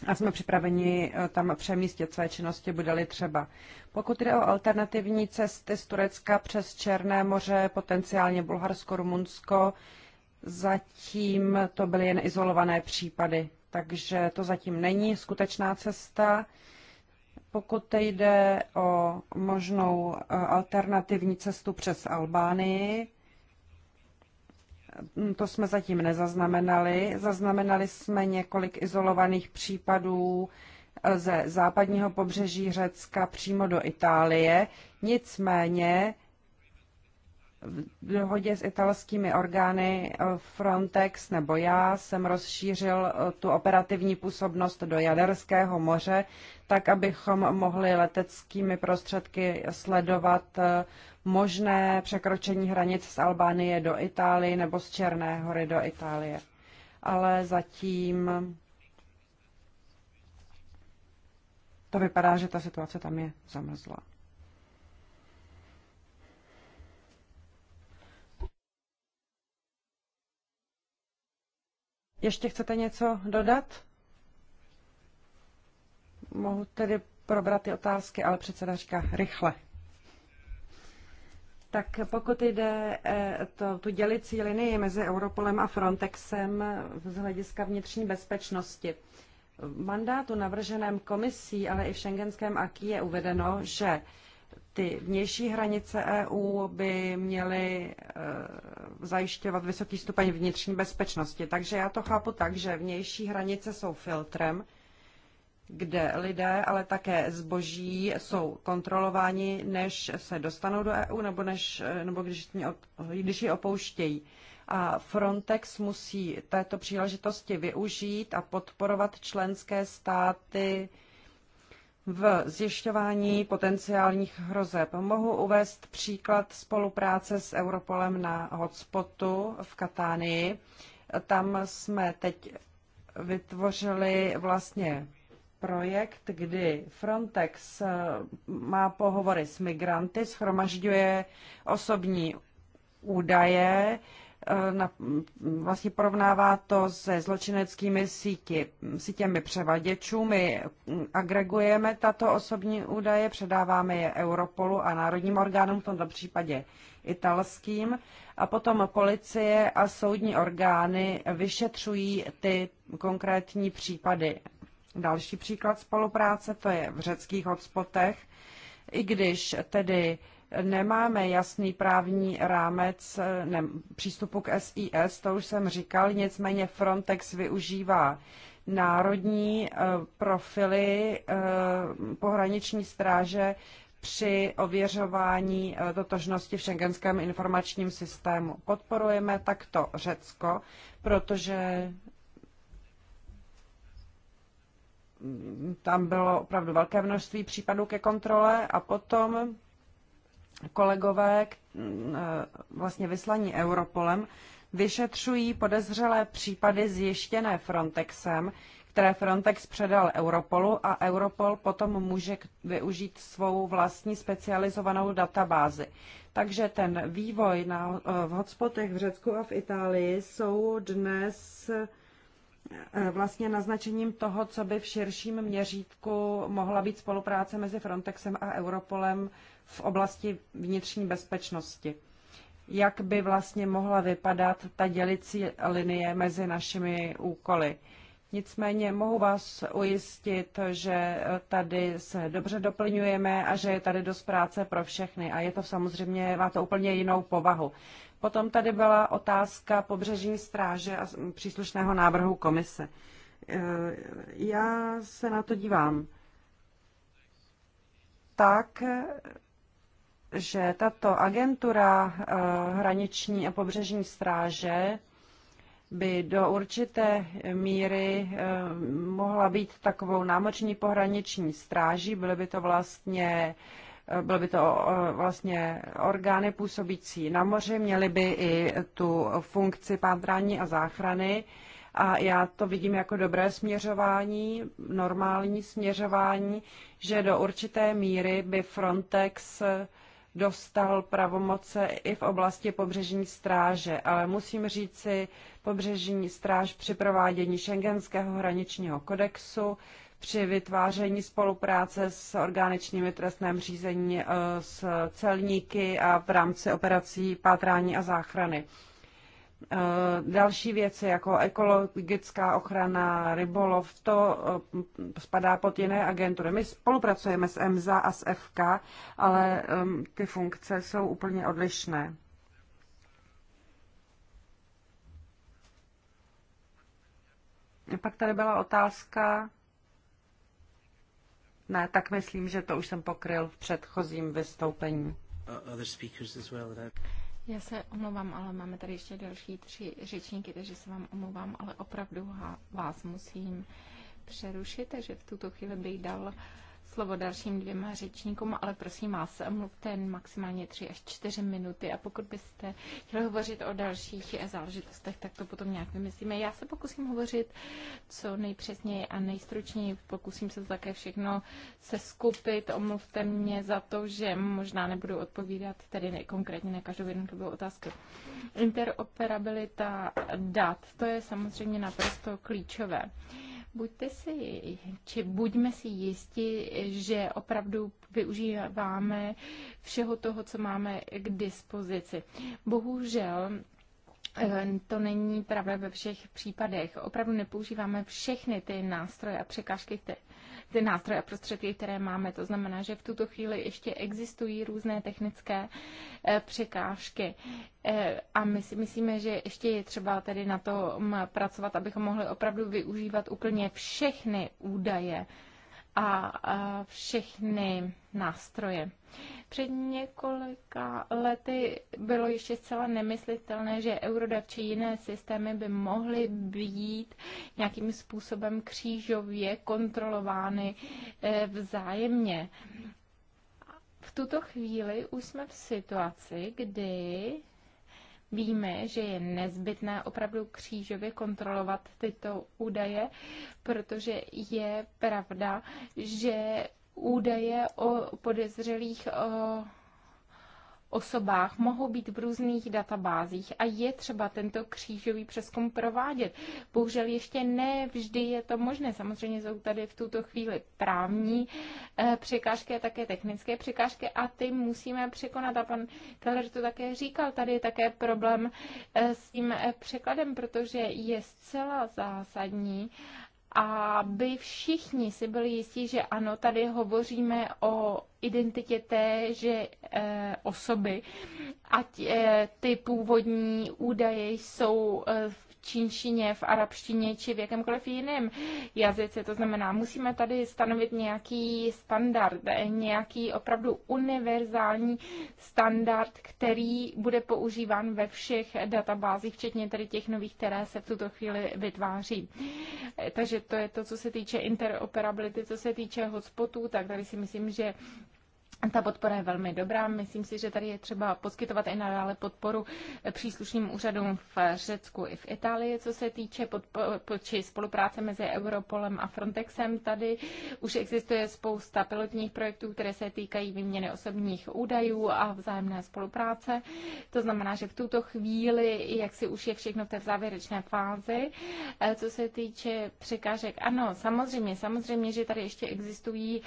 a jsme připraveni eh, tam přemístit své činnosti, bude-li třeba. Pokud jde o alternativní cesty z Turecka přes Černé moře, potenciálně Bulharsko, Rumunsko, zatím to byly jen izolované případy, takže to zatím není skutečná cesta. Pokud jde o možnou e, alternativní cestu přes Albánii, to jsme zatím nezaznamenali. Zaznamenali jsme několik izolovaných případů e, ze západního pobřeží Řecka přímo do Itálie. Nicméně v dohodě s italskými orgány eh, Frontex nebo já jsem rozšířil eh, tu operativní působnost do Jaderského moře, tak abychom mohli leteckými prostředky sledovat eh, možné překročení hranic z Albánie do Itálie nebo z Černé hory do Itálie. Ale zatím to vypadá, že ta situace tam je zamrzlá. Ještě chcete něco dodat? Mohu tedy probrat ty otázky, ale předseda říká rychle. Tak pokud jde eh, to, tu dělicí linii mezi Europolem a Frontexem z hlediska vnitřní bezpečnosti, v mandátu navrženém komisí, ale i v šengenském AKI je uvedeno, že ty vnější hranice EU by měly eh, zajišťovat vysoký stupeň vnitřní bezpečnosti. Takže já to chápu tak, že vnější hranice jsou filtrem, kde lidé, ale také zboží jsou kontrolováni, než se dostanou do EU nebo, než, eh, nebo když, když ji opouštějí. A Frontex musí této příležitosti využít a podporovat členské státy v zjišťování potenciálních hrozeb. Mohu uvést příklad spolupráce s Europolem na hotspotu v Katánii. Tam jsme teď vytvořili vlastně projekt, kdy Frontex eh, má pohovory s migranty, schromažďuje osobní údaje, Eh, na, vlastně porovnává to se zločineckými síti, sítěmi převaděčů. My agregujeme tato osobní údaje, předáváme je Europolu a národním orgánům, v tomto případě italským, a potom policie a soudní orgány vyšetřují ty konkrétní případy. Další příklad spolupráce, to je v řeckých hotspotech. I když tedy nemáme jasný právní rámec eh, ne, přístupu k SIS, to už jsem říkal, nicméně Frontex využívá národní eh, profily eh, pohraniční stráže při ověřování totožnosti v šengenském informačním systému. Podporujeme takto Řecko, protože tam bylo opravdu velké množství případů ke kontrole a potom kolegové, e, vlastně vyslaní Europolem, vyšetřují podezřelé případy zjištěné Frontexem, které Frontex předal Europolu a Europol potom může využít svou vlastní specializovanou databázi. Takže ten vývoj na, e, v hotspotech v Řecku a v Itálii jsou dnes e, vlastně naznačením toho, co by v širším měřítku mohla být spolupráce mezi Frontexem a Europolem v oblasti vnitřní bezpečnosti. Jak by vlastně mohla vypadat ta dělicí linie mezi našimi úkoly? Nicméně mohu vás ujistit, že tady se dobře doplňujeme a že je tady dost práce pro všechny. A je to samozřejmě, má to úplně jinou povahu. Potom tady byla otázka pobřežní stráže a příslušného návrhu komise. E, já se na to dívám tak, že tato agentura eh, hraniční a pobřežní stráže by do určité míry eh, mohla být takovou námoční pohraniční stráží. Byly by to vlastně eh, byly by to vlastně orgány působící na moři, měly by i tu funkci pátrání a záchrany. A já to vidím jako dobré směřování, normální směřování, že do určité míry by Frontex dostal pravomoce i v oblasti pobřežní stráže, ale musím říci, pobřežní stráž při provádění šengenského hraničního kodexu, při vytváření spolupráce s orgánečními trestném řízení, eh, s celníky a v rámci operací pátrání a záchrany. Eh, další věci jako ekologická ochrana, rybolov, to eh, spadá pod jiné agentury. My spolupracujeme s EMSA a s FK, ale ty funkce jsou úplně odlišné. Pak tady byla otázka. Ne, tak myslím, že to už jsem pokryl v předchozím vystoupení. Já se omlouvám, ale máme tady ještě další tři řečníky, takže se vám omlouvám, ale opravdu vás musím přerušit, takže v tuto chvíli bych dal slovo dalším dvěma řečníkům, ale prosím vás, mluvte maximálně tři až čtyři minuty a pokud byste chtěli hovořit o dalších záležitostech, tak to potom nějak vymyslíme. Já se pokusím hovořit co nejpřesněji a nejstručněji, pokusím se také všechno se skupit. Omluvte mě za to, že možná nebudu odpovídat tedy ne, konkrétně na každou jednotlivou otázku. Interoperabilita dat, to je samozřejmě naprosto klíčové buďte si, či buďme si jisti, že opravdu využíváme všeho toho, co máme k dispozici. Bohužel eh, to není pravda ve všech případech. Opravdu nepoužíváme všechny ty nástroje a překážky, které ty nástroje a prostředky, které máme. To znamená, že v tuto chvíli ještě existují různé technické eh, překážky. Eh, a my si myslíme, že ještě je třeba tedy na tom pracovat, abychom mohli opravdu využívat úplně všechny údaje, a všechny nástroje. Před několika lety bylo ještě zcela nemyslitelné, že Eurodac či jiné systémy by mohly být nějakým způsobem křížově kontrolovány e, vzájemně. V tuto chvíli už jsme v situaci, kdy Víme, že je nezbytné opravdu křížově kontrolovat tyto údaje, protože je pravda, že údaje o podezřelých o osobách mohou být v různých databázích a je třeba tento křížový přeskum provádět. Bohužel ještě ne vždy je to možné. Samozřejmě jsou tady v tuto chvíli právní eh, překážky a také technické překážky a ty musíme překonat. A pan Keller to také říkal, tady je také problém eh, s tím eh, překladem, protože je zcela zásadní, aby všichni si byli jistí, že ano, tady hovoříme o identitě té, že eh, osoby, ať eh, ty původní údaje jsou v eh, čínštině, v arabštině či v jakémkoliv jiném jazyce. To znamená, musíme tady stanovit nějaký standard, nějaký opravdu univerzální standard, který bude používán ve všech databázích, včetně tady těch nových, které se v tuto chvíli vytváří. Takže to je to, co se týče interoperability, co se týče hotspotů, tak tady si myslím, že ta podpora je velmi dobrá. Myslím si, že tady je třeba poskytovat i nadále podporu příslušným úřadům v Řecku i v Itálii, co se týče podpo- či spolupráce mezi Europolem a Frontexem. Tady už existuje spousta pilotních projektů, které se týkají výměny osobních údajů a vzájemné spolupráce. To znamená, že v tuto chvíli, jak si už je všechno v té závěrečné fázi, eh, co se týče překážek, ano, samozřejmě, samozřejmě, že tady ještě existují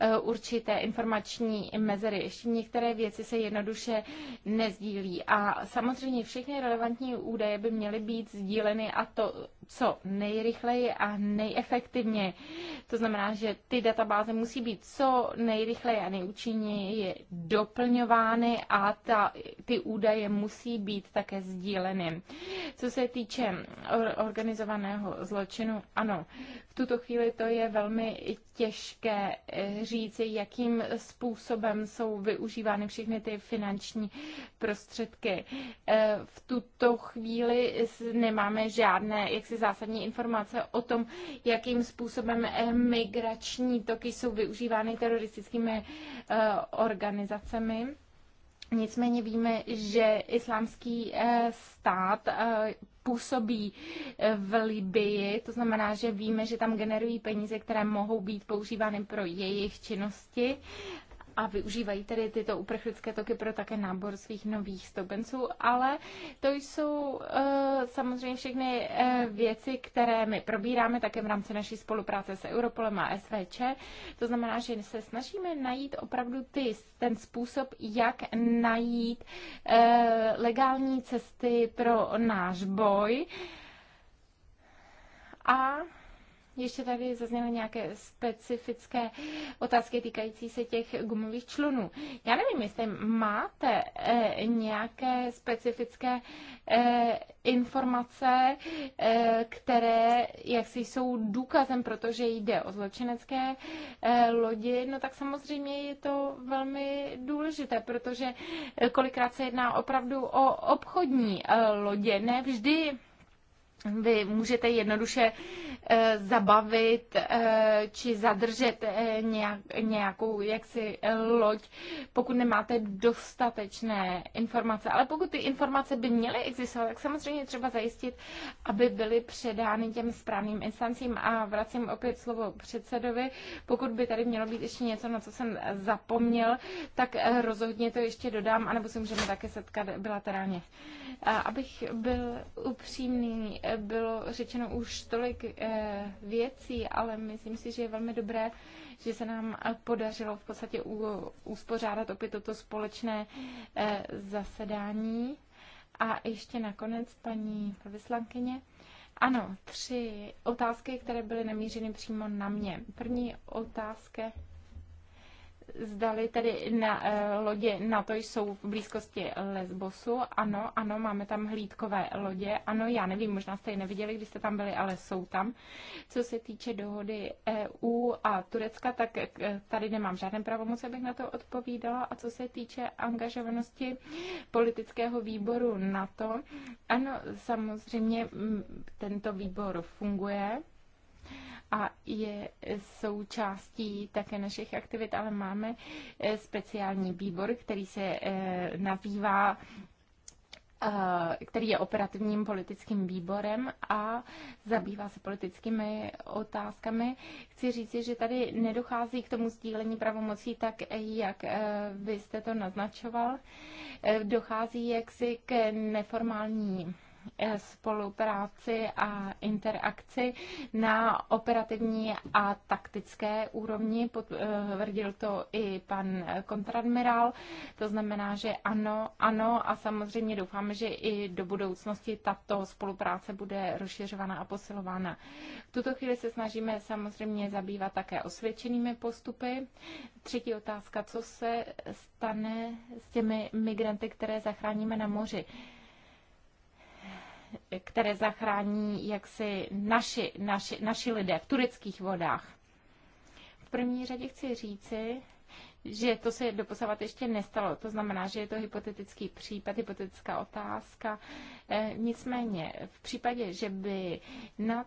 eh, určité informační i mezery. Ještě některé věci se jednoduše nezdílí. A samozřejmě všechny relevantní údaje by měly být sdíleny a to co nejrychleji a nejefektivně. To znamená, že ty databáze musí být co nejrychleji a nejúčinněji doplňovány a ta, ty údaje musí být také sdíleny. Co se týče organizovaného zločinu, ano, v tuto chvíli to je velmi těžké eh, říci, jakým způsobem jsou využívány všechny ty finanční prostředky. Eh, v tuto chvíli nemáme žádné jaksi zásadní informace o tom, jakým způsobem eh, migrační toky jsou využívány teroristickými organizacemi. Nicméně víme, že islámský stát působí eh, v Libii. To znamená, že víme, že tam generují peníze, které mohou být používány pro jejich činnosti a využívají tedy tyto uprchlické toky pro také nábor svých nových stoupenců, ale to jsou uh, samozřejmě všechny uh, věci, které my probíráme také v rámci naší spolupráce s Europolem a SVČ. To znamená, že se snažíme najít opravdu ty, ten způsob, jak najít uh, legální cesty pro náš boj. A ještě tady zazněly nějaké specifické otázky týkající se těch gumových člunů. Já nevím, jestli máte e, nějaké specifické e, informace, e, které jaksi jsou důkazem, protože jde o zločinecké e, lodi, no tak samozřejmě je to velmi důležité, protože kolikrát se jedná opravdu o obchodní e, lodě, ne vždy vy můžete jednoduše eh, zabavit eh, či zadržet eh, nějak, nějakou jaksi loď, pokud nemáte dostatečné informace. Ale pokud ty informace by měly existovat, tak samozřejmě třeba zajistit, aby byly předány těm správným instancím. A vracím opět slovo předsedovi. Pokud by tady mělo být ještě něco, na co jsem zapomněl, tak rozhodně to ještě dodám, anebo si můžeme také setkat bilaterálně. Abych byl upřímný, bylo řečeno už tolik eh, věcí, ale myslím si, že je velmi dobré, že se nám podařilo v podstatě uspořádat opět toto společné eh, zasedání. A ještě nakonec, paní vyslankyně, ano, tři otázky, které byly namířeny přímo na mě. První otázka zdali tedy na eh, lodě na to jsou v blízkosti Lesbosu. Ano, ano, máme tam hlídkové lodě. Ano, já nevím, možná jste je neviděli, když jste tam byli, ale jsou tam. Co se týče dohody EU a Turecka, tak eh, tady nemám žádné pravomoc, abych na to odpovídala. A co se týče angažovanosti politického výboru na to ano, samozřejmě mm, tento výbor funguje a je součástí také našich aktivit, ale máme eh, speciální výbor, který se eh, nazývá eh, který je operativním politickým výborem a zabývá se politickými otázkami. Chci říct, že tady nedochází k tomu sdílení pravomocí tak, jak vy jste to naznačoval. Dochází jaksi k neformální E, spolupráci a interakci na operativní a taktické úrovni. Potvrdil e, to i pan kontradmirál. To znamená, že ano, ano a samozřejmě doufáme, že i do budoucnosti tato spolupráce bude rozšiřována a posilována. V tuto chvíli se snažíme samozřejmě zabývat také osvědčenými postupy. Třetí otázka, co se stane s těmi migranty, které zachráníme na moři? které zachrání jaksi naši, naši, naši lidé v tureckých vodách. V první řadě chci říci, že to se doposavat ještě nestalo. To znamená, že je to hypotetický případ, hypotetická otázka. E, nicméně, v případě, že by na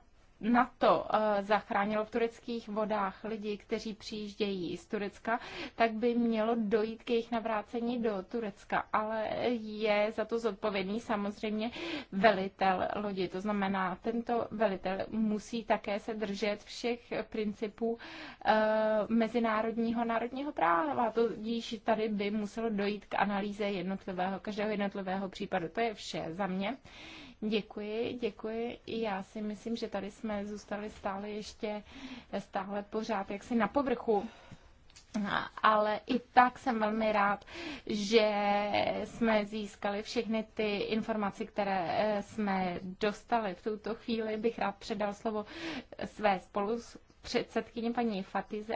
NATO eh, zachránilo v tureckých vodách lidi, kteří přijíždějí z Turecka, tak by mělo dojít k jejich navrácení do Turecka, ale je za to zodpovědný samozřejmě velitel lodi. To znamená, tento velitel musí také se držet všech principů eh, mezinárodního národního práva. To již tady by muselo dojít k analýze jednotlivého, každého jednotlivého případu. To je vše za mě. Děkuji, děkuji. Já si myslím, že tady jsme zůstali stále ještě, stále pořád jaksi na povrchu ale i tak jsem velmi rád, že jsme získali všechny ty informace, které eh, jsme dostali. V tuto chvíli bych rád předal slovo eh, své spolu s předsedkyně paní Fatize.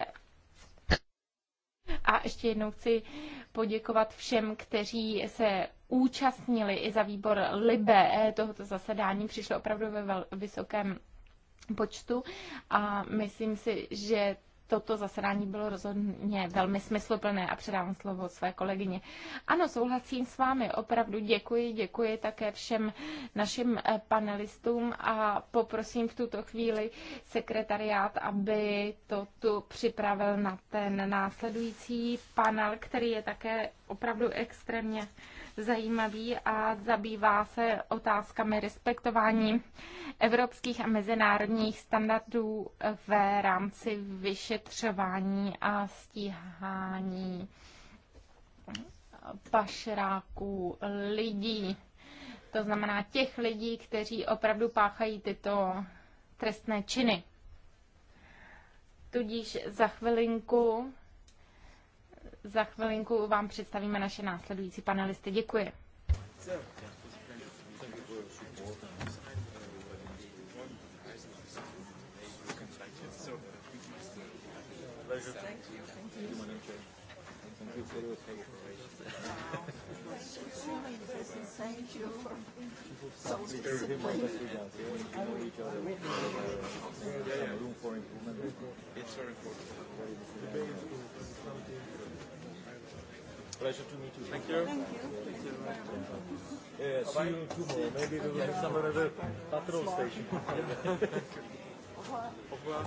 A ještě jednou chci poděkovat všem, kteří se účastnili i za výbor LIBE tohoto zasedání, přišlo opravdu ve vysokém počtu a myslím si, že toto zasedání bylo rozhodně velmi smysluplné a předávám slovo své kolegyně. Ano, souhlasím s vámi, opravdu děkuji, děkuji také všem našim eh, panelistům a poprosím v tuto chvíli sekretariát, aby to tu připravil na ten následující panel, který je také opravdu extrémně zajímavý a zabývá se otázkami respektování evropských a mezinárodních standardů v rámci vyšetřování a stíhání pašráků lidí. To znamená těch lidí, kteří opravdu páchají tyto trestné činy. Tudíž za chvilinku za chvilinku vám představíme naše následující panelisty. Děkuji. Thank you pleasure to meet you. Thank you. Thank you. Thank you. Yeah, see you tomorrow. Maybe we will have some other patrol station. Au revoir. Au revoir.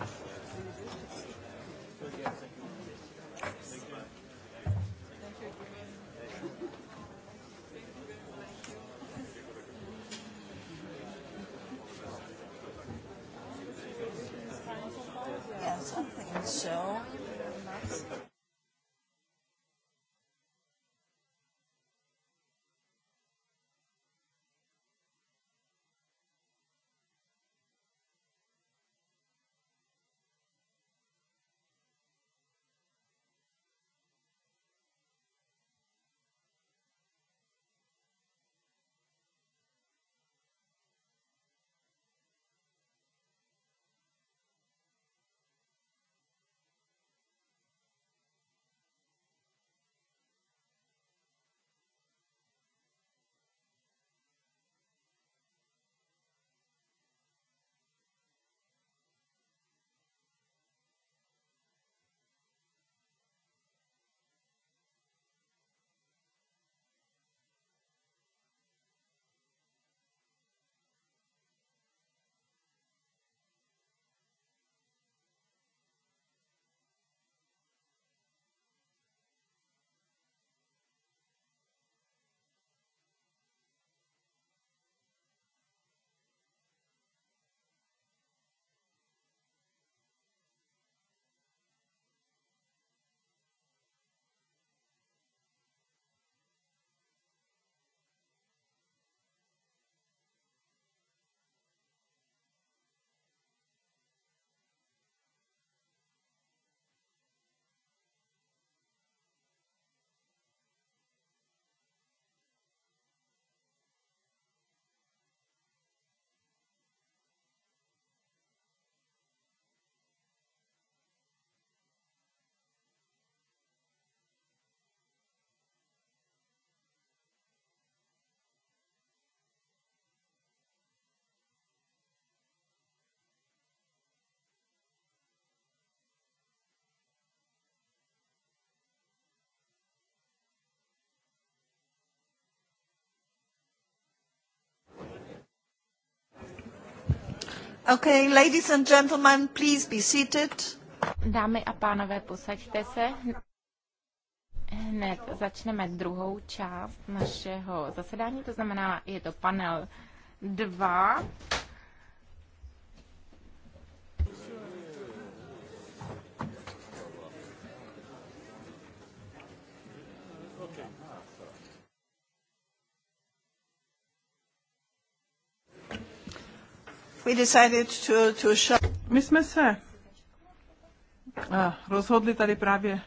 Okay, ladies and gentlemen, please be seated. Dámy a pánové, posaďte se. Hned začneme druhou část našeho zasedání, to znamená, je to panel 2. My jsme se rozhodli tady právě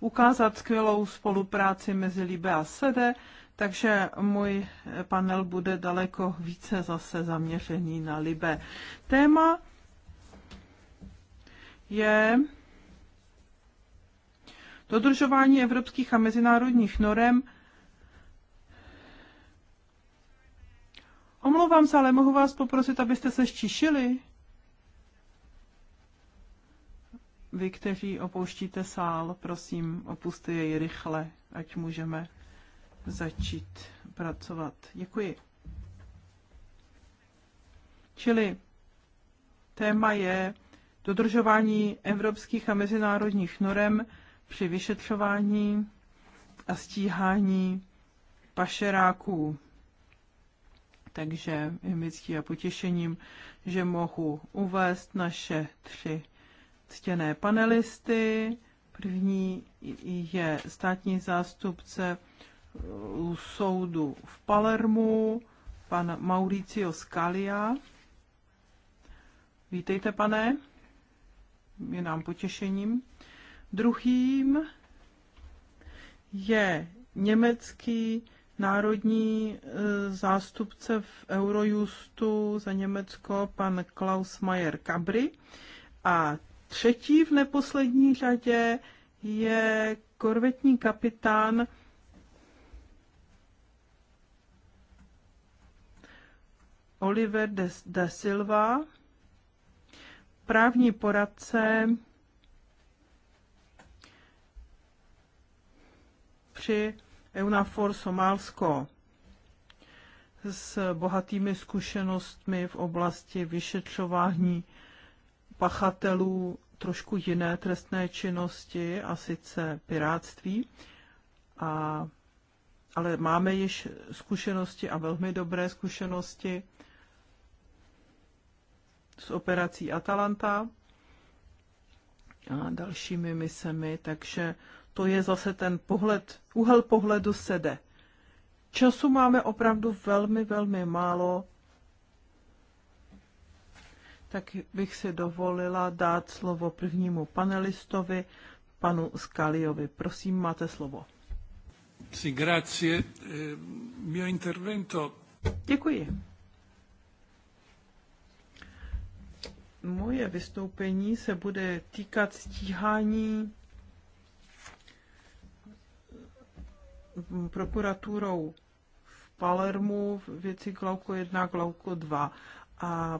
ukázat skvělou spolupráci mezi Libe a Sede, takže můj panel bude daleko více zase zaměřený na Libe. Téma je dodržování evropských a mezinárodních norem Omlouvám se, ale mohu vás poprosit, abyste se štišili? Vy, kteří opouštíte sál, prosím, opuste jej rychle, ať můžeme začít pracovat. Děkuji. Čili téma je dodržování evropských a mezinárodních norem při vyšetřování a stíhání pašeráků takže je mi ctí a potěšením, že mohu uvést naše tři ctěné panelisty. První je státní zástupce soudu v Palermu, pan Mauricio Scalia. Vítejte, pane, je nám potěšením. Druhým je německý národní e, zástupce v Eurojustu za Německo, pan Klaus Mayer Kabry. A třetí v neposlední řadě je korvetní kapitán Oliver da Silva, právní poradce při EUNAFOR Somálsko s bohatými zkušenostmi v oblasti vyšetřování pachatelů trošku jiné trestné činnosti, a sice piráctví. A, ale máme již zkušenosti a velmi dobré zkušenosti s operací Atalanta a dalšími misemi, takže to je zase ten pohled, úhel pohledu sede. Času máme opravdu velmi, velmi málo, tak bych si dovolila dát slovo prvnímu panelistovi, panu Skaliovi. Prosím, máte slovo. Sì, grazie. Eh, mio intervento... Děkuji. Moje vystoupení se bude týkat stíhání prokuraturou v Palermu v věci Glauko 1, Glauko 2. A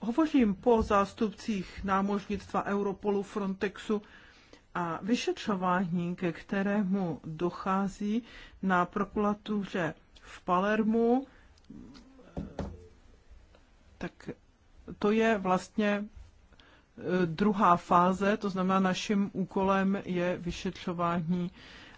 hovořím po zástupcích námořnictva Europolu, Frontexu a vyšetřování, ke kterému dochází na prokuratuře v Palermu, tak to je vlastně druhá fáze, to znamená naším úkolem je vyšetřování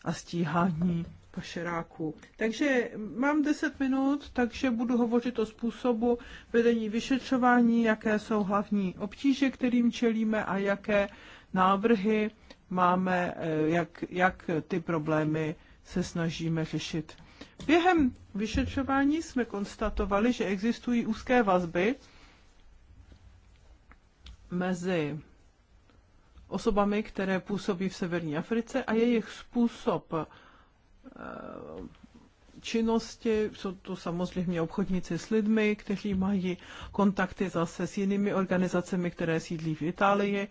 a stíhání pašeráků. Takže mám 10 minut, takže budu hovořit o způsobu vedení vyšetřování, jaké jsou hlavní obtíže, kterým čelíme a jaké návrhy máme, eh, jak, jak ty problémy se snažíme řešit. Během vyšetřování jsme konstatovali, že existují úzké vazby mezi osobami, které působí v severní Africe a jejich způsob eh, činnosti, jsou to samozřejmě obchodníci s lidmi, kteří mají kontakty zase s jinými organizacemi, které sídlí v Itálii.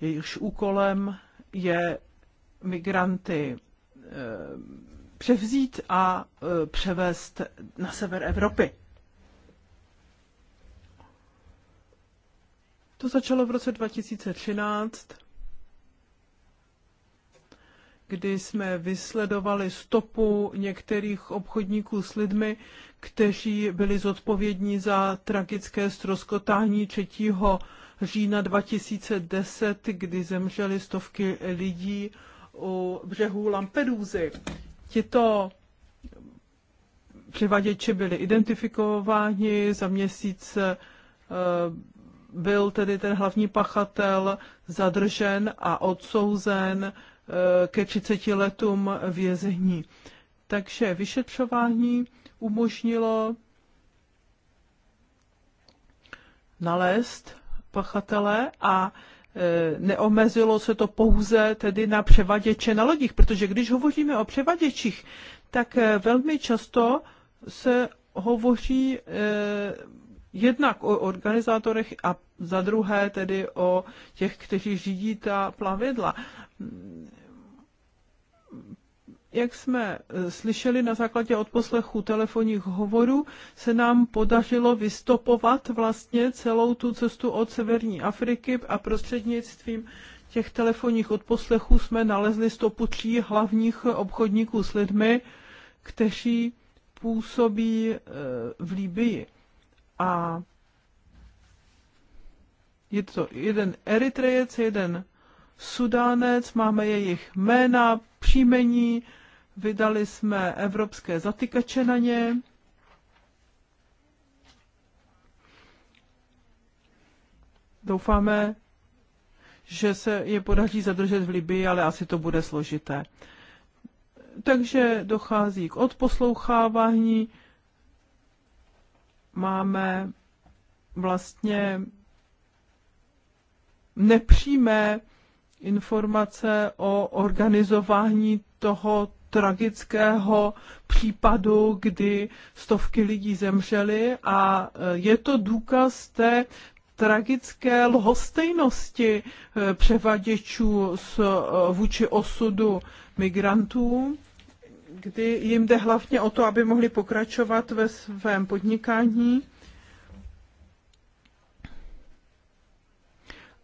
Jejichž úkolem je migranty eh, převzít a eh, převést na sever Evropy. To začalo v roce 2013, kdy jsme vysledovali stopu některých obchodníků s lidmi, kteří byli zodpovědní za tragické stroskotání 3. října 2010, kdy zemřeli stovky lidí u břehů Lampedusy. Tito převaděči byli identifikováni za měsíc eh, byl tedy ten hlavní pachatel zadržen a odsouzen eh, ke 30 letům vězení. Takže vyšetřování umožnilo nalézt pachatele a eh, neomezilo se to pouze tedy na převaděče na lodích, protože když hovoříme o převaděčích, tak eh, velmi často se hovoří jednak o organizátorech a za druhé tedy o těch, kteří řídí ta plavidla. Jak jsme eh, slyšeli na základě odposlechu telefonních hovorů, se nám podařilo vystopovat vlastně celou tu cestu od severní Afriky a prostřednictvím těch telefonních odposlechů jsme nalezli stopu tří hlavních obchodníků s lidmi, kteří působí eh, v Líbii a je to jeden Eritrejec, jeden Sudánec, máme jejich jména, příjmení, vydali jsme evropské zatykače na ně. Doufáme, že se je podaří zadržet v Libii, ale asi to bude složité. Takže dochází k odposlouchávání máme vlastně nepřímé informace o organizování toho tragického případu, kdy stovky lidí zemřely a e, je to důkaz té tragické lhostejnosti e, převaděčů e, vůči osudu migrantů kdy jim jde hlavně o to, aby mohli pokračovat ve svém podnikání.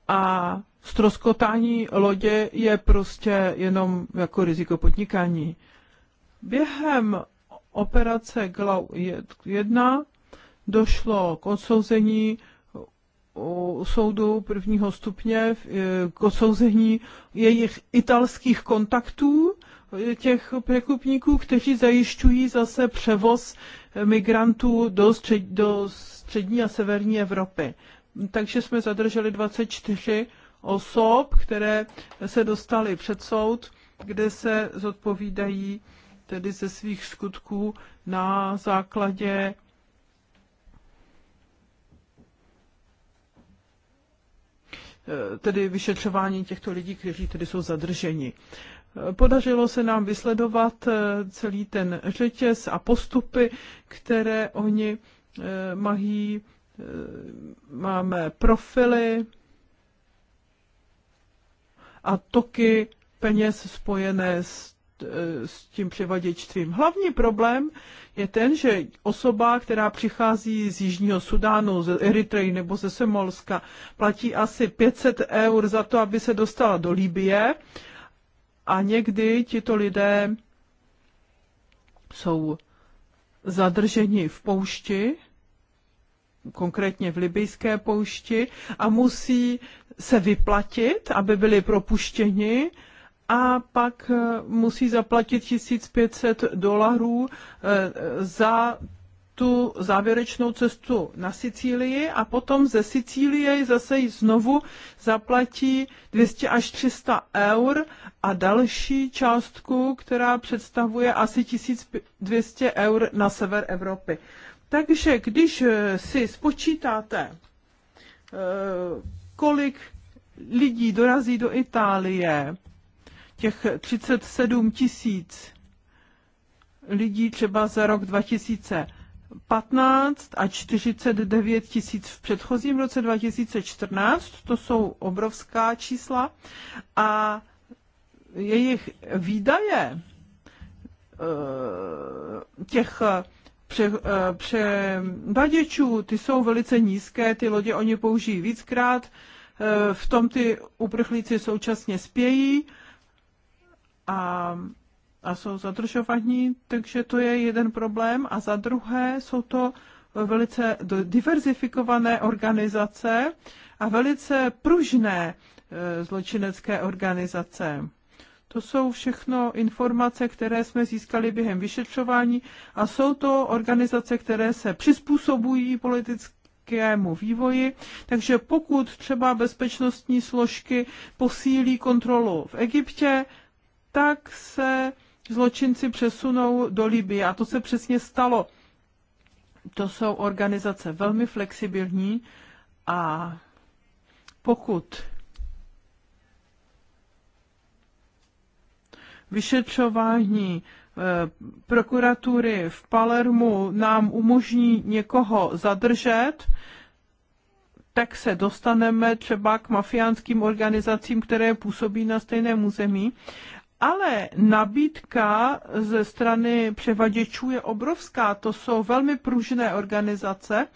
A stroskotání lodě je prostě jenom jako riziko podnikání. Během operace GLAU 1 došlo k odsouzení u soudu prvního stupně eh, k odsouzení jejich italských kontaktů těch překupníků, kteří zajišťují zase převoz eh, migrantů do, střed, do střední a severní Evropy. Takže jsme zadrželi 24 osob, které se dostaly před soud, kde se zodpovídají tedy ze svých skutků na základě eh, tedy vyšetřování těchto lidí, kteří tedy jsou zadrženi. Podařilo se nám vysledovat eh, celý ten řetěz a postupy, které oni eh, mají. Eh, máme profily a toky peněz spojené s, s tím převaděčstvím. Hlavní problém je ten, že osoba, která přichází z Jižního Sudánu, z Eritreji nebo ze Semolska, platí asi 500 eur za to, aby se dostala do Libie a někdy tito lidé jsou zadrženi v poušti, konkrétně v libijské poušti, a musí se vyplatit, aby byli propuštěni a pak eh, musí zaplatit 1500 dolarů eh, za tu závěrečnou cestu na Sicílii a potom ze Sicílie zase ji znovu zaplatí 200 až 300 eur a další částku, která představuje asi 1200 eur na sever Evropy. Takže když eh, si spočítáte, eh, kolik lidí dorazí do Itálie, těch 37 tisíc lidí třeba za rok 2000, 15 a 49 tisíc v předchozím roce 2014, to jsou obrovská čísla, a jejich výdaje eh, těch eh, pře, eh, ty jsou velice nízké, ty lodě oni použijí víckrát, v tom ty uprchlíci současně spějí a a jsou zadržovaní, takže to je jeden problém. A za druhé jsou to velice diverzifikované organizace a velice pružné e, zločinecké organizace. To jsou všechno informace, které jsme získali během vyšetřování a jsou to organizace, které se přizpůsobují politickému vývoji. Takže pokud třeba bezpečnostní složky posílí kontrolu v Egyptě, tak se zločinci přesunou do Libie. A to se přesně stalo. To jsou organizace velmi flexibilní a pokud vyšetřování eh, prokuratury v Palermu nám umožní někoho zadržet, tak se dostaneme třeba k mafiánským organizacím, které působí na stejném území. Ale nabídka ze strany převaděčů je obrovská. To jsou velmi pružné organizace.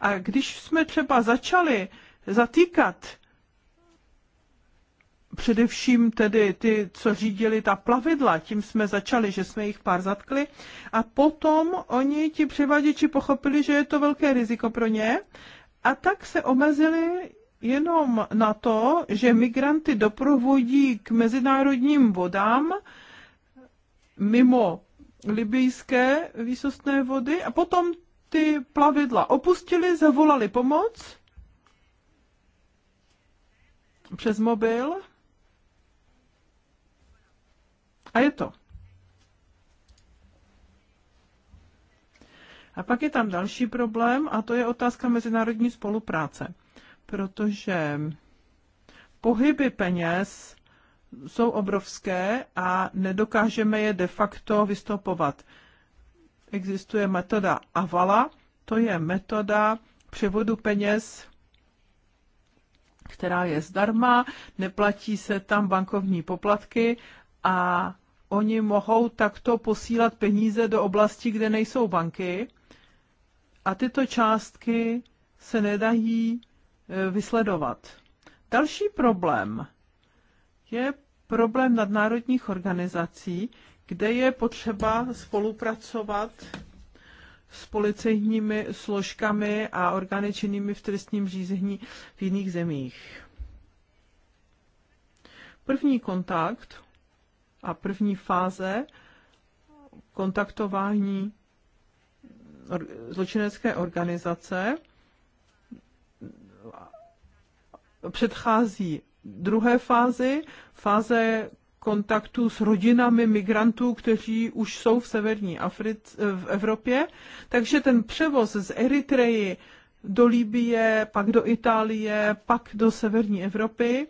A když jsme třeba začali zatýkat především tedy ty, co řídili ta plavidla, tím jsme začali, že jsme jich pár zatkli a potom oni, ti převaděči, pochopili, že je to velké riziko pro ně a tak se omezili jenom na to, že migranty doprovodí k mezinárodním vodám mimo libijské výsostné vody a potom ty plavidla opustili, zavolali pomoc přes mobil a je to. A pak je tam další problém a to je otázka mezinárodní spolupráce protože pohyby peněz jsou obrovské a nedokážeme je de facto vystopovat. Existuje metoda Avala, to je metoda převodu peněz, která je zdarma, neplatí se tam bankovní poplatky a oni mohou takto posílat peníze do oblasti, kde nejsou banky a tyto částky se nedají Eh, vysledovat. Další problém je problém nadnárodních organizací, kde je potřeba spolupracovat s policejními složkami a orgány činnými v trestním řízení v jiných zemích. První kontakt a první fáze kontaktování zločinecké organizace předchází druhé fázi, fáze kontaktu s rodinami migrantů, kteří už jsou v severní Afric, v Evropě. Takže ten převoz z Eritreji do Libie, pak do Itálie, pak do severní Evropy.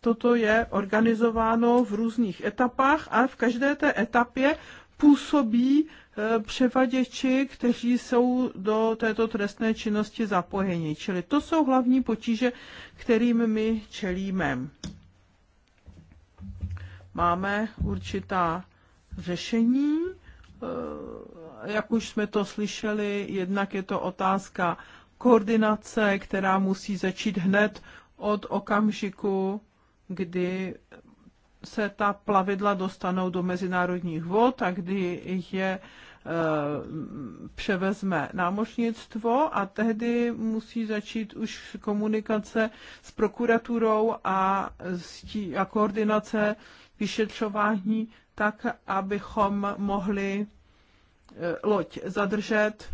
Toto je organizováno v různých etapách a v každé té etapě působí Eh, převaděči, kteří jsou do této trestné činnosti zapojeni. Čili to jsou hlavní potíže, kterým my čelíme. Máme určitá řešení, eh, jak už jsme to slyšeli, jednak je to otázka koordinace, která musí začít hned od okamžiku, kdy se ta plavidla dostanou do mezinárodních vod a kdy je Eh, převezme námořnictvo a tehdy musí začít už komunikace s prokuraturou a, a koordinace vyšetřování tak, abychom mohli eh, loď zadržet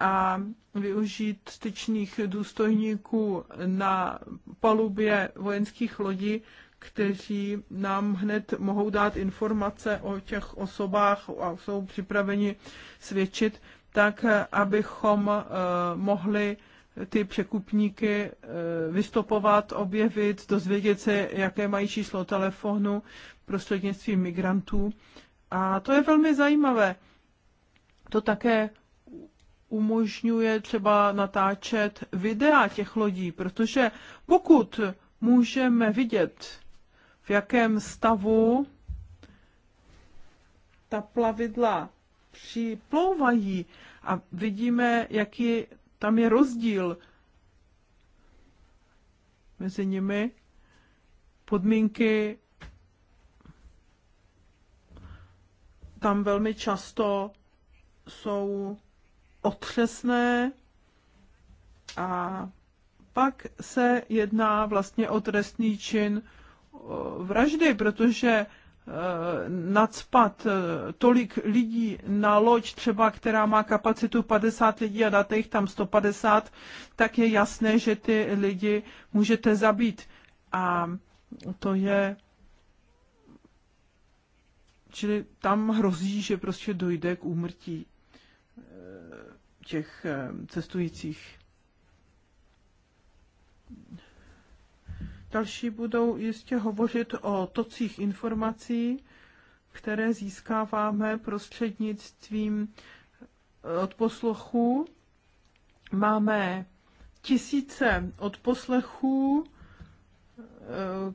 a využít styčných důstojníků na palubě vojenských lodí kteří nám hned mohou dát informace o těch osobách a jsou připraveni svědčit, tak eh, abychom eh, mohli ty překupníky eh, vystopovat, objevit, dozvědět se, jaké mají číslo telefonu prostřednictvím migrantů. A to je velmi zajímavé. To také umožňuje třeba natáčet videa těch lodí, protože pokud můžeme vidět v jakém stavu ta plavidla připlouvají a vidíme, jaký tam je rozdíl mezi nimi. Podmínky tam velmi často jsou otřesné a pak se jedná vlastně o trestný čin Eh, vraždy, protože eh, nadspat eh, tolik lidí na loď, třeba která má kapacitu 50 lidí a dáte jich tam 150, tak je jasné, že ty lidi můžete zabít. A to je Čili tam hrozí, že prostě dojde k úmrtí těch cestujících. Další budou jistě hovořit o tocích informací, které získáváme prostřednictvím eh, odposlechů. Máme tisíce odposlechů, eh,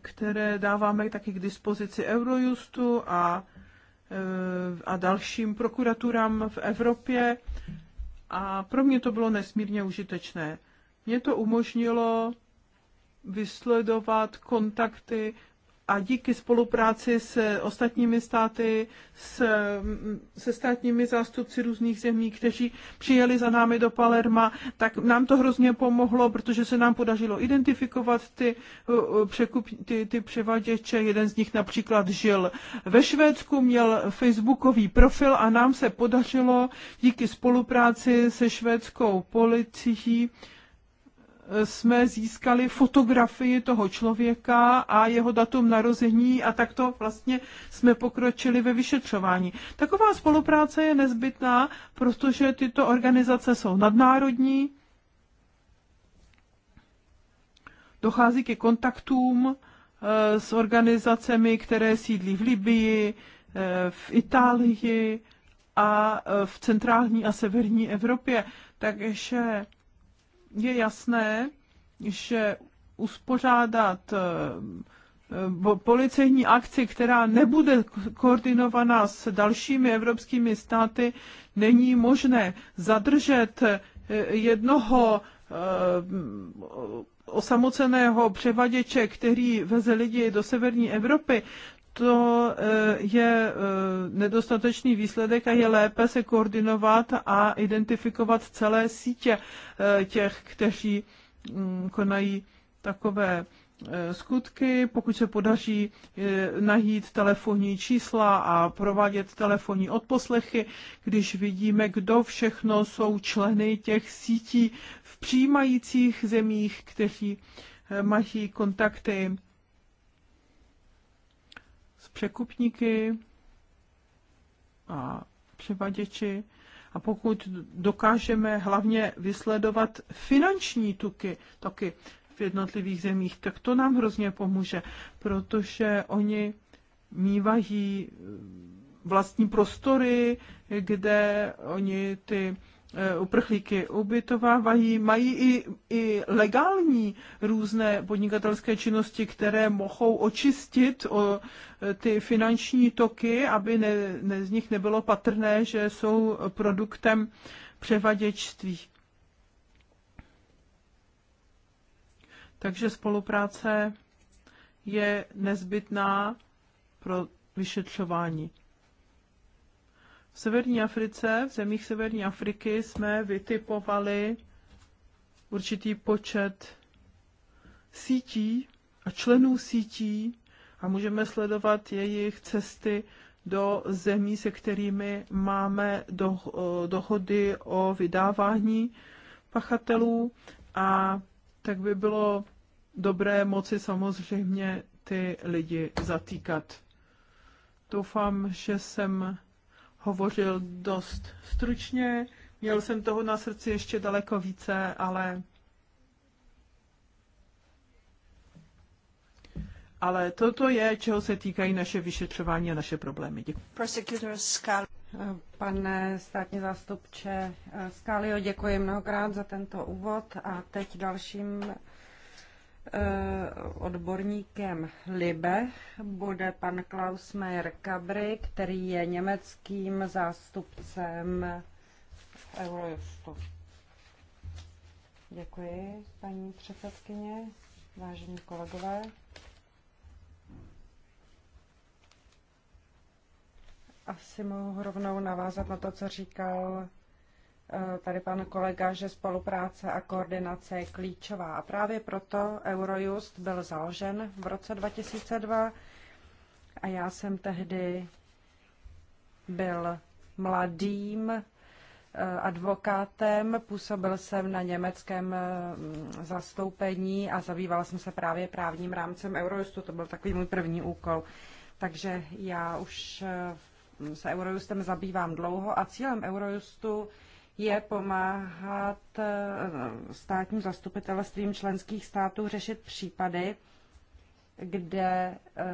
které dáváme taky k dispozici Eurojustu a, eh, a dalším prokuraturám v Evropě. A pro mě to bylo nesmírně užitečné. Mě to umožnilo vysledovat kontakty a díky spolupráci s ostatními státy, s, se státními zástupci různých zemí, kteří přijeli za námi do Palerma, tak nám to hrozně pomohlo, protože se nám podařilo identifikovat ty, překup, ty, ty převaděče. Jeden z nich například žil ve Švédsku, měl facebookový profil a nám se podařilo díky spolupráci se švédskou policií jsme získali fotografii toho člověka a jeho datum narození a takto vlastně jsme pokročili ve vyšetřování. Taková spolupráce je nezbytná, protože tyto organizace jsou nadnárodní, dochází ke kontaktům eh, s organizacemi, které sídlí v Libii, eh, v Itálii a eh, v centrální a severní Evropě. Takže je jasné, že uspořádat eh, eh, policejní akci, která nebude koordinovaná s dalšími evropskými státy, není možné zadržet eh, jednoho osamoceného převaděče, který veze lidi do severní Evropy, to eh, je eh, nedostatečný výsledek a je lépe se koordinovat a identifikovat celé sítě eh, těch, kteří mm, konají takové skutky, pokud se podaří najít telefonní čísla a provádět telefonní odposlechy, když vidíme, kdo všechno jsou členy těch sítí v přijímajících zemích, kteří mají kontakty překupníky a převaděči. A pokud dokážeme hlavně vysledovat finanční tuky, toky v jednotlivých zemích, tak to nám hrozně pomůže, protože oni mývají eh, vlastní prostory, kde oni ty Eh, uprchlíky ubytovávají, mají i, i legální různé podnikatelské činnosti, které mohou očistit o eh, ty finanční toky, aby ne, ne, z nich nebylo patrné, že jsou produktem převaděčství. Takže spolupráce je nezbytná pro vyšetřování. V severní Africe, v zemích severní Afriky jsme vytipovali určitý počet sítí a členů sítí a můžeme sledovat jejich cesty do zemí, se kterými máme do, dohody o vydávání pachatelů a tak by bylo dobré moci samozřejmě ty lidi zatýkat. Doufám, že jsem hovořil dost stručně. Měl jsem toho na srdci ještě daleko více, ale Ale toto je, čeho se týkají naše vyšetřování a naše problémy. Děkuji. Pane státní zástupče Skálio, děkuji mnohokrát za tento úvod a teď dalším Eh, odborníkem LIBE bude pan Klaus Meyer Kabry, který je německým zástupcem v Eurojustu. Děkuji, paní předsedkyně, vážení kolegové. Asi mohu rovnou navázat na to, co říkal Eh, tady pan kolega, že spolupráce a koordinace je klíčová. A právě proto Eurojust byl založen v roce 2002 a já jsem tehdy byl mladým eh, advokátem, působil jsem na německém mm, zastoupení a zabývala jsem se právě právním rámcem Eurojustu. To byl takový můj první úkol. Takže já už eh, se Eurojustem zabývám dlouho a cílem Eurojustu je pomáhat eh, státním zastupitelstvím členských států řešit případy, kde eh,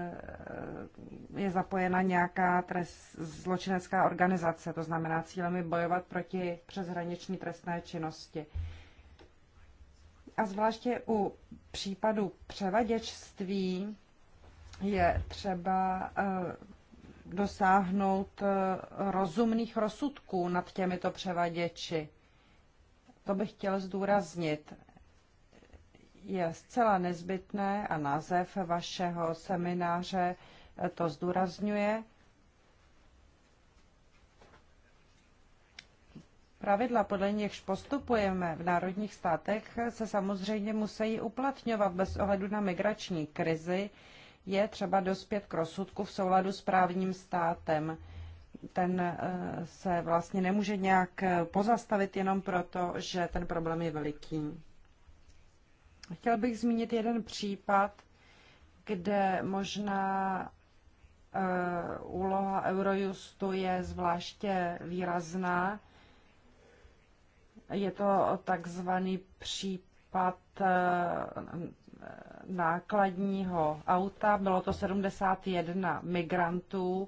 je zapojena nějaká trest, zločinecká organizace. To znamená, cílem je bojovat proti přeshraniční trestné činnosti. A zvláště u případu převaděčství je třeba eh, dosáhnout eh, rozumných rozsudků nad těmito převaděči. To bych chtěl zdůraznit. Je zcela nezbytné a název vašeho semináře eh, to zdůrazňuje. Pravidla, podle nichž postupujeme v národních státech, se samozřejmě musí uplatňovat bez ohledu na migrační krizi, je třeba dospět k rozsudku v souladu s právním státem. Ten eh, se vlastně nemůže nějak eh, pozastavit jenom proto, že ten problém je veliký. Chtěl bych zmínit jeden případ, kde možná eh, úloha Eurojustu je zvláště výrazná. Je to takzvaný případ nákladního auta. Bylo to 71 migrantů,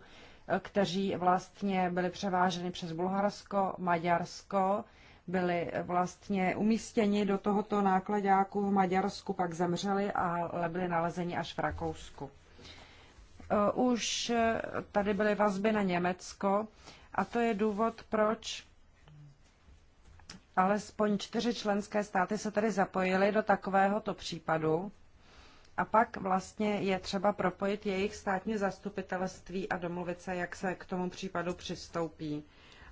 kteří vlastně byli převáženi přes Bulharsko, Maďarsko, byli vlastně umístěni do tohoto nákladáku v Maďarsku, pak zemřeli a byli nalezeni až v Rakousku. E, už tady byly vazby na Německo a to je důvod, proč Alespoň čtyři členské státy se tedy zapojily do takovéhoto případu a pak vlastně je třeba propojit jejich státní zastupitelství a domluvit se, jak se k tomu případu přistoupí.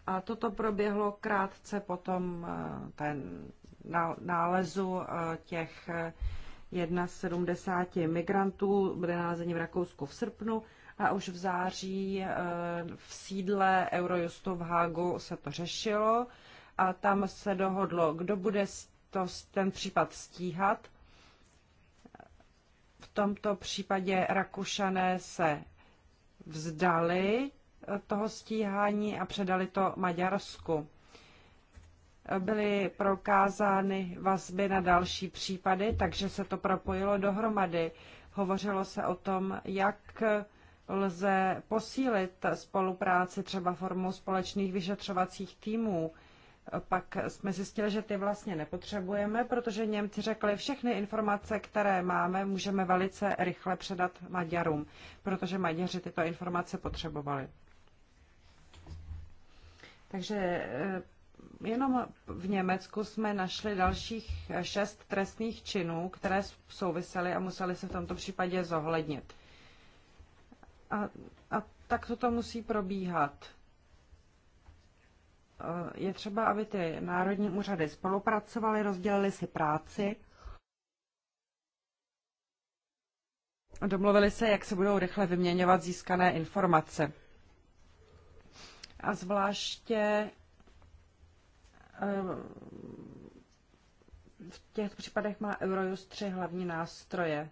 A toto proběhlo krátce potom eh, ten nálezu eh, těch 1,70 eh, migrantů, byly nalezeni v Rakousku v srpnu a už v září v sídle Eurojustu v Hágu se to řešilo a tam se dohodlo, kdo bude to, ten případ stíhat. V tomto případě Rakušané se vzdali toho stíhání a předali to Maďarsku. Byly prokázány vazby na další případy, takže se to propojilo dohromady. Hovořilo se o tom, jak lze posílit spolupráci třeba formou společných vyšetřovacích týmů pak jsme zjistili, že ty vlastně nepotřebujeme, protože Němci řekli, všechny informace, které máme, můžeme velice rychle předat Maďarům, protože Maďaři tyto informace potřebovali. Takže eh, jenom v Německu jsme našli dalších eh, šest trestných činů, které souvisely a museli se v tomto případě zohlednit. A, a tak toto musí probíhat. Eh, je třeba, aby ty národní úřady spolupracovaly, rozdělili si práci, domluvili se, jak se budou rychle vyměňovat získané informace. A zvláště eh, v těch případech má Eurojust tři hlavní nástroje.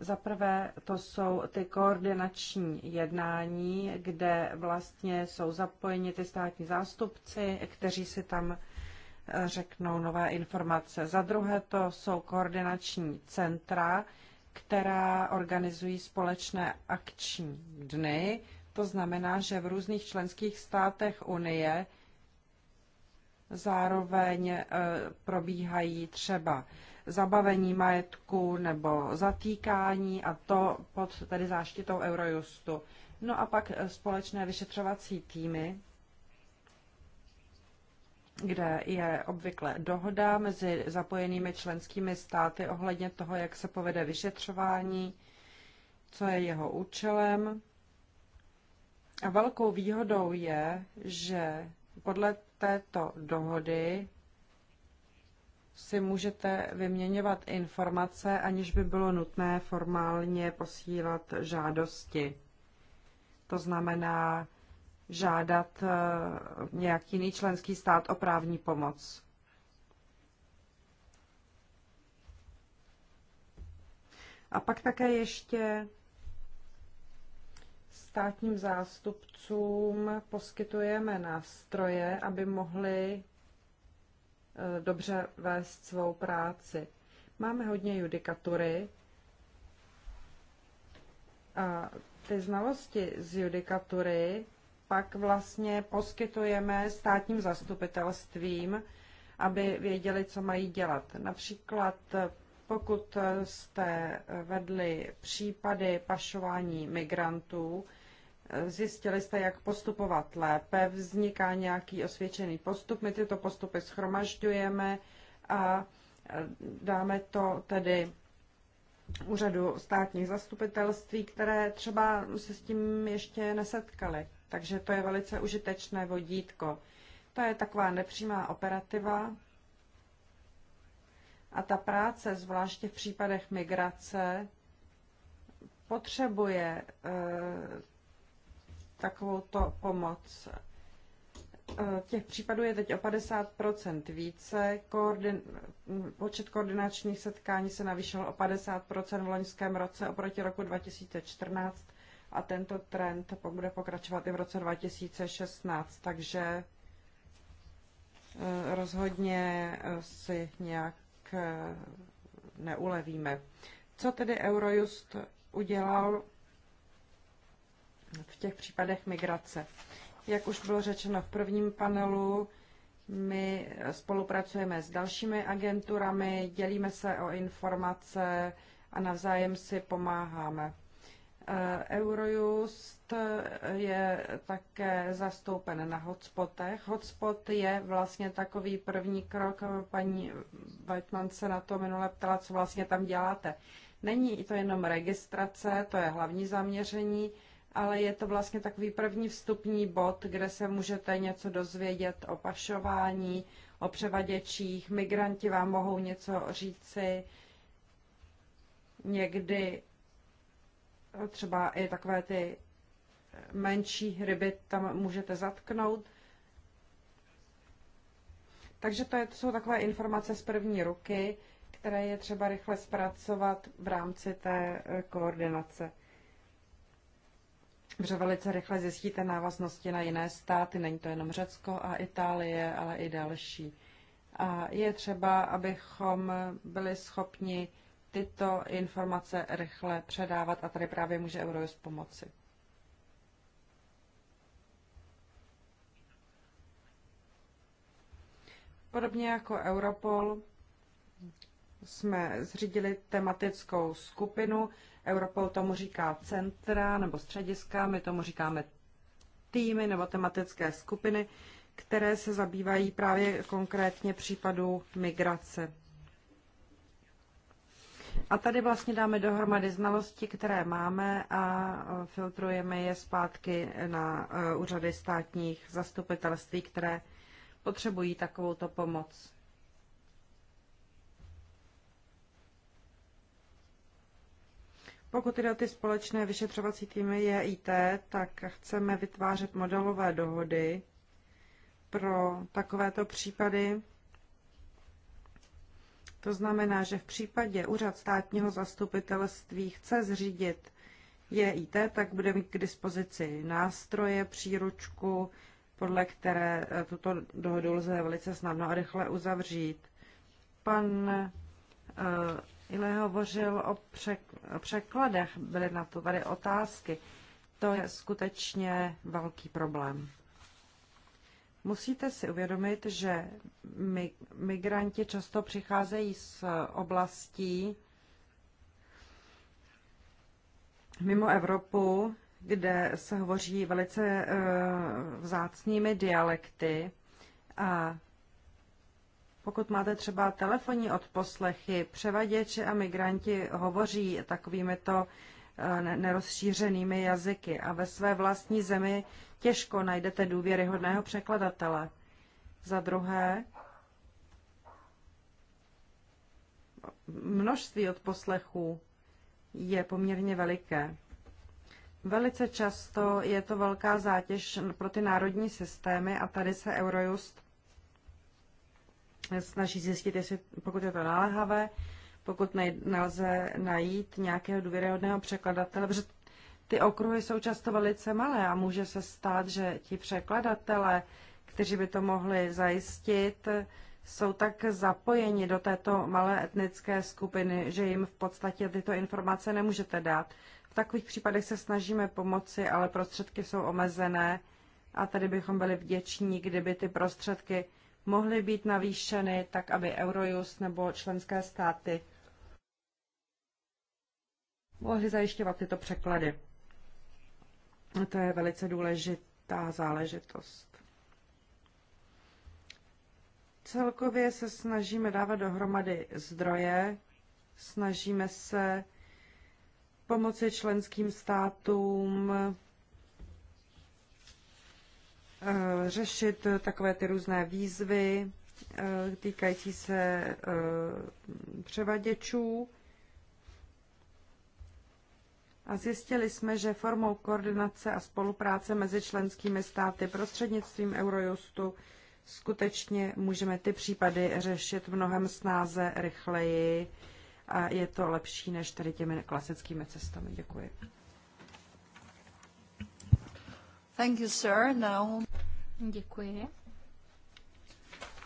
Za prvé to jsou ty koordinační jednání, kde vlastně jsou zapojeni ty státní zástupci, kteří si tam eh, řeknou nové informace. Za druhé to jsou koordinační centra, která organizují společné akční dny. To znamená, že v různých členských státech Unie zároveň eh, probíhají třeba zabavení majetku nebo zatýkání a to pod tedy záštitou Eurojustu. No a pak eh, společné vyšetřovací týmy, kde je obvykle dohoda mezi zapojenými členskými státy ohledně toho, jak se povede vyšetřování, co je jeho účelem. A velkou výhodou je, že podle této dohody si můžete vyměňovat informace, aniž by bylo nutné formálně posílat žádosti. To znamená žádat eh, nějaký jiný členský stát o právní pomoc. A pak také ještě státním zástupcům poskytujeme nástroje, aby mohli Eh, dobře vést svou práci. Máme hodně judikatury a ty znalosti z judikatury pak vlastně poskytujeme státním zastupitelstvím, aby věděli, co mají dělat. Například eh, pokud jste vedli případy pašování migrantů, Zjistili jste, jak postupovat lépe, vzniká nějaký osvědčený postup, my tyto postupy schromažďujeme a dáme to tedy úřadu státních zastupitelství, které třeba se s tím ještě nesetkaly. Takže to je velice užitečné vodítko. To je taková nepřímá operativa a ta práce, zvláště v případech migrace, potřebuje eh, Takovou to pomoc. E, těch případů je teď o 50 více. Koordin, počet koordinačních setkání se navýšil o 50 v loňském roce oproti roku 2014 a tento trend bude pokračovat i v roce 2016. Takže e, rozhodně e, si nějak neulevíme. Co tedy Eurojust udělal? v těch případech migrace. Jak už bylo řečeno v prvním panelu, my spolupracujeme s dalšími agenturami, dělíme se o informace a navzájem si pomáháme. Eh, Eurojust je také zastoupen na hotspotech. Hotspot je vlastně takový první krok. Paní Weitman se na to minule ptala, co vlastně tam děláte. Není to jenom registrace, to je hlavní zaměření, ale je to vlastně takový první vstupní bod, kde se můžete něco dozvědět o pašování, o převaděčích, migranti vám mohou něco říci, někdy třeba i takové ty menší ryby tam můžete zatknout. Takže to, je, to jsou takové informace z první ruky, které je třeba rychle zpracovat v rámci té eh, koordinace protože velice rychle zjistíte návaznosti na jiné státy, není to jenom Řecko a Itálie, ale i další. A je třeba, abychom byli schopni tyto informace rychle předávat a tady právě může Eurojust pomoci. Podobně jako Europol jsme zřídili tematickou skupinu, Europol tomu říká centra nebo střediska, my tomu říkáme týmy nebo tematické skupiny, které se zabývají právě konkrétně případů migrace. A tady vlastně dáme dohromady znalosti, které máme a filtrujeme je zpátky na eh, úřady státních zastupitelství, které potřebují takovouto pomoc. Pokud jde o ty společné vyšetřovací týmy JIT, e tak chceme vytvářet modelové dohody pro takovéto případy. To znamená, že v případě úřad státního zastupitelství chce zřídit JIT, e tak bude mít k dispozici nástroje, příručku, podle které eh, tuto dohodu lze velice snadno a rychle uzavřít. Pan eh, Ile hovořil o překladech, byly na to tady otázky. To je skutečně velký problém. Musíte si uvědomit, že mi, migranti často přicházejí z oblastí mimo Evropu, kde se hovoří velice eh, vzácnými dialekty a pokud máte třeba telefonní odposlechy, převaděči a migranti hovoří takovýmito eh, nerozšířenými jazyky a ve své vlastní zemi těžko najdete důvěryhodného překladatele. Za druhé, množství odposlechů je poměrně veliké. Velice často je to velká zátěž pro ty národní systémy a tady se Eurojust snaží zjistit, jestli, pokud je to naléhavé, pokud nelze najít nějakého důvěryhodného překladatele, protože ty okruhy jsou často velice malé a může se stát, že ti překladatele, kteří by to mohli zajistit, jsou tak zapojeni do této malé etnické skupiny, že jim v podstatě tyto informace nemůžete dát. V takových případech se snažíme pomoci, ale prostředky jsou omezené a tady bychom byli vděční, kdyby ty prostředky mohly být navýšeny tak, aby Eurojust nebo členské státy mohly zajišťovat tyto překlady. A to je velice důležitá záležitost. Celkově se snažíme dávat dohromady zdroje, snažíme se pomoci členským státům Eh, řešit eh, takové ty různé výzvy eh, týkající se převaděčů. A zjistili jsme, že formou koordinace a spolupráce mezi členskými státy prostřednictvím Eurojustu skutečně můžeme ty případy řešit mnohem snáze, rychleji a je to lepší než tady těmi klasickými cestami. Děkuji. Thank you, sir. Now... Děkuji.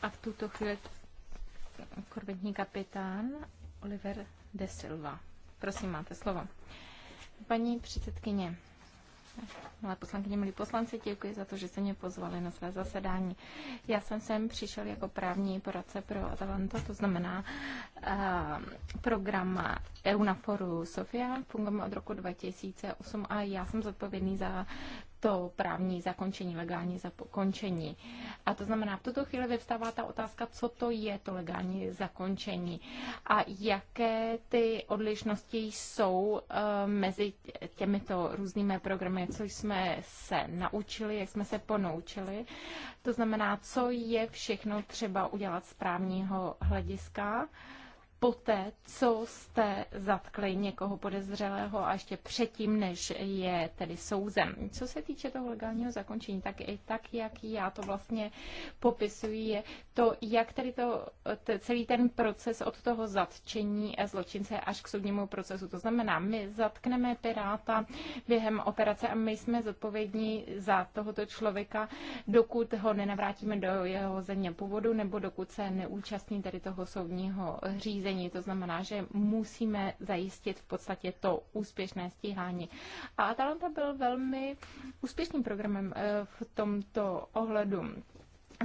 A v tuto chvíli korvetní kapitán Oliver De Silva. Prosím, máte slovo. Paní předsedkyně, Milé poslankyně, milí poslanci, děkuji za to, že jste mě pozvali na své zasedání. Já jsem sem přišel jako právní poradce pro Atalanta, to znamená uh, program EUNAFORu Sofia. Fungujeme od roku 2008 a já jsem zodpovědný za to právní zakončení, legální zakončení. A to znamená, v tuto chvíli vyvstává ta otázka, co to je to legální zakončení a jaké ty odlišnosti jsou eh, mezi těmito různými programy, co jsme se naučili, jak jsme se ponoučili. To znamená, co je všechno třeba udělat z právního hlediska poté, co jste zatkli někoho podezřelého a ještě předtím, než je tedy souzen. Co se týče toho legálního zakončení, tak i tak, jak já to vlastně popisuji, je to, jak tedy to, celý ten proces od toho zatčení zločince až k soudnímu procesu. To znamená, my zatkneme piráta během operace a my jsme zodpovědní za tohoto člověka, dokud ho nenavrátíme do jeho země původu nebo dokud se neúčastní tedy toho soudního řízení řízení. To znamená, že musíme zajistit v podstatě to úspěšné stíhání. A Atalanta byl velmi úspěšným programem eh, v tomto ohledu.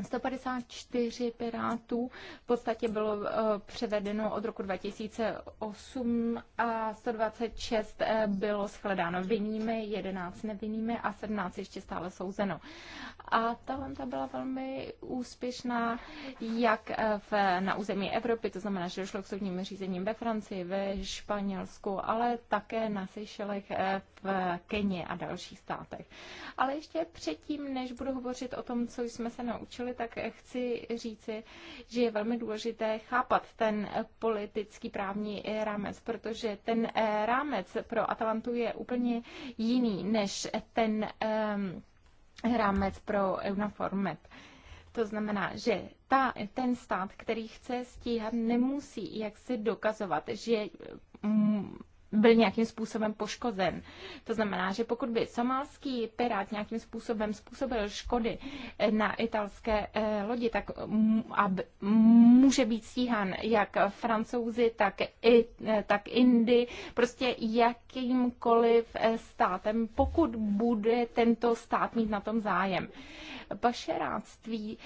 154 pirátů v podstatě bylo eh, převedeno od roku 2008 a 126 eh, bylo shledáno vinnými, 11 nevinnými a 17 ještě stále souzeno. A ta lenta byla velmi úspěšná jak eh, v, na území Evropy, to znamená, že došlo k soudním řízením ve Francii, ve Španělsku, ale také na Seychelech, v Keni a dalších státech. Ale ještě předtím, než budu hovořit o tom, co jsme se naučili, naznačili, tak chci říci, že je velmi důležité chápat ten politický právní rámec, protože ten eh, rámec pro Atalantu je úplně jiný než ten ehm, rámec pro EUNAFORMET. To znamená, že ta, ten stát, který chce stíhat, nemusí jaksi dokazovat, že mm, byl nějakým způsobem poškozen. To znamená, že pokud by somalský pirát nějakým způsobem způsobil škody eh, na italské eh, lodi, tak může být stíhan jak francouzi, tak, i, eh, tak Indy, prostě jakýmkoliv státem, pokud bude tento stát mít na tom zájem. Pašeráctví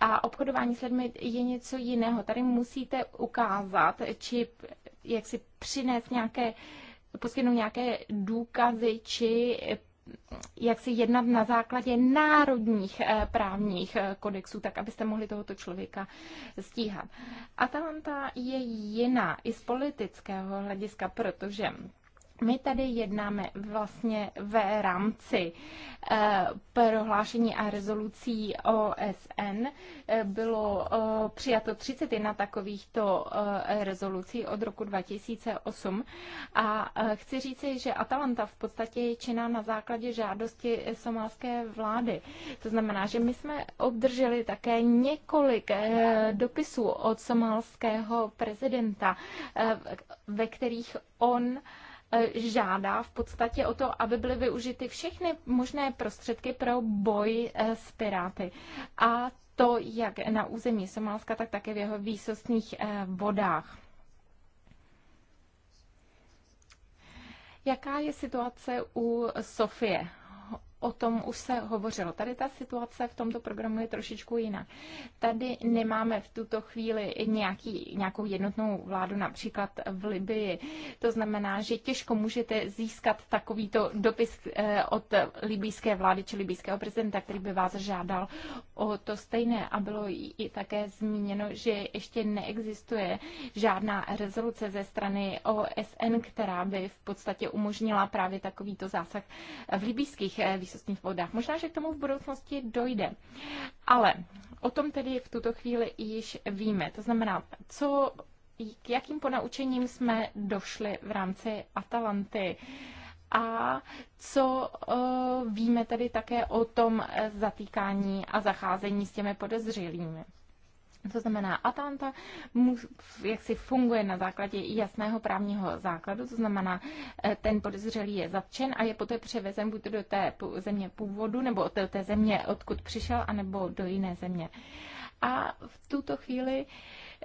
a obchodování s lidmi je něco jiného. Tady musíte ukázat, či jak si přinést nějaké, poskytnout nějaké důkazy či jak si jednat na základě národních eh, právních eh, kodexů, tak abyste mohli tohoto člověka stíhat. Atalanta je jiná i z politického hlediska, protože my tady jednáme vlastně v rámci eh, prohlášení a rezolucí OSN. Eh, bylo eh, přijato 31 takovýchto rezolucí od roku 2008 a chci říci, že Atalanta v podstatě je činná na základě žádosti somálské vlády. To znamená, že my jsme obdrželi také několik dopisů od somálského prezidenta, ve kterých on E, žádá v podstatě o to, aby byly využity všechny možné prostředky pro boj e, s piráty. A to jak na území Somálska, tak také v jeho výsostných e, vodách. Jaká je situace u Sofie? o tom už se hovořilo. Tady ta situace v tomto programu je trošičku jiná. Tady nemáme v tuto chvíli nějaký, nějakou jednotnou vládu, například v Libii. To znamená, že těžko můžete získat takovýto dopis eh, od libijské vlády či libijského prezidenta, který by vás žádal o to stejné. A bylo i také zmíněno, že ještě neexistuje žádná rezoluce ze strany OSN, která by v podstatě umožnila právě takovýto zásah v libijských eh, výsostných vodách. Možná, že k tomu v budoucnosti dojde. Ale o tom tedy v tuto chvíli již víme. To znamená, co, k jakým ponaučením jsme došli v rámci Atalanty a co eh, víme tedy také o tom eh, zatýkání a zacházení s těmi podezřelými. To znamená, Atlanta jak si funguje na základě jasného právního základu, to znamená, eh, ten podezřelý je zatčen a je poté převezen buď do té země původu, nebo do té země, odkud přišel, anebo do jiné země. A v tuto chvíli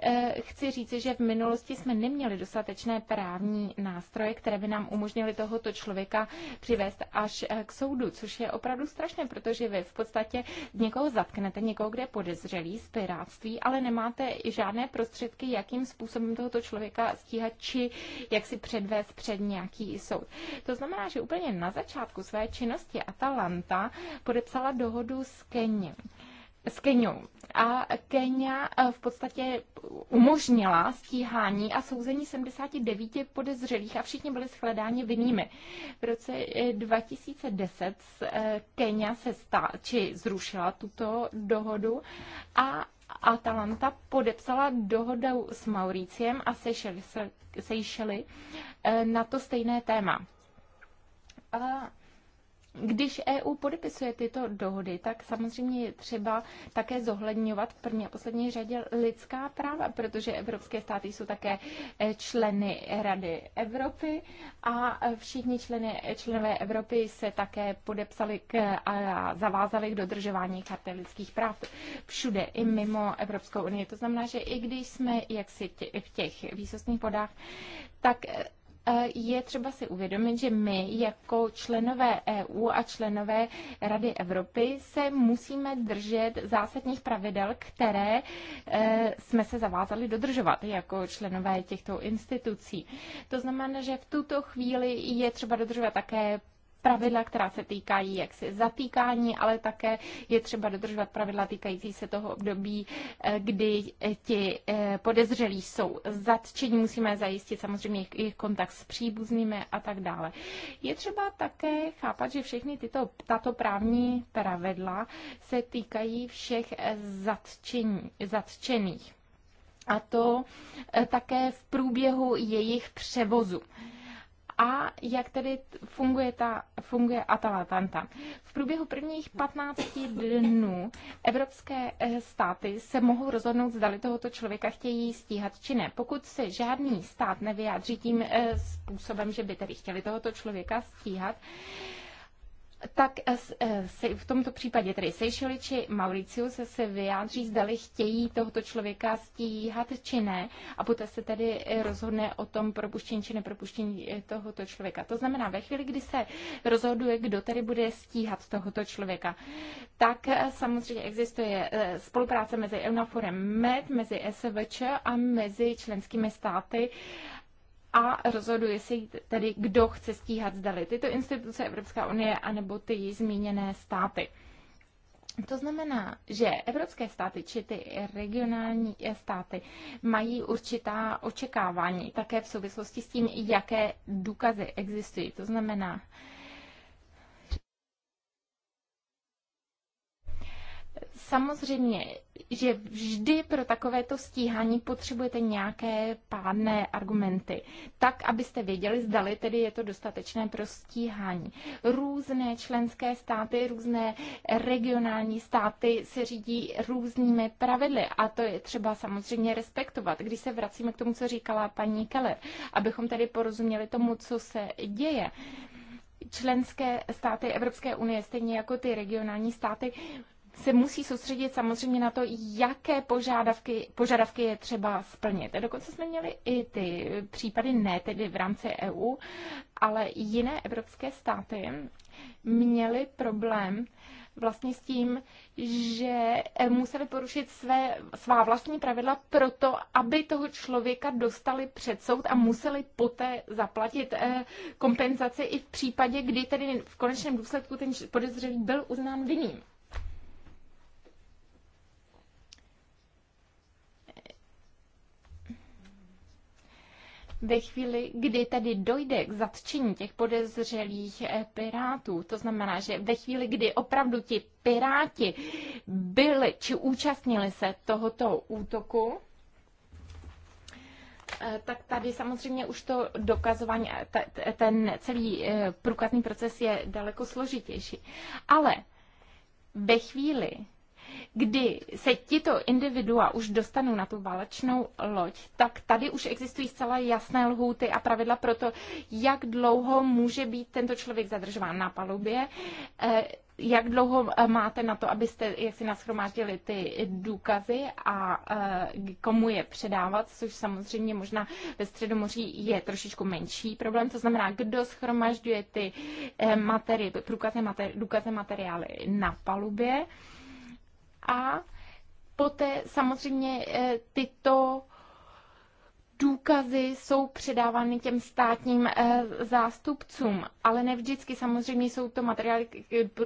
Eh, chci říci, že v minulosti jsme neměli dostatečné právní nástroje, které by nám umožnily tohoto člověka přivést až eh, k soudu, což je opravdu strašné, protože vy v podstatě někoho zatknete, někoho, kde je podezřelý z piráctví, ale nemáte žádné prostředky, jakým způsobem tohoto člověka stíhat, či jak si předvést před nějaký soud. To znamená, že úplně na začátku své činnosti Atalanta podepsala dohodu s Kením s Keňou. A Kenia eh, v podstatě umožnila stíhání a souzení 79 podezřelých a všichni byli shledáni vinnými. V roce 2010 eh, eh, Kenia se stá, či zrušila tuto dohodu a Atalanta podepsala dohodu s Mauriciem a Seychely, sešeli na to stejné téma. A když EU podepisuje tyto dohody, tak samozřejmě je třeba také zohledňovat v první a poslední řadě lidská práva, protože evropské státy jsou také eh, členy Rady Evropy a eh, všichni členy, eh, členové Evropy se také podepsali k, a zavázali k dodržování charty lidských práv všude i mimo Evropskou unii. To znamená, že i když jsme jaksi v těch výsostných podách, tak Eh, je třeba si uvědomit, že my jako členové EU a členové Rady Evropy se musíme držet zásadních pravidel, které eh, jsme se zavázali dodržovat jako členové těchto institucí. To znamená, že v tuto chvíli je třeba dodržovat také pravidla, která se týkají jaksi zatýkání, ale také je třeba dodržovat pravidla týkající se toho období, eh, kdy eh, ti eh, podezřelí jsou zatčeni. Musíme zajistit samozřejmě jejich kontakt s příbuznými a tak dále. Je třeba také chápat, že všechny tyto, tato právní pravidla se týkají všech zatčení, zatčených. A to také v průběhu jejich převozu a jak tedy funguje, ta, funguje Atalanta. V průběhu prvních 15 dnů evropské eh, státy se mohou rozhodnout, zdali tohoto člověka chtějí stíhat či ne. Pokud se žádný stát nevyjádří tím eh, způsobem, že by tedy chtěli tohoto člověka stíhat, tak eh, eh, se, v tomto případě tedy Seychely či Mauricius se vyjádří, zdali chtějí tohoto člověka stíhat či ne a poté se tedy eh, rozhodne o tom propuštění či nepropuštění tohoto člověka. To znamená, ve chvíli, kdy se rozhoduje, kdo tedy bude stíhat tohoto člověka, tak samozřejmě existuje spolupráce mezi EUNAFORem MED, mezi SVČ a mezi členskými státy a rozhoduje se tedy, kdo chce stíhat zdali tyto instituce Evropská unie anebo ty zmíněné státy. To znamená, že evropské státy či ty regionální státy mají určitá očekávání také v souvislosti s tím, jaké důkazy existují. To znamená, Samozřejmě, že vždy pro takovéto stíhání potřebujete nějaké pádné argumenty, tak, abyste věděli, zdali tedy je to dostatečné pro stíhání. Různé členské státy, různé regionální státy se řídí různými pravidly a to je třeba samozřejmě respektovat. Když se vracíme k tomu, co říkala paní Keller, abychom tedy porozuměli tomu, co se děje členské státy Evropské unie, stejně jako ty regionální státy, se musí soustředit samozřejmě na to, jaké požádavky, požadavky je třeba splnit. Dokonce jsme měli i ty případy, ne tedy v rámci EU, ale jiné evropské státy měly problém vlastně s tím, že museli porušit své, svá vlastní pravidla proto, aby toho člověka dostali před soud a museli poté zaplatit eh, kompenzaci i v případě, kdy tedy v konečném důsledku ten podezřelý byl uznán vinným. ve chvíli, kdy tedy dojde k zatčení těch podezřelých eh, pirátů, to znamená, že ve chvíli, kdy opravdu ti piráti byli či účastnili se tohoto útoku, eh, tak tady samozřejmě už to dokazování, eh, ten celý průkazný proces je daleko složitější. Ale ve chvíli, kdy se tito individua už dostanou na tu válečnou loď, tak tady už existují zcela jasné lhůty a pravidla pro to, jak dlouho může být tento člověk zadržován na palubě, eh, jak dlouho eh, máte na to, abyste jak si nashromáždili ty důkazy a eh, komu je předávat, což samozřejmě možná ve Středomoří je trošičku menší problém. To znamená, kdo schromažďuje ty materi- průkazy, materi- důkazy, materiály na palubě. A poté samozřejmě eh, tyto důkazy jsou předávány těm státním eh, zástupcům, ale nevždycky samozřejmě jsou to materiály,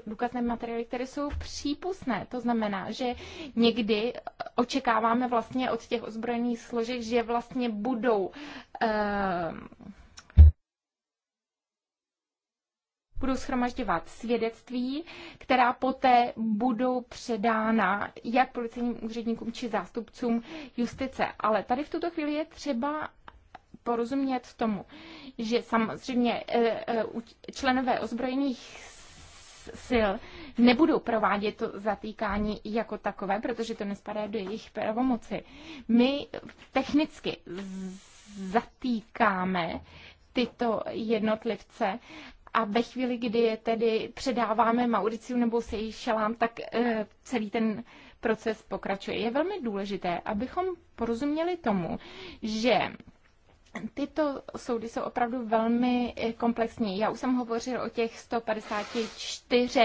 důkazné materiály, které jsou přípustné. To znamená, že někdy očekáváme vlastně od těch ozbrojených složek, že vlastně budou eh, budou schromažďovat svědectví, která poté budou předána jak policejním úředníkům či zástupcům justice. Ale tady v tuto chvíli je třeba porozumět tomu, že samozřejmě eh, eh, členové ozbrojených sil nebudou provádět to zatýkání jako takové, protože to nespadá do jejich pravomoci. My technicky zatýkáme tyto jednotlivce, a ve chvíli, kdy je tedy předáváme Mauriciu nebo se jí šelám, tak eh, celý ten proces pokračuje. Je velmi důležité, abychom porozuměli tomu, že Tyto soudy jsou opravdu velmi eh, komplexní. Já už jsem hovořil o těch 154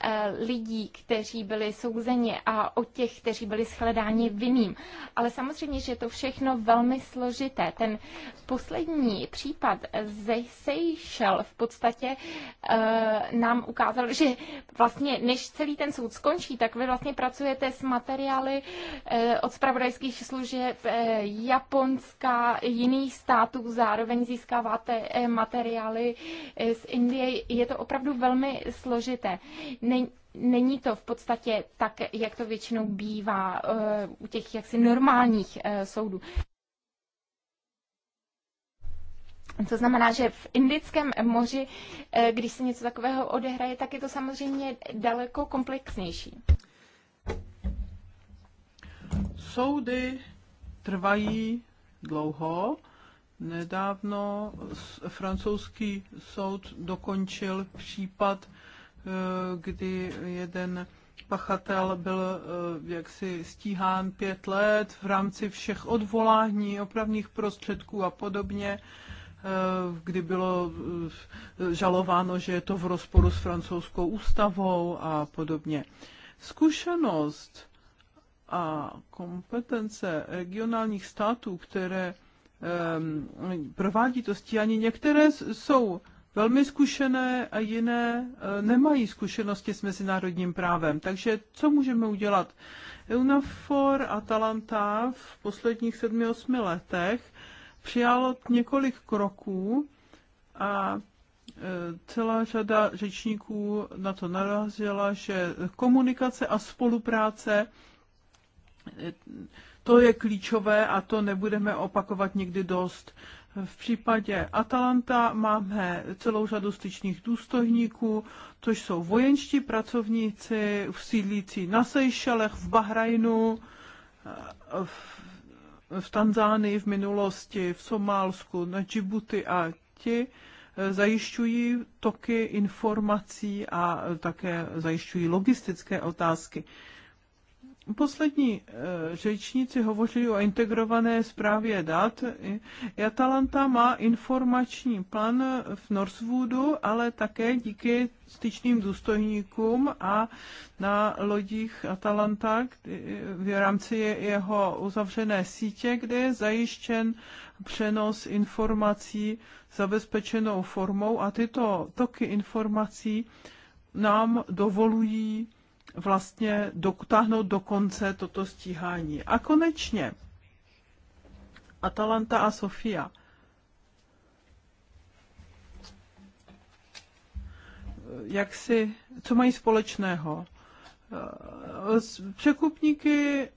eh, lidí, kteří byli souzeni a o těch, kteří byli shledáni vinným. Ale samozřejmě, že je to všechno velmi složité. Ten poslední případ ze Seychel v podstatě eh, nám ukázal, že vlastně než celý ten soud skončí, tak vy vlastně pracujete s materiály od spravodajských služeb Japonska, jiných různých států, zároveň získáváte eh, materiály eh, z Indie. Je to opravdu velmi složité. Není, není to v podstatě tak, jak to většinou bývá eh, u těch jaksi normálních soudů. To znamená, že v Indickém moři, když se něco takového odehraje, tak je to samozřejmě daleko komplexnější. Soudy trvají dlouho Nedávno francouzský soud dokončil případ, eh, kdy jeden pachatel byl eh, jaksi stíhán pět let v rámci všech odvolání, opravných prostředků a podobně, eh, kdy bylo žalováno, že je to v rozporu s francouzskou ústavou a podobně. Zkušenost a kompetence regionálních států, které Ehm, provádí to stíhání. Některé jsou velmi zkušené a jiné eh, nemají zkušenosti s mezinárodním právem. Takže co můžeme udělat? EUNAFOR a Talanta v posledních sedmi, osmi letech přijalo několik kroků a eh, celá řada řečníků na to narazila, že komunikace a spolupráce eh, to je klíčové a to nebudeme opakovat nikdy dost. V případě Atalanta máme celou řadu styčných důstojníků, což jsou vojenští pracovníci v sídlící na Sejšelech, v Bahrajnu, v, v Tanzánii v minulosti, v Somálsku, na Džibuti a ti zajišťují toky informací a také zajišťují logistické otázky. Poslední eh, řečníci hovořili o integrované zprávě dat. Atalanta má informační plán v Northwoodu, ale také díky styčným důstojníkům a na lodích Atalanta v rámci jeho uzavřené sítě, kde je zajištěn přenos informací zabezpečenou formou a tyto toky informací nám dovolují vlastně dotáhnout do konce toto stíhání. A konečně Atalanta a Sofia. Jak si, co mají společného? Eh, překupníky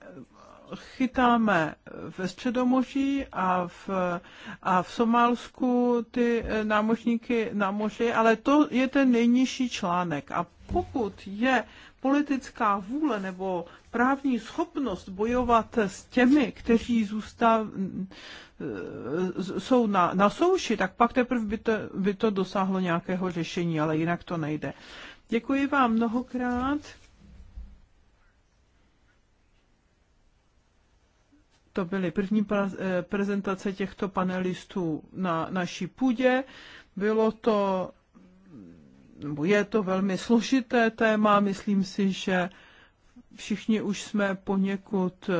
chytáme ve Středomoří a v, a v Somálsku ty eh, námořníky na moři, ale to je ten nejnižší článek. A pokud je politická vůle nebo právní schopnost bojovat s těmi, kteří zůstav, eh, jsou na, na souši, tak pak teprve by to, by to dosáhlo nějakého řešení, ale jinak to nejde. Děkuji vám mnohokrát. To byly první eh, prezentace těchto panelistů na naší půdě. Bylo to je to velmi složité téma, myslím si, že všichni už jsme poněkud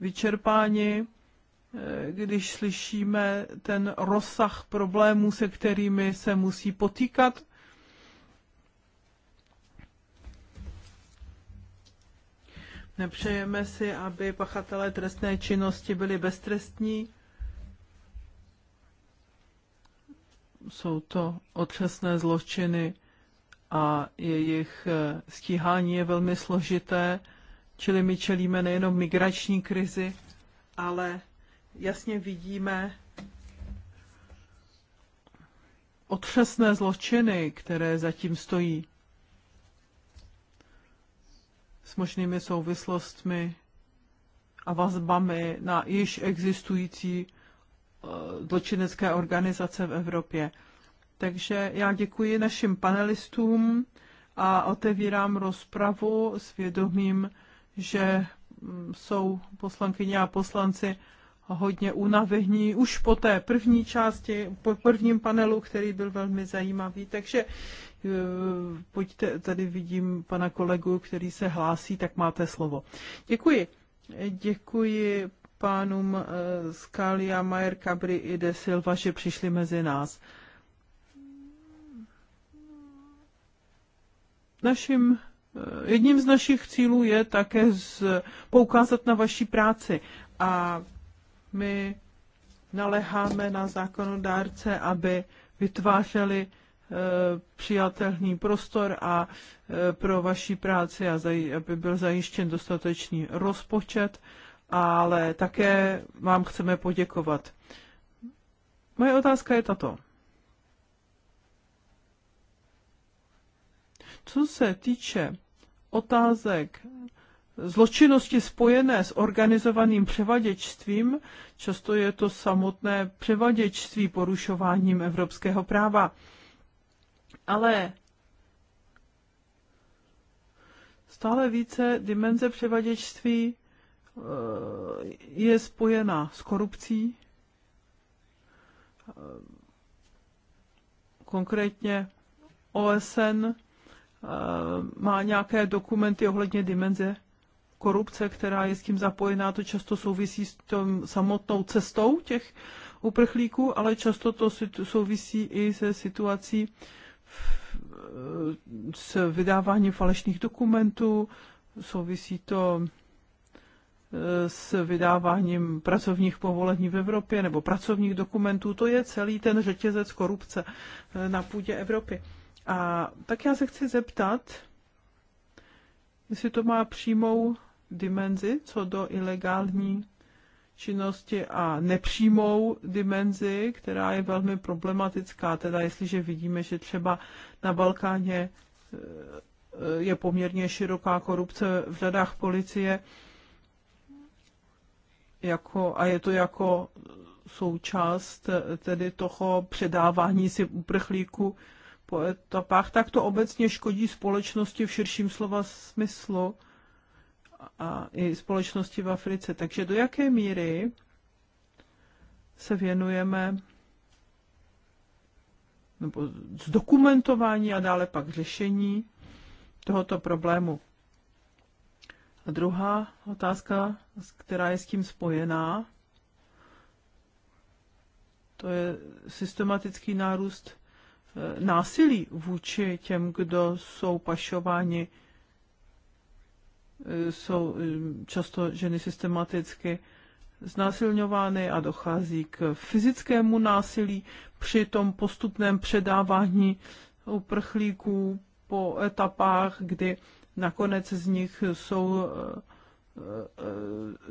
vyčerpáni, když slyšíme ten rozsah problémů, se kterými se musí potýkat. Nepřejeme si, aby pachatelé trestné činnosti byli beztrestní jsou to otřesné zločiny a jejich eh, stíhání je velmi složité, čili my čelíme nejenom migrační krizi, ale jasně vidíme otřesné zločiny, které zatím stojí s možnými souvislostmi a vazbami na již existující zločinecké organizace v Evropě. Takže já děkuji našim panelistům a otevírám rozpravu s vědomím, že mm, jsou poslankyně a poslanci hodně unavení už po té první části, po prvním panelu, který byl velmi zajímavý. Takže eh, pojďte, tady vidím pana kolegu, který se hlásí, tak máte slovo. Děkuji. Děkuji, pánům eh, Scalia, Mayer, Cabri i De Silva, že přišli mezi nás. Naším, eh, jedním z našich cílů je také z, poukázat na vaší práci a my naleháme na zákonodárce, aby vytvářeli eh, přijatelný prostor a pro vaší práci, a aby byl zajištěn dostatečný rozpočet ale také vám chceme poděkovat. Moje otázka je tato. Co se týče otázek zločinnosti spojené s organizovaným převaděčstvím, často je to samotné převaděčství porušováním evropského práva. Ale stále více dimenze převaděčství Eh, je spojena s korupcí, eh, konkrétně OSN eh, má nějaké dokumenty ohledně dimenze korupce, která je s tím zapojená, to často souvisí s tom samotnou cestou těch uprchlíků, ale často to souvisí i se situací s vydáváním falešných dokumentů, souvisí to s vydáváním pracovních povolení v Evropě nebo pracovních dokumentů. To je celý ten řetězec korupce eh, na půdě Evropy. A tak já se chci zeptat, jestli to má přímou dimenzi co do ilegální činnosti a nepřímou dimenzi, která je velmi problematická. Teda jestliže vidíme, že třeba na Balkáně eh, je poměrně široká korupce v řadách policie, jako, a je to jako součást eh, tedy toho předávání si uprchlíku po etapách, tak to obecně škodí společnosti v širším slova smyslu a i společnosti v Africe. Takže do jaké míry se věnujeme nebo zdokumentování a dále pak řešení tohoto problému. A druhá otázka, která je s tím spojená, to je systematický nárůst eh, násilí vůči těm, kdo jsou pašováni. Eh, jsou eh, často ženy systematicky znásilňovány a dochází k fyzickému násilí při tom postupném předávání uprchlíků po etapách, kdy nakonec z nich jsou eh, eh,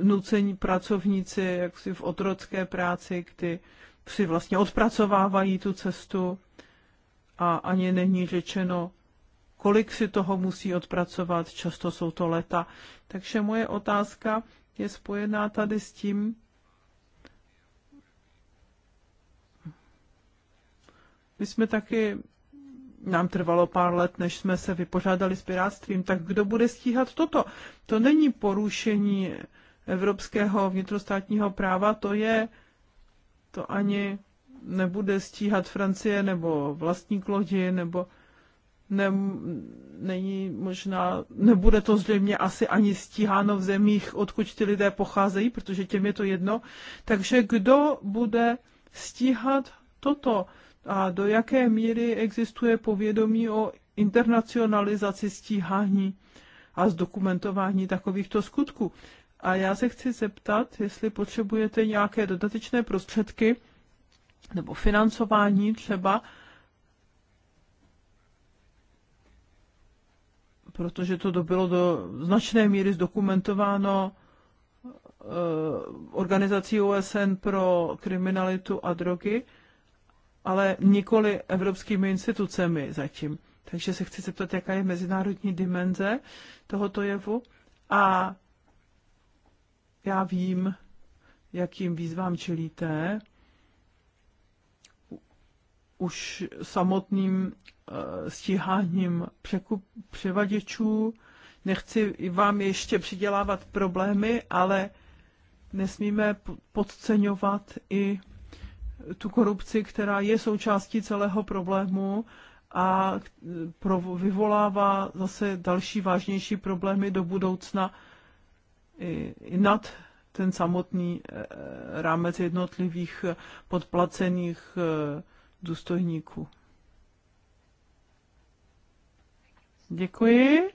nucení pracovníci jaksi v otrocké práci, kdy si vlastně odpracovávají tu cestu a ani není řečeno, kolik si toho musí odpracovat, často jsou to leta. Takže moje otázka je spojená tady s tím, my jsme taky nám trvalo pár let, než jsme se vypořádali s pirátstvím, tak kdo bude stíhat toto? To není porušení evropského vnitrostátního práva, to je, to ani nebude stíhat Francie nebo vlastní lodi, nebo ne, není možná, nebude to zřejmě asi ani stíháno v zemích, odkud ty lidé pocházejí, protože těm je to jedno. Takže kdo bude stíhat toto? a do jaké míry existuje povědomí o internacionalizaci stíhání a zdokumentování takovýchto skutků. A já se chci zeptat, jestli potřebujete nějaké dodatečné prostředky nebo financování třeba, protože to bylo do značné míry zdokumentováno eh, organizací OSN pro kriminalitu a drogy ale nikoli evropskými institucemi zatím. Takže se chci zeptat, jaká je mezinárodní dimenze tohoto jevu. A já vím, jakým výzvám čelíte už samotným eh, stíháním překup, převaděčů. Nechci vám ještě přidělávat problémy, ale nesmíme podceňovat i tu korupci, která je součástí celého problému a vyvolává zase další vážnější problémy do budoucna i, nad ten samotný e, e, rámec jednotlivých podplacených e, důstojníků. Děkuji,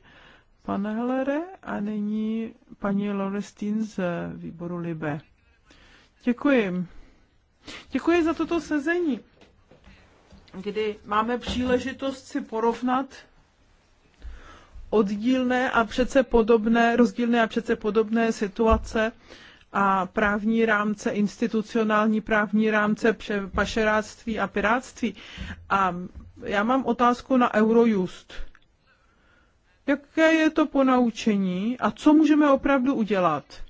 pane Helere, a nyní paní Lorestín z výboru Libe. Děkuji. Děkuji za toto sezení, kdy máme příležitost si porovnat oddílné a přece podobné, rozdílné a přece podobné situace a právní rámce, institucionální právní rámce pašeráctví a piráctví. A já mám otázku na Eurojust. Jaké je to ponaučení a co můžeme opravdu udělat?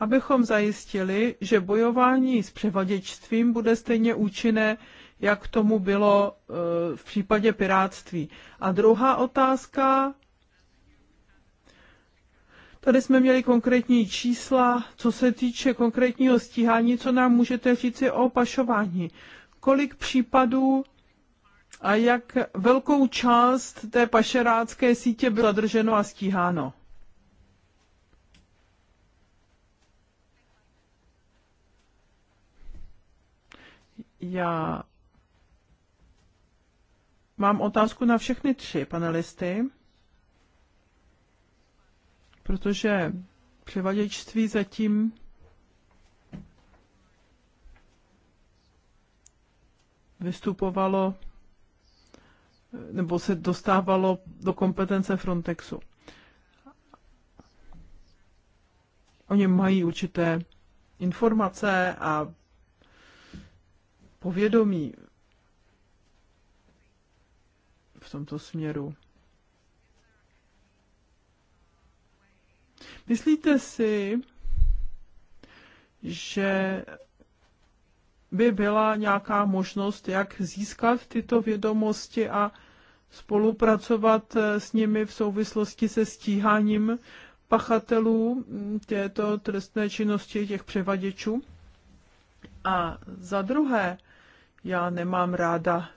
abychom zajistili, že bojování s převaděčstvím bude stejně účinné, jak tomu bylo e, v případě pirátství. A druhá otázka. Tady jsme měli konkrétní čísla, co se týče konkrétního stíhání, co nám můžete říci o pašování. Kolik případů a jak velkou část té pašerácké sítě bylo zadrženo a stíháno? Já mám otázku na všechny tři panelisty, protože převaděčství zatím vystupovalo nebo se dostávalo do kompetence Frontexu. Oni mají určité informace a povědomí v tomto směru. Myslíte si, že by byla nějaká možnost, jak získat tyto vědomosti a spolupracovat eh, s nimi v souvislosti se stíháním pachatelů hm, této trestné činnosti těch převaděčů? A za druhé, já nemám ráda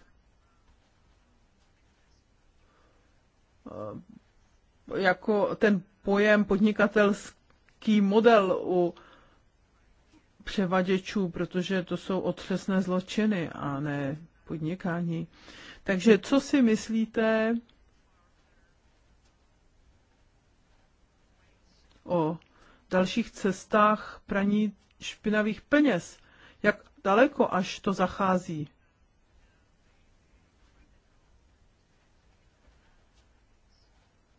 eh, jako ten pojem podnikatelský model u převaděčů, protože to jsou otřesné zločiny a ne podnikání. Takže co si myslíte o dalších cestách praní špinavých peněz? Jak daleko až to zachází.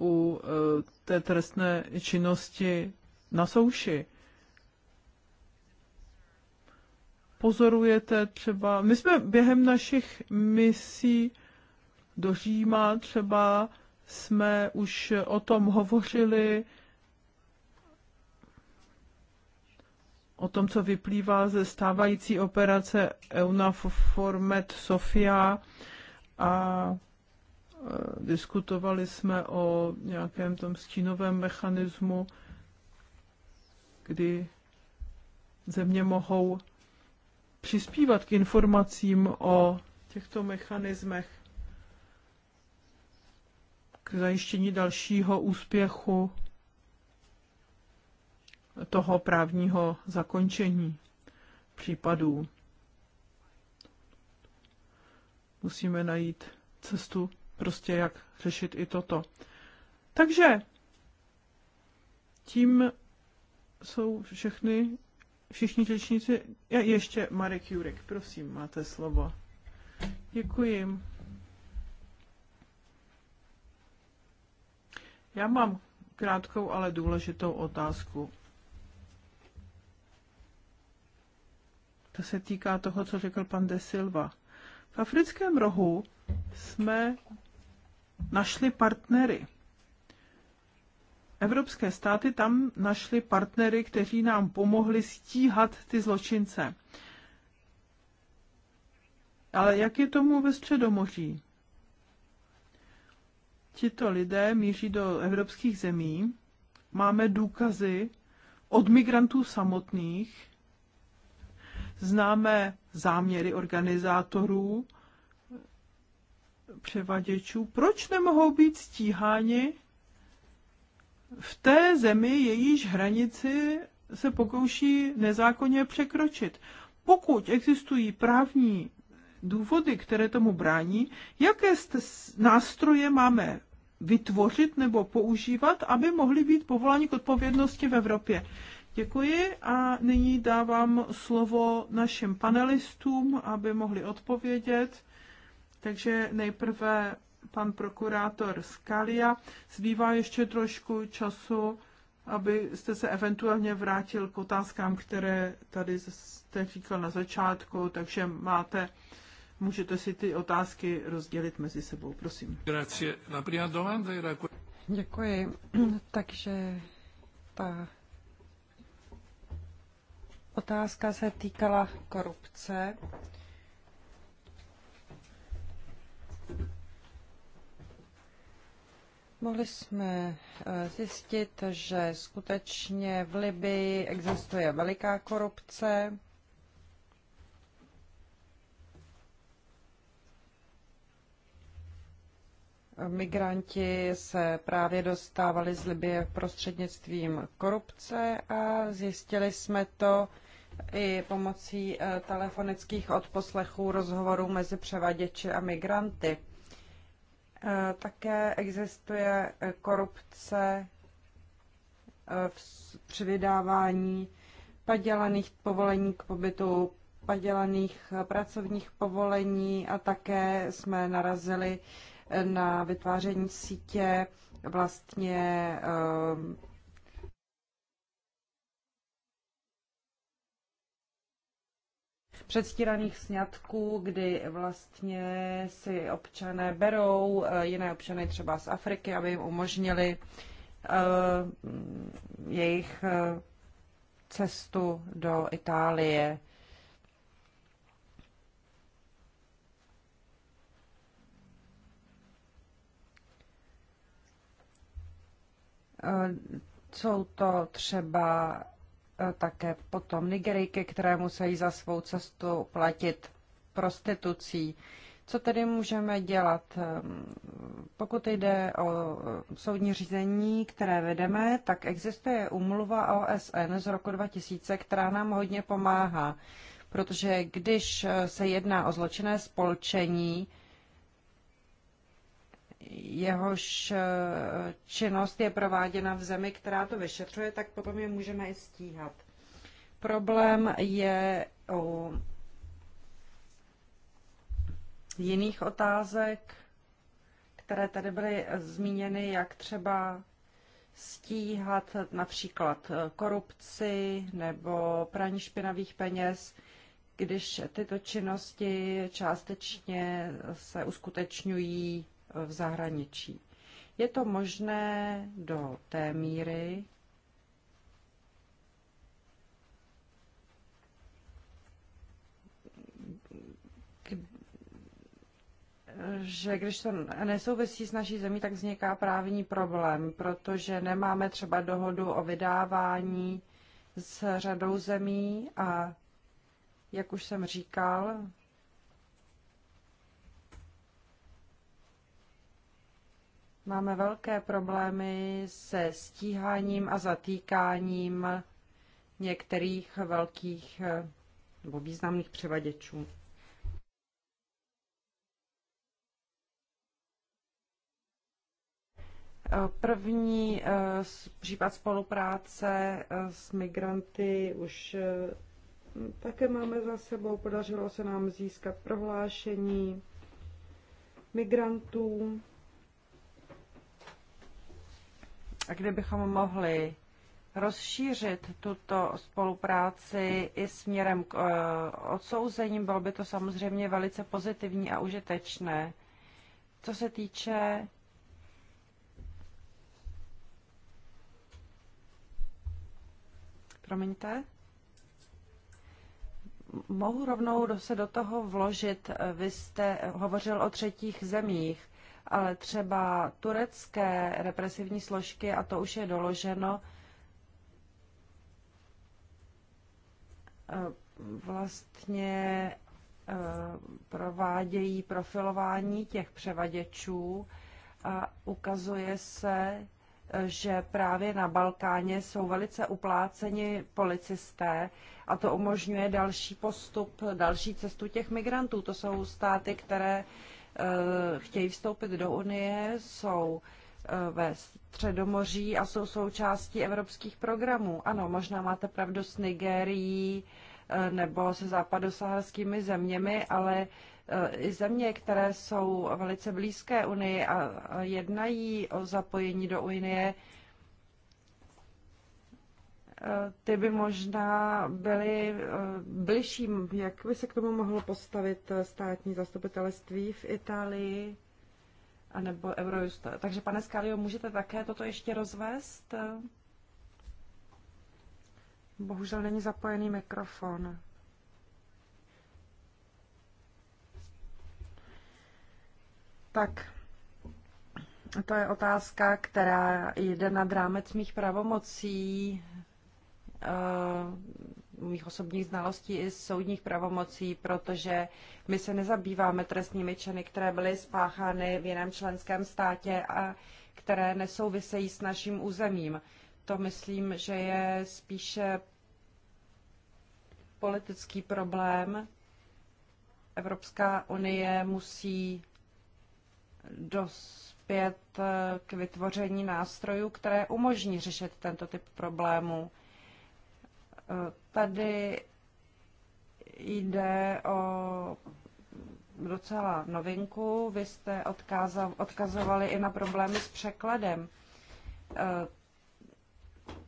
u e, té trestné činnosti na souši. Pozorujete třeba, my jsme během našich misí do Říma třeba jsme už o tom hovořili, o tom, co vyplývá ze stávající operace EUNAFOR Med Sofia a e, diskutovali jsme o nějakém tom stínovém mechanismu, kdy země mohou přispívat k informacím o těchto mechanismech k zajištění dalšího úspěchu toho právního zakončení případů. Musíme najít cestu prostě, jak řešit i toto. Takže tím jsou všechny, všichni řečníci. Je, ještě Marek Jurek, prosím, máte slovo. Děkuji. Já mám krátkou, ale důležitou otázku. To se týká toho, co řekl pan De Silva. V africkém rohu jsme našli partnery. Evropské státy tam našli partnery, kteří nám pomohli stíhat ty zločince. Ale jak je tomu ve Středomoří? Tito lidé míří do evropských zemí, máme důkazy od migrantů samotných, Známe záměry organizátorů, převaděčů. Proč nemohou být stíháni v té zemi, jejíž hranici se pokouší nezákonně překročit? Pokud existují právní důvody, které tomu brání, jaké nástroje máme vytvořit nebo používat, aby mohli být povoláni k odpovědnosti v Evropě. Děkuji a nyní dávám slovo našim panelistům, aby mohli odpovědět. Takže nejprve pan prokurátor Skalia. Zbývá ještě trošku času, abyste se eventuálně vrátil k otázkám, které tady jste říkal na začátku, takže máte, můžete si ty otázky rozdělit mezi sebou, prosím. Děkuji. Takže ta otázka se týkala korupce. Mohli jsme eh, zjistit, že skutečně v Libii existuje veliká korupce. migranti se právě dostávali z Libie prostřednictvím korupce a zjistili jsme to i pomocí eh, telefonických odposlechů rozhovorů mezi převaděči a migranty. Eh, také existuje korupce eh, při vydávání padělaných povolení k pobytu, padělaných pracovních povolení a také jsme narazili na vytváření sítě vlastně ehm, předstíraných sňatků, kdy vlastně si občané berou eh, jiné občany třeba z Afriky, aby jim umožnili ehm, jejich eh, cestu do Itálie. Jsou to třeba eh, také potom Nigerijky, které musí za svou cestu platit prostitucí. Co tedy můžeme dělat? Eh, pokud jde o eh, soudní řízení, které vedeme, tak existuje umluva OSN z roku 2000, která nám hodně pomáhá, protože když se jedná o zločinné spolčení, jehož eh, činnost je prováděna v zemi, která to vyšetřuje, tak potom je můžeme i stíhat. Problém je u jiných otázek, které tady byly zmíněny, jak třeba stíhat například eh, korupci nebo praní špinavých peněz, když tyto činnosti částečně se uskutečňují v zahraničí. Je to možné do té míry, že když to nesouvisí s naší zemí, tak vzniká právní problém, protože nemáme třeba dohodu o vydávání s řadou zemí a, jak už jsem říkal, Máme velké problémy se stíháním a zatýkáním některých velkých eh, nebo významných převaděčů. Eh, první eh, případ spolupráce s migranty už také máme za sebou. Podařilo se nám získat prohlášení migrantů A kdybychom mohli rozšířit tuto spolupráci i směrem k eh, odsouzením, bylo by to samozřejmě velice pozitivní a užitečné. Co se týče Promiňte. Mohu rovnou se do toho vložit. Eh, vy jste hovořil o třetích zemích ale třeba turecké represivní složky, a to už je doloženo, eh, vlastně eh, provádějí profilování těch převaděčů a ukazuje se, eh, že právě na Balkáně jsou velice upláceni policisté a to umožňuje další postup, další cestu těch migrantů. To jsou státy, které Eh, chtějí vstoupit do Unie, jsou eh, ve Středomoří a jsou součástí evropských programů. Ano, možná máte pravdu s Nigerií eh, nebo se západosaharskými zeměmi, ale i země, které jsou velice blízké Unii a jednají o zapojení do Unie, Eh, ty by možná byly eh, bližším. Jak by se k tomu mohlo postavit eh, státní zastupitelství v Itálii anebo Eurojust? Takže, pane Skalio, můžete také toto ještě rozvést? Bohužel není zapojený mikrofon. Tak, to je otázka, která jde nad rámec mých pravomocí. Eh, mých osobních znalostí i soudních pravomocí, protože my se nezabýváme trestními činy, které byly spáchány v jiném členském státě a které nesouvisejí s naším územím. To myslím, že je spíše politický problém. Evropská unie musí dospět eh, k vytvoření nástrojů, které umožní řešit tento typ problémů Tady jde o docela novinku. Vy jste odkazovali i na problémy s překladem.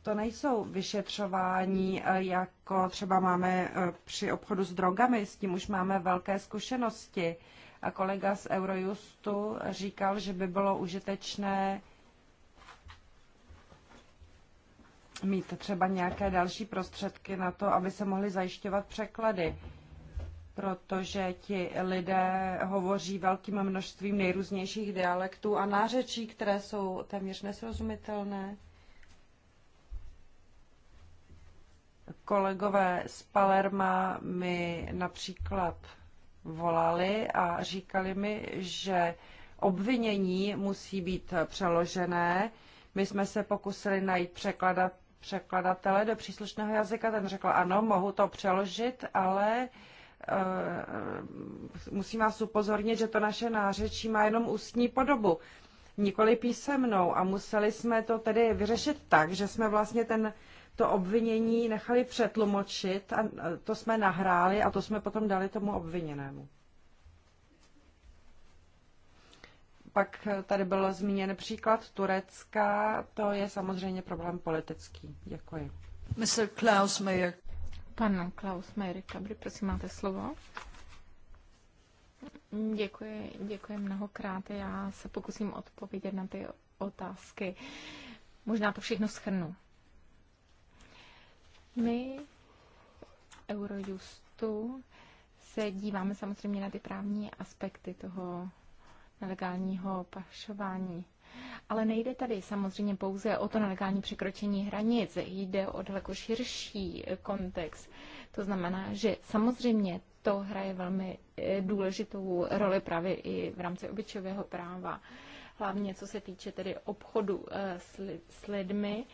To nejsou vyšetřování, jako třeba máme eh, při obchodu s drogami, s tím už máme velké zkušenosti. A kolega z Eurojustu říkal, že by bylo užitečné mít třeba nějaké další prostředky na to, aby se mohly zajišťovat překlady, protože ti lidé hovoří velkým množstvím nejrůznějších dialektů a nářečí, které jsou téměř nesrozumitelné. Kolegové z Palerma mi například volali a říkali mi, že obvinění musí být přeložené. My jsme se pokusili najít překladat, překladatele do příslušného jazyka, ten řekl, ano, mohu to přeložit, ale uh, musím vás upozornit, že to naše nářečí má jenom ústní podobu, nikoli písemnou. A museli jsme to tedy vyřešit tak, že jsme vlastně ten, to obvinění nechali přetlumočit a to jsme nahráli a to jsme potom dali tomu obviněnému. Pak tady byl zmíněn příklad Turecka, to je samozřejmě problém politický. Děkuji. Mr. Klaus Mayer. Pan Klaus Mayer, kabry, prosím, máte slovo. Děkuji, děkuji mnohokrát. Já se pokusím odpovědět na ty otázky. Možná to všechno schrnu. My Eurojustu se díváme samozřejmě na ty právní aspekty toho nelegálního pašování. Ale nejde tady samozřejmě pouze o to nelegální překročení hranic, jde o daleko širší kontext. To znamená, že samozřejmě to hraje velmi eh, důležitou roli právě i v rámci obyčejového práva, hlavně co se týče tedy obchodu eh, s lidmi,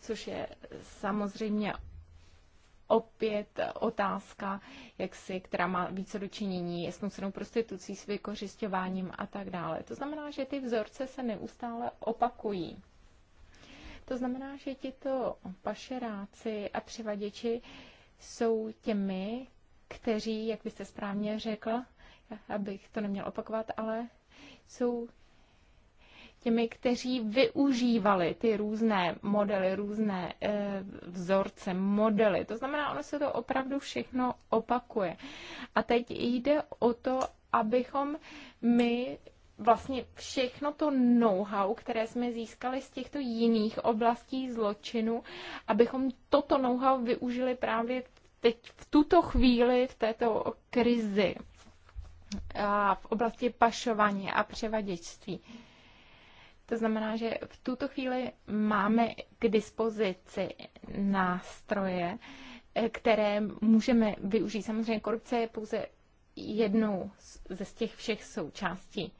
což je samozřejmě opět otázka, jak si, která má více dočinění s nucenou prostitucí, s vykořišťováním a tak dále. To znamená, že ty vzorce se neustále opakují. To znamená, že tito pašeráci a přivaděči jsou těmi, kteří, jak byste správně řekl, abych to neměl opakovat, ale jsou těmi, kteří využívali ty různé modely, různé eh, vzorce, modely. To znamená, ono se to opravdu všechno opakuje. A teď jde o to, abychom my vlastně všechno to know-how, které jsme získali z těchto jiných oblastí zločinu, abychom toto know-how využili právě teď v tuto chvíli v této krizi a v oblasti pašování a převaděčství. To znamená, že v tuto chvíli máme k dispozici nástroje, eh, které můžeme využít. Samozřejmě korupce je pouze jednou ze z těch všech součástí.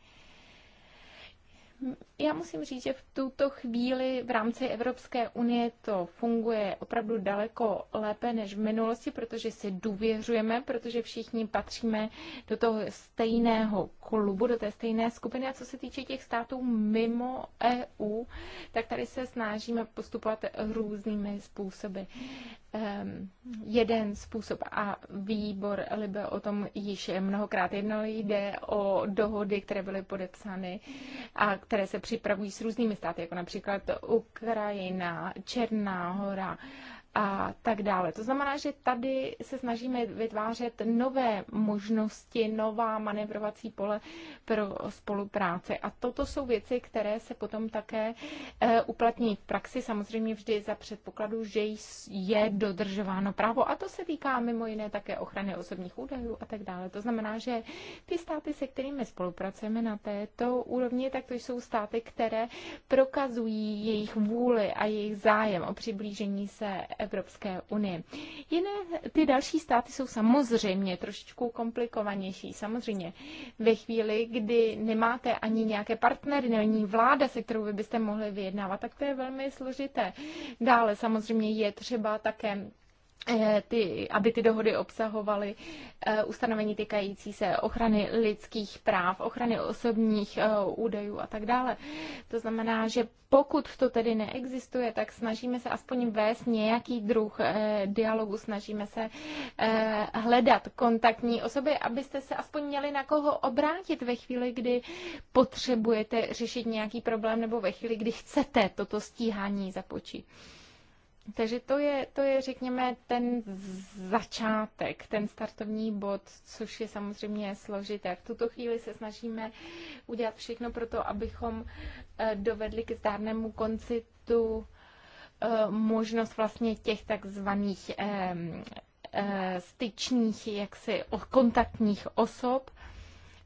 Já musím říct, že v tuto chvíli v rámci Evropské unie to funguje opravdu daleko lépe než v minulosti, protože si důvěřujeme, protože všichni patříme do toho stejného klubu, do té stejné skupiny. A co se týče těch států mimo EU, tak tady se snažíme postupovat různými způsoby. Um, jeden způsob a výbor Libe o tom již mnohokrát jednal, jde o dohody, které byly podepsány a které se připravují s různými státy, jako například Ukrajina, Černá hora, a tak dále. To znamená, že tady se snažíme vytvářet nové možnosti, nová manevrovací pole pro spolupráci. A toto jsou věci, které se potom také eh, uplatní v praxi, samozřejmě vždy za předpokladu, že je dodržováno právo. A to se týká mimo jiné také ochrany osobních údajů a tak dále. To znamená, že ty státy, se kterými spolupracujeme na této úrovni, tak to jsou státy, které prokazují jejich vůli a jejich zájem o přiblížení se Evropské unie. Jiné, ty další státy jsou samozřejmě trošičku komplikovanější. Samozřejmě ve chvíli, kdy nemáte ani nějaké partnery, není vláda, se kterou vy byste mohli vyjednávat, tak to je velmi složité. Dále samozřejmě je třeba také Eh, ty, aby ty dohody obsahovaly eh, ustanovení týkající se ochrany lidských práv, ochrany osobních eh, údajů a tak dále. To znamená, že pokud to tedy neexistuje, tak snažíme se aspoň vést nějaký druh dialogu, snažíme se hledat kontaktní osoby, abyste se aspoň měli na koho obrátit ve chvíli, kdy potřebujete řešit nějaký problém nebo ve chvíli, kdy chcete toto stíhání započít. Takže to je, to je, řekněme, ten začátek, ten startovní bod, což je samozřejmě složité. V tuto chvíli se snažíme udělat všechno pro to, abychom eh, dovedli k zdárnému konci tu eh, možnost vlastně těch takzvaných eh, styčních, jaksi kontaktních osob,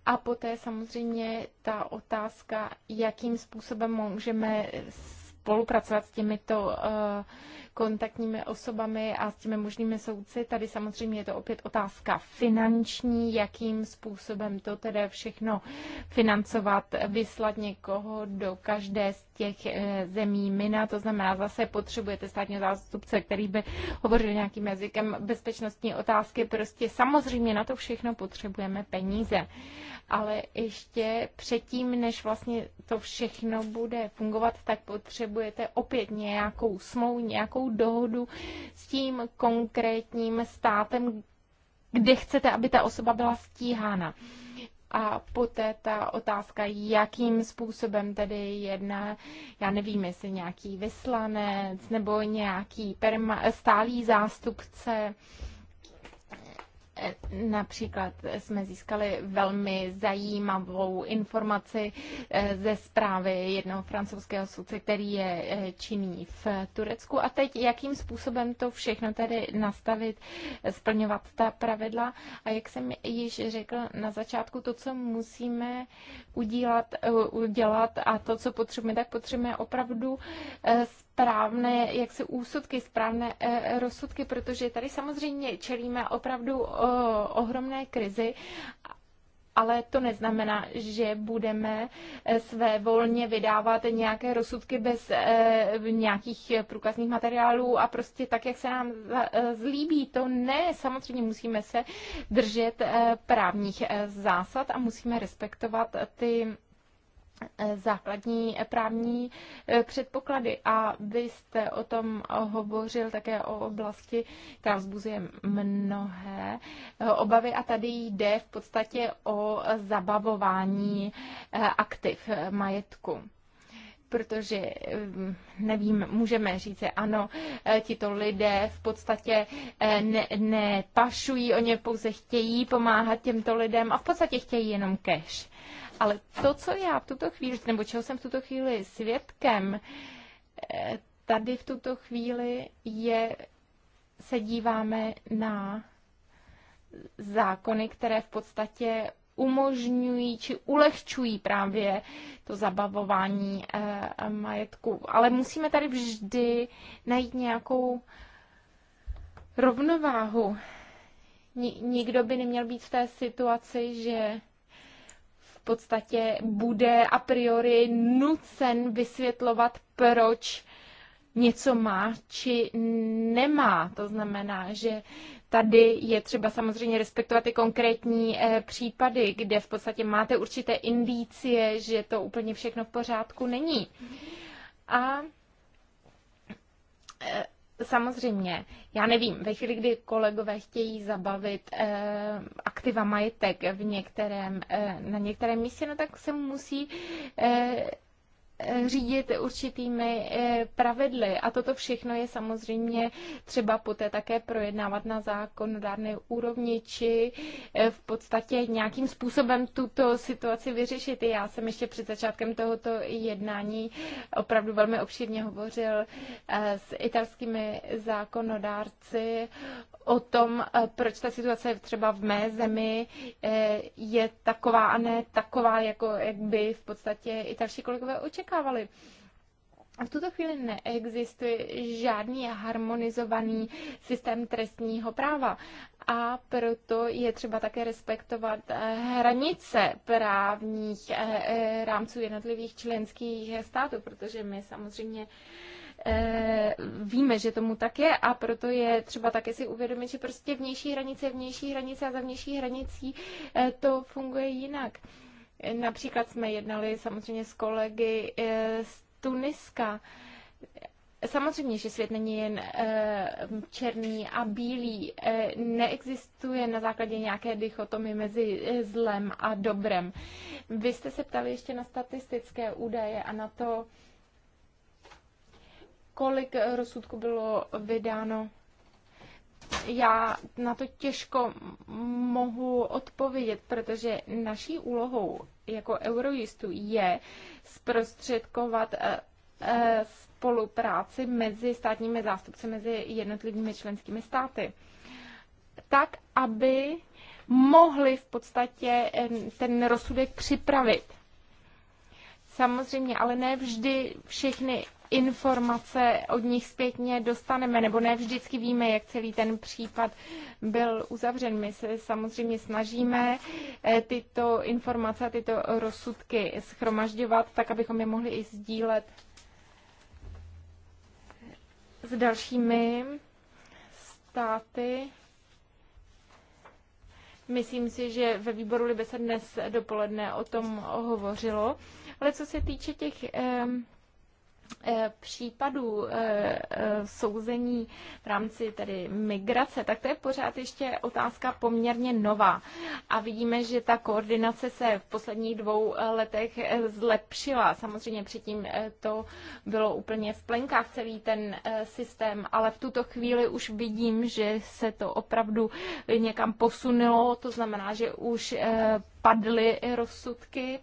a poté samozřejmě ta otázka, jakým způsobem můžeme spolupracovat s těmito kontaktními osobami a s těmi možnými soudci. Tady samozřejmě je to opět otázka finanční, jakým způsobem to tedy všechno financovat, vyslat někoho do každé z těch eh, zemí mina, to znamená zase potřebujete státního zástupce, který by hovořil nějakým jazykem bezpečnostní otázky, prostě samozřejmě na to všechno potřebujeme peníze. Ale ještě předtím, než vlastně to všechno bude fungovat, tak potřebujete opět nějakou smlouvu, nějakou nějakou dohodu s tím konkrétním státem, kde chcete, aby ta osoba byla stíhána. A poté ta otázka, jakým způsobem tedy jedná, já nevím, jestli nějaký vyslanec nebo nějaký perma, stálý zástupce, Například jsme získali velmi zajímavou informaci eh, ze zprávy jednoho francouzského soudce, který je eh, činný v Turecku. A teď, jakým způsobem to všechno tedy nastavit, splňovat ta pravidla. A jak jsem již řekl na začátku, to, co musíme udělat, eh, udělat a to, co potřebujeme, tak potřebujeme opravdu správné se úsudky, správné eh, rozsudky, protože tady samozřejmě čelíme opravdu eh, ohromné krizi ale to neznamená, že budeme eh, své volně vydávat nějaké rozsudky bez nějakých průkazních materiálů a prostě tak, jak se nám zlíbí. To ne, samozřejmě musíme se držet právních zásad a musíme respektovat ty Eh, základní eh, právní eh, předpoklady. A vy jste o tom hovořil také o oblasti, která vzbuzuje mnohé obavy a tady jde v podstatě o zabavování aktiv majetku protože nevím, můžeme říct, ano, tito lidé v podstatě ne, oni pouze chtějí pomáhat těmto lidem a v podstatě chtějí jenom cash ale to, co já v tuto chvíli, nebo čeho jsem v tuto chvíli svědkem, eh, tady v tuto chvíli je, se díváme na zákony, které v podstatě umožňují či ulehčují právě to zabavování eh, majetku. Ale musíme tady vždy najít nějakou rovnováhu. Nikdo by neměl být v té situaci, že v podstatě bude a priori nucen vysvětlovat, proč něco má či nemá. To znamená, že tady je třeba samozřejmě respektovat i konkrétní eh, případy, kde v podstatě máte určité indicie, že to úplně všechno v pořádku není. A eh, Samozřejmě, já nevím, ve chvíli, kdy kolegové chtějí zabavit eh, aktiva majetek v některém, eh, na některém místě, no tak se musí eh, řídit určitými eh, pravidly. A toto všechno je samozřejmě třeba poté také projednávat na zákonodárné úrovni, či eh, v podstatě nějakým způsobem tuto situaci vyřešit. Já jsem ještě před začátkem tohoto jednání opravdu velmi obšírně hovořil eh, s italskými zákonodárci o tom, eh, proč ta situace třeba v mé zemi eh, je taková a ne taková, jako jak by v podstatě i další kolegové očekávali. A v tuto chvíli neexistuje žádný harmonizovaný systém trestního práva. A proto je třeba také respektovat eh, hranice právních rámců jednotlivých členských států, protože my samozřejmě Eh, víme, že tomu tak je a proto je třeba také si uvědomit, že prostě vnější hranice, vnější hranice a za vnější hranicí eh, to funguje jinak. Eh, například jsme jednali samozřejmě s kolegy z Tuniska. Samozřejmě, že svět není jen černý a bílý. neexistuje na základě nějaké dichotomy mezi zlem a dobrem. Vy jste se ptali ještě na statistické údaje a na to, kolik eh, rozsudku bylo vydáno. Já na to těžko mohu odpovědět, protože naší úlohou jako eurojistů je zprostředkovat eh, eh, spolupráci mezi státními zástupci, mezi jednotlivými členskými státy. Tak, aby mohli v podstatě ten rozsudek připravit. Samozřejmě, ale ne vždy všechny informace od nich zpětně dostaneme, nebo ne vždycky víme, jak celý ten případ byl uzavřen. My se samozřejmě snažíme eh, tyto informace a tyto rozsudky schromažďovat, tak abychom je mohli i sdílet s dalšími státy. Myslím si, že ve výboru Libe se dnes dopoledne o tom hovořilo. Ale co se týče těch eh, Eh, případů eh, eh, souzení v rámci tedy migrace, tak to je pořád ještě otázka poměrně nová. A vidíme, že ta koordinace se v posledních dvou letech zlepšila. Samozřejmě předtím to bylo úplně v plenkách celý ten systém, ale v tuto chvíli už vidím, že se to opravdu někam posunulo. To znamená, že už padly rozsudky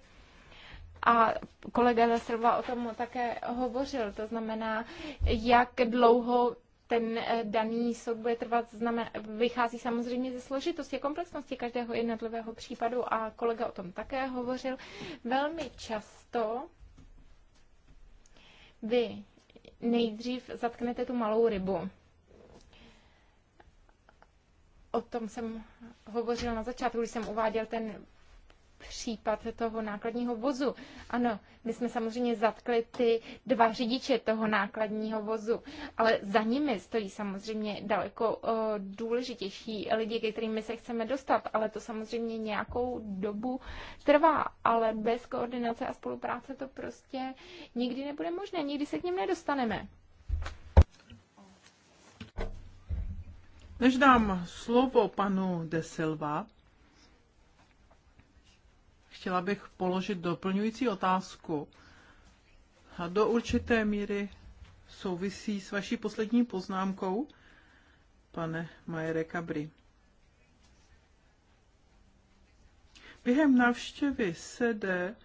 a kolega Zasrova o tom také hovořil, to znamená, jak dlouho ten eh, daný soud bude trvat, znamená, vychází samozřejmě ze složitosti a komplexnosti každého jednotlivého případu a kolega o tom také hovořil. Velmi často vy nejdřív zatknete tu malou rybu. O tom jsem hovořil na začátku, když jsem uváděl ten případ toho nákladního vozu. Ano, my jsme samozřejmě zatkli ty dva řidiče toho nákladního vozu, ale za nimi stojí samozřejmě daleko eh, důležitější lidi, ke kterým my se chceme dostat, ale to samozřejmě nějakou dobu trvá, ale bez koordinace a spolupráce to prostě nikdy nebude možné, nikdy se k něm nedostaneme. Než dám slovo panu De Silva, chtěla bych položit doplňující otázku. A do určité míry souvisí s vaší poslední poznámkou, pane Majere Kabry. Během návštěvy sede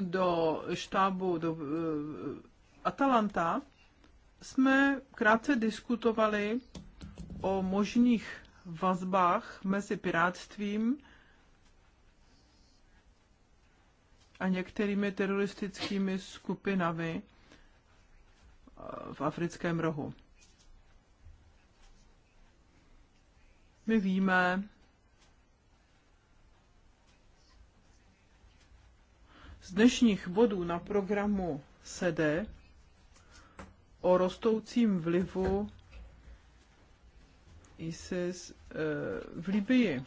do štábu do eh, Atalanta jsme krátce diskutovali o možných vazbách mezi pirátstvím a některými teroristickými skupinami eh, v africkém rohu. My víme, z dnešních bodů na programu SEDE o rostoucím vlivu ISIS eh, v Libii.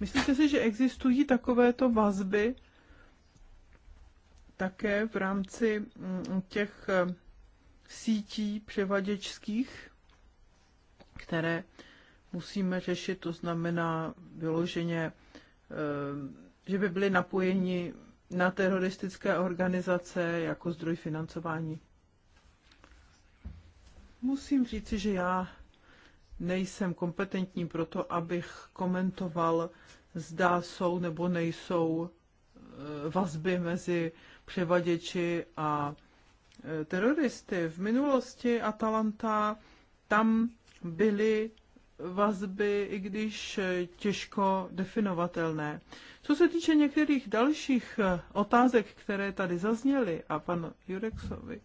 Myslíte si, že existují takovéto vazby také v rámci mm, těch eh, sítí převaděčských, které musíme řešit, to znamená vyloženě, eh, že by byly napojeni na teroristické organizace jako zdroj financování. Musím říci, že já nejsem kompetentní pro to, abych komentoval, zda jsou nebo nejsou e, vazby mezi převaděči a e, teroristy. V minulosti Atalanta tam byly vazby, i když e, těžko definovatelné. Co se týče některých dalších otázek, které tady zazněly, a pan Jureksovi,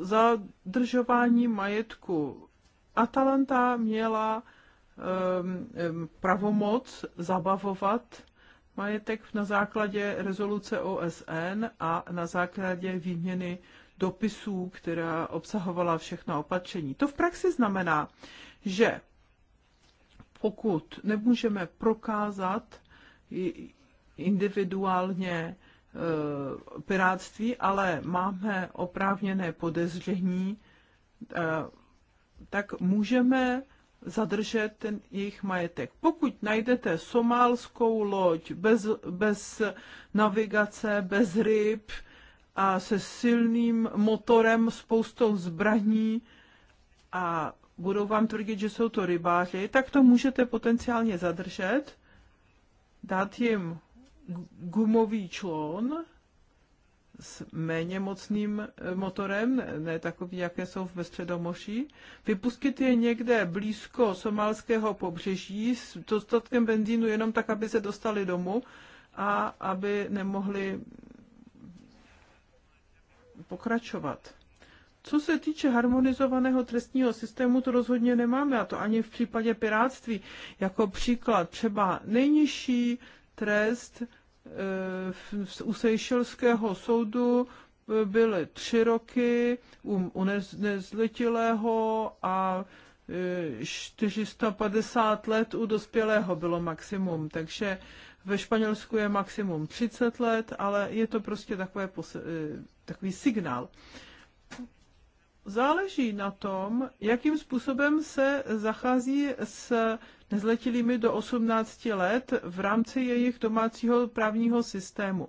za držování majetku. Atalanta měla um, um, pravomoc zabavovat majetek na základě rezoluce OSN a na základě výměny dopisů, která obsahovala všechna opatření. To v praxi znamená, že pokud nemůžeme prokázat individuálně Eh, piráctví, ale máme oprávněné podezření, eh, tak můžeme zadržet ten jejich majetek. Pokud najdete somálskou loď bez, bez navigace, bez ryb a se silným motorem, spoustou zbraní a budou vám tvrdit, že jsou to rybáři, tak to můžete potenciálně zadržet, dát jim gumový člon s méně mocným eh, motorem, ne takový, jaké jsou v Středomoší. Vypustit je někde blízko somalského pobřeží s dostatkem benzínu jenom tak, aby se dostali domů a aby nemohli pokračovat. Co se týče harmonizovaného trestního systému, to rozhodně nemáme, a to ani v případě piráctví. Jako příklad třeba nejnižší trest eh, u Sejšelského soudu eh, byly tři roky u nezletilého a 450 eh, let u dospělého bylo maximum. Takže ve Španělsku je maximum 30 let, ale je to prostě takové, takový signál záleží na tom, jakým způsobem se zachází s nezletilými do 18 let v rámci jejich domácího právního systému.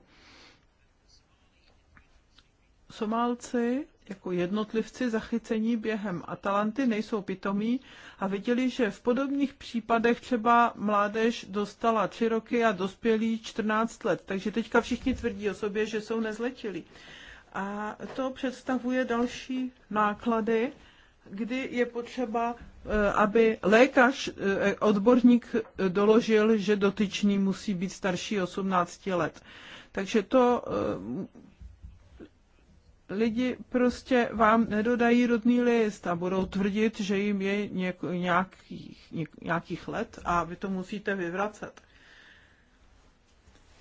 Somálci jako jednotlivci zachycení během Atalanty nejsou pitomí a viděli, že v podobných případech třeba mládež dostala 3 roky a dospělí 14 let. Takže teďka všichni tvrdí o sobě, že jsou nezletilí a to představuje další náklady, kdy je potřeba, eh, aby lékař, eh, odborník eh, doložil, že dotyčný musí být starší 18 let. Takže to lidi prostě vám nedodají rodný list a budou tvrdit, že jim je nějakých, nějakých let a vy to musíte vyvracet.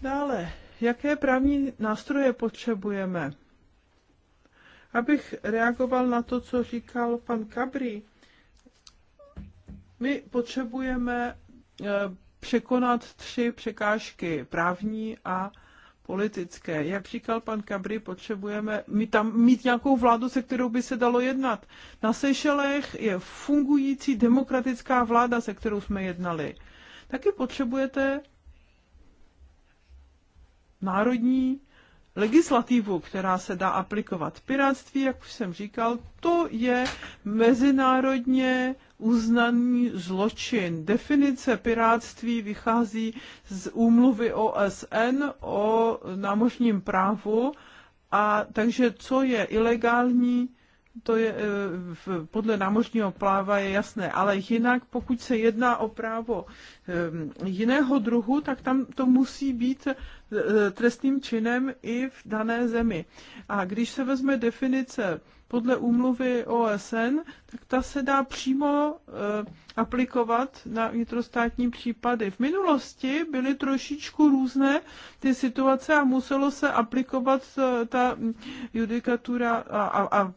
Dále, jaké právní nástroje potřebujeme? Abych reagoval na to, co říkal pan Kabri, my potřebujeme eh, překonat tři překážky právní a politické. Jak říkal pan Kabry, potřebujeme mít tam mít nějakou vládu, se kterou by se dalo jednat. Na Sešelech je fungující demokratická vláda, se kterou jsme jednali. Taky potřebujete národní legislativu, která se dá aplikovat. Piráctví, jak už jsem říkal, to je mezinárodně uznaný zločin. Definice piráctví vychází z úmluvy OSN o námořním právu a takže co je ilegální, to je eh, podle námořního práva je jasné, ale jinak pokud se jedná o právo eh, jiného druhu, tak tam to musí být E, trestným činem i v dané zemi. A když se vezme definice podle úmluvy OSN, tak ta se dá přímo e, aplikovat na vnitrostátní případy. V minulosti byly trošičku různé ty situace a muselo se aplikovat e, ta judikatura a, a, a,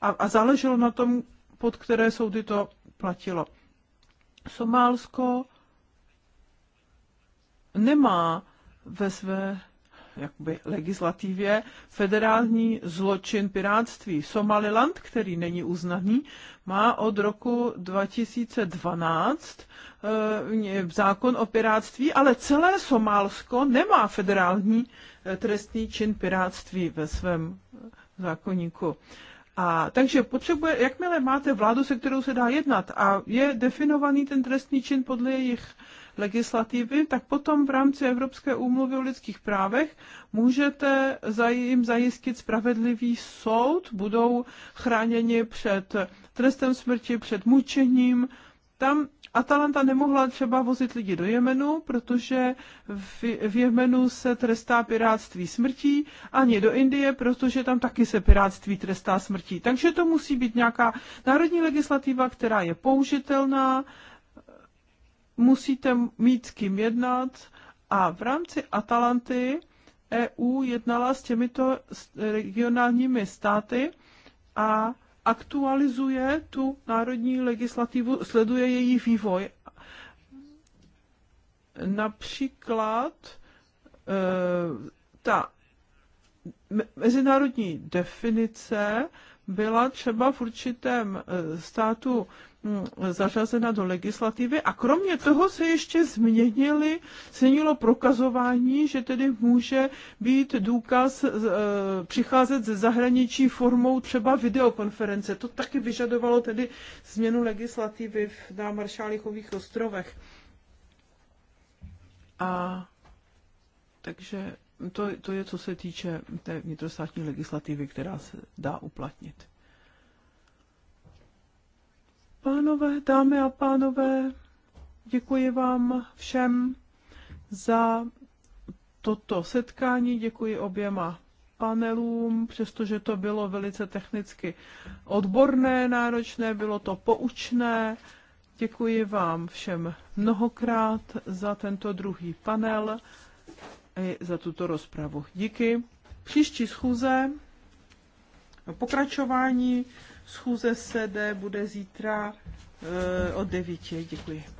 a, a záleželo na tom, pod které soudy to platilo. Somálsko nemá ve své jakoby legislativě federální zločin pirátství. Somaliland, který není uznaný, má od roku 2012 e, eh, zákon o pirátství, ale celé Somálsko nemá federální eh, trestný čin pirátství ve svém eh, zákonníku. A, takže potřebuje, jakmile máte vládu, se kterou se dá jednat a je definovaný ten trestný čin podle jejich legislativy, tak potom v rámci Evropské úmluvy o lidských právech můžete jim zajistit spravedlivý soud, budou chráněni před trestem smrti, před mučením. Tam Atalanta nemohla třeba vozit lidi do Jemenu, protože v, v Jemenu se trestá piráctví smrtí, ani do Indie, protože tam taky se piráctví trestá smrtí. Takže to musí být nějaká národní legislativa, která je použitelná musíte mít s kým jednat a v rámci Atalanty EU jednala s těmito e, regionálními státy a aktualizuje tu národní legislativu, sleduje její vývoj. Například e, ta mezinárodní definice byla třeba v určitém eh, státu mm, zařazena do legislativy a kromě toho se ještě změnili, změnilo prokazování, že tedy může být důkaz e, přicházet ze zahraničí formou třeba videokonference. To taky vyžadovalo tedy změnu legislativy na Maršálichových ostrovech. A takže to, to je, co se týče té vnitrostátní legislativy, která se dá uplatnit. Pánové, dámy a pánové, děkuji vám všem za toto setkání, děkuji oběma panelům, přestože to bylo velice technicky odborné, náročné, bylo to poučné. Děkuji vám všem mnohokrát za tento druhý panel i za tuto rozpravu. Díky. Příští schůze, pokračování schůze sed bude zítra eh, od 9. Děkuji.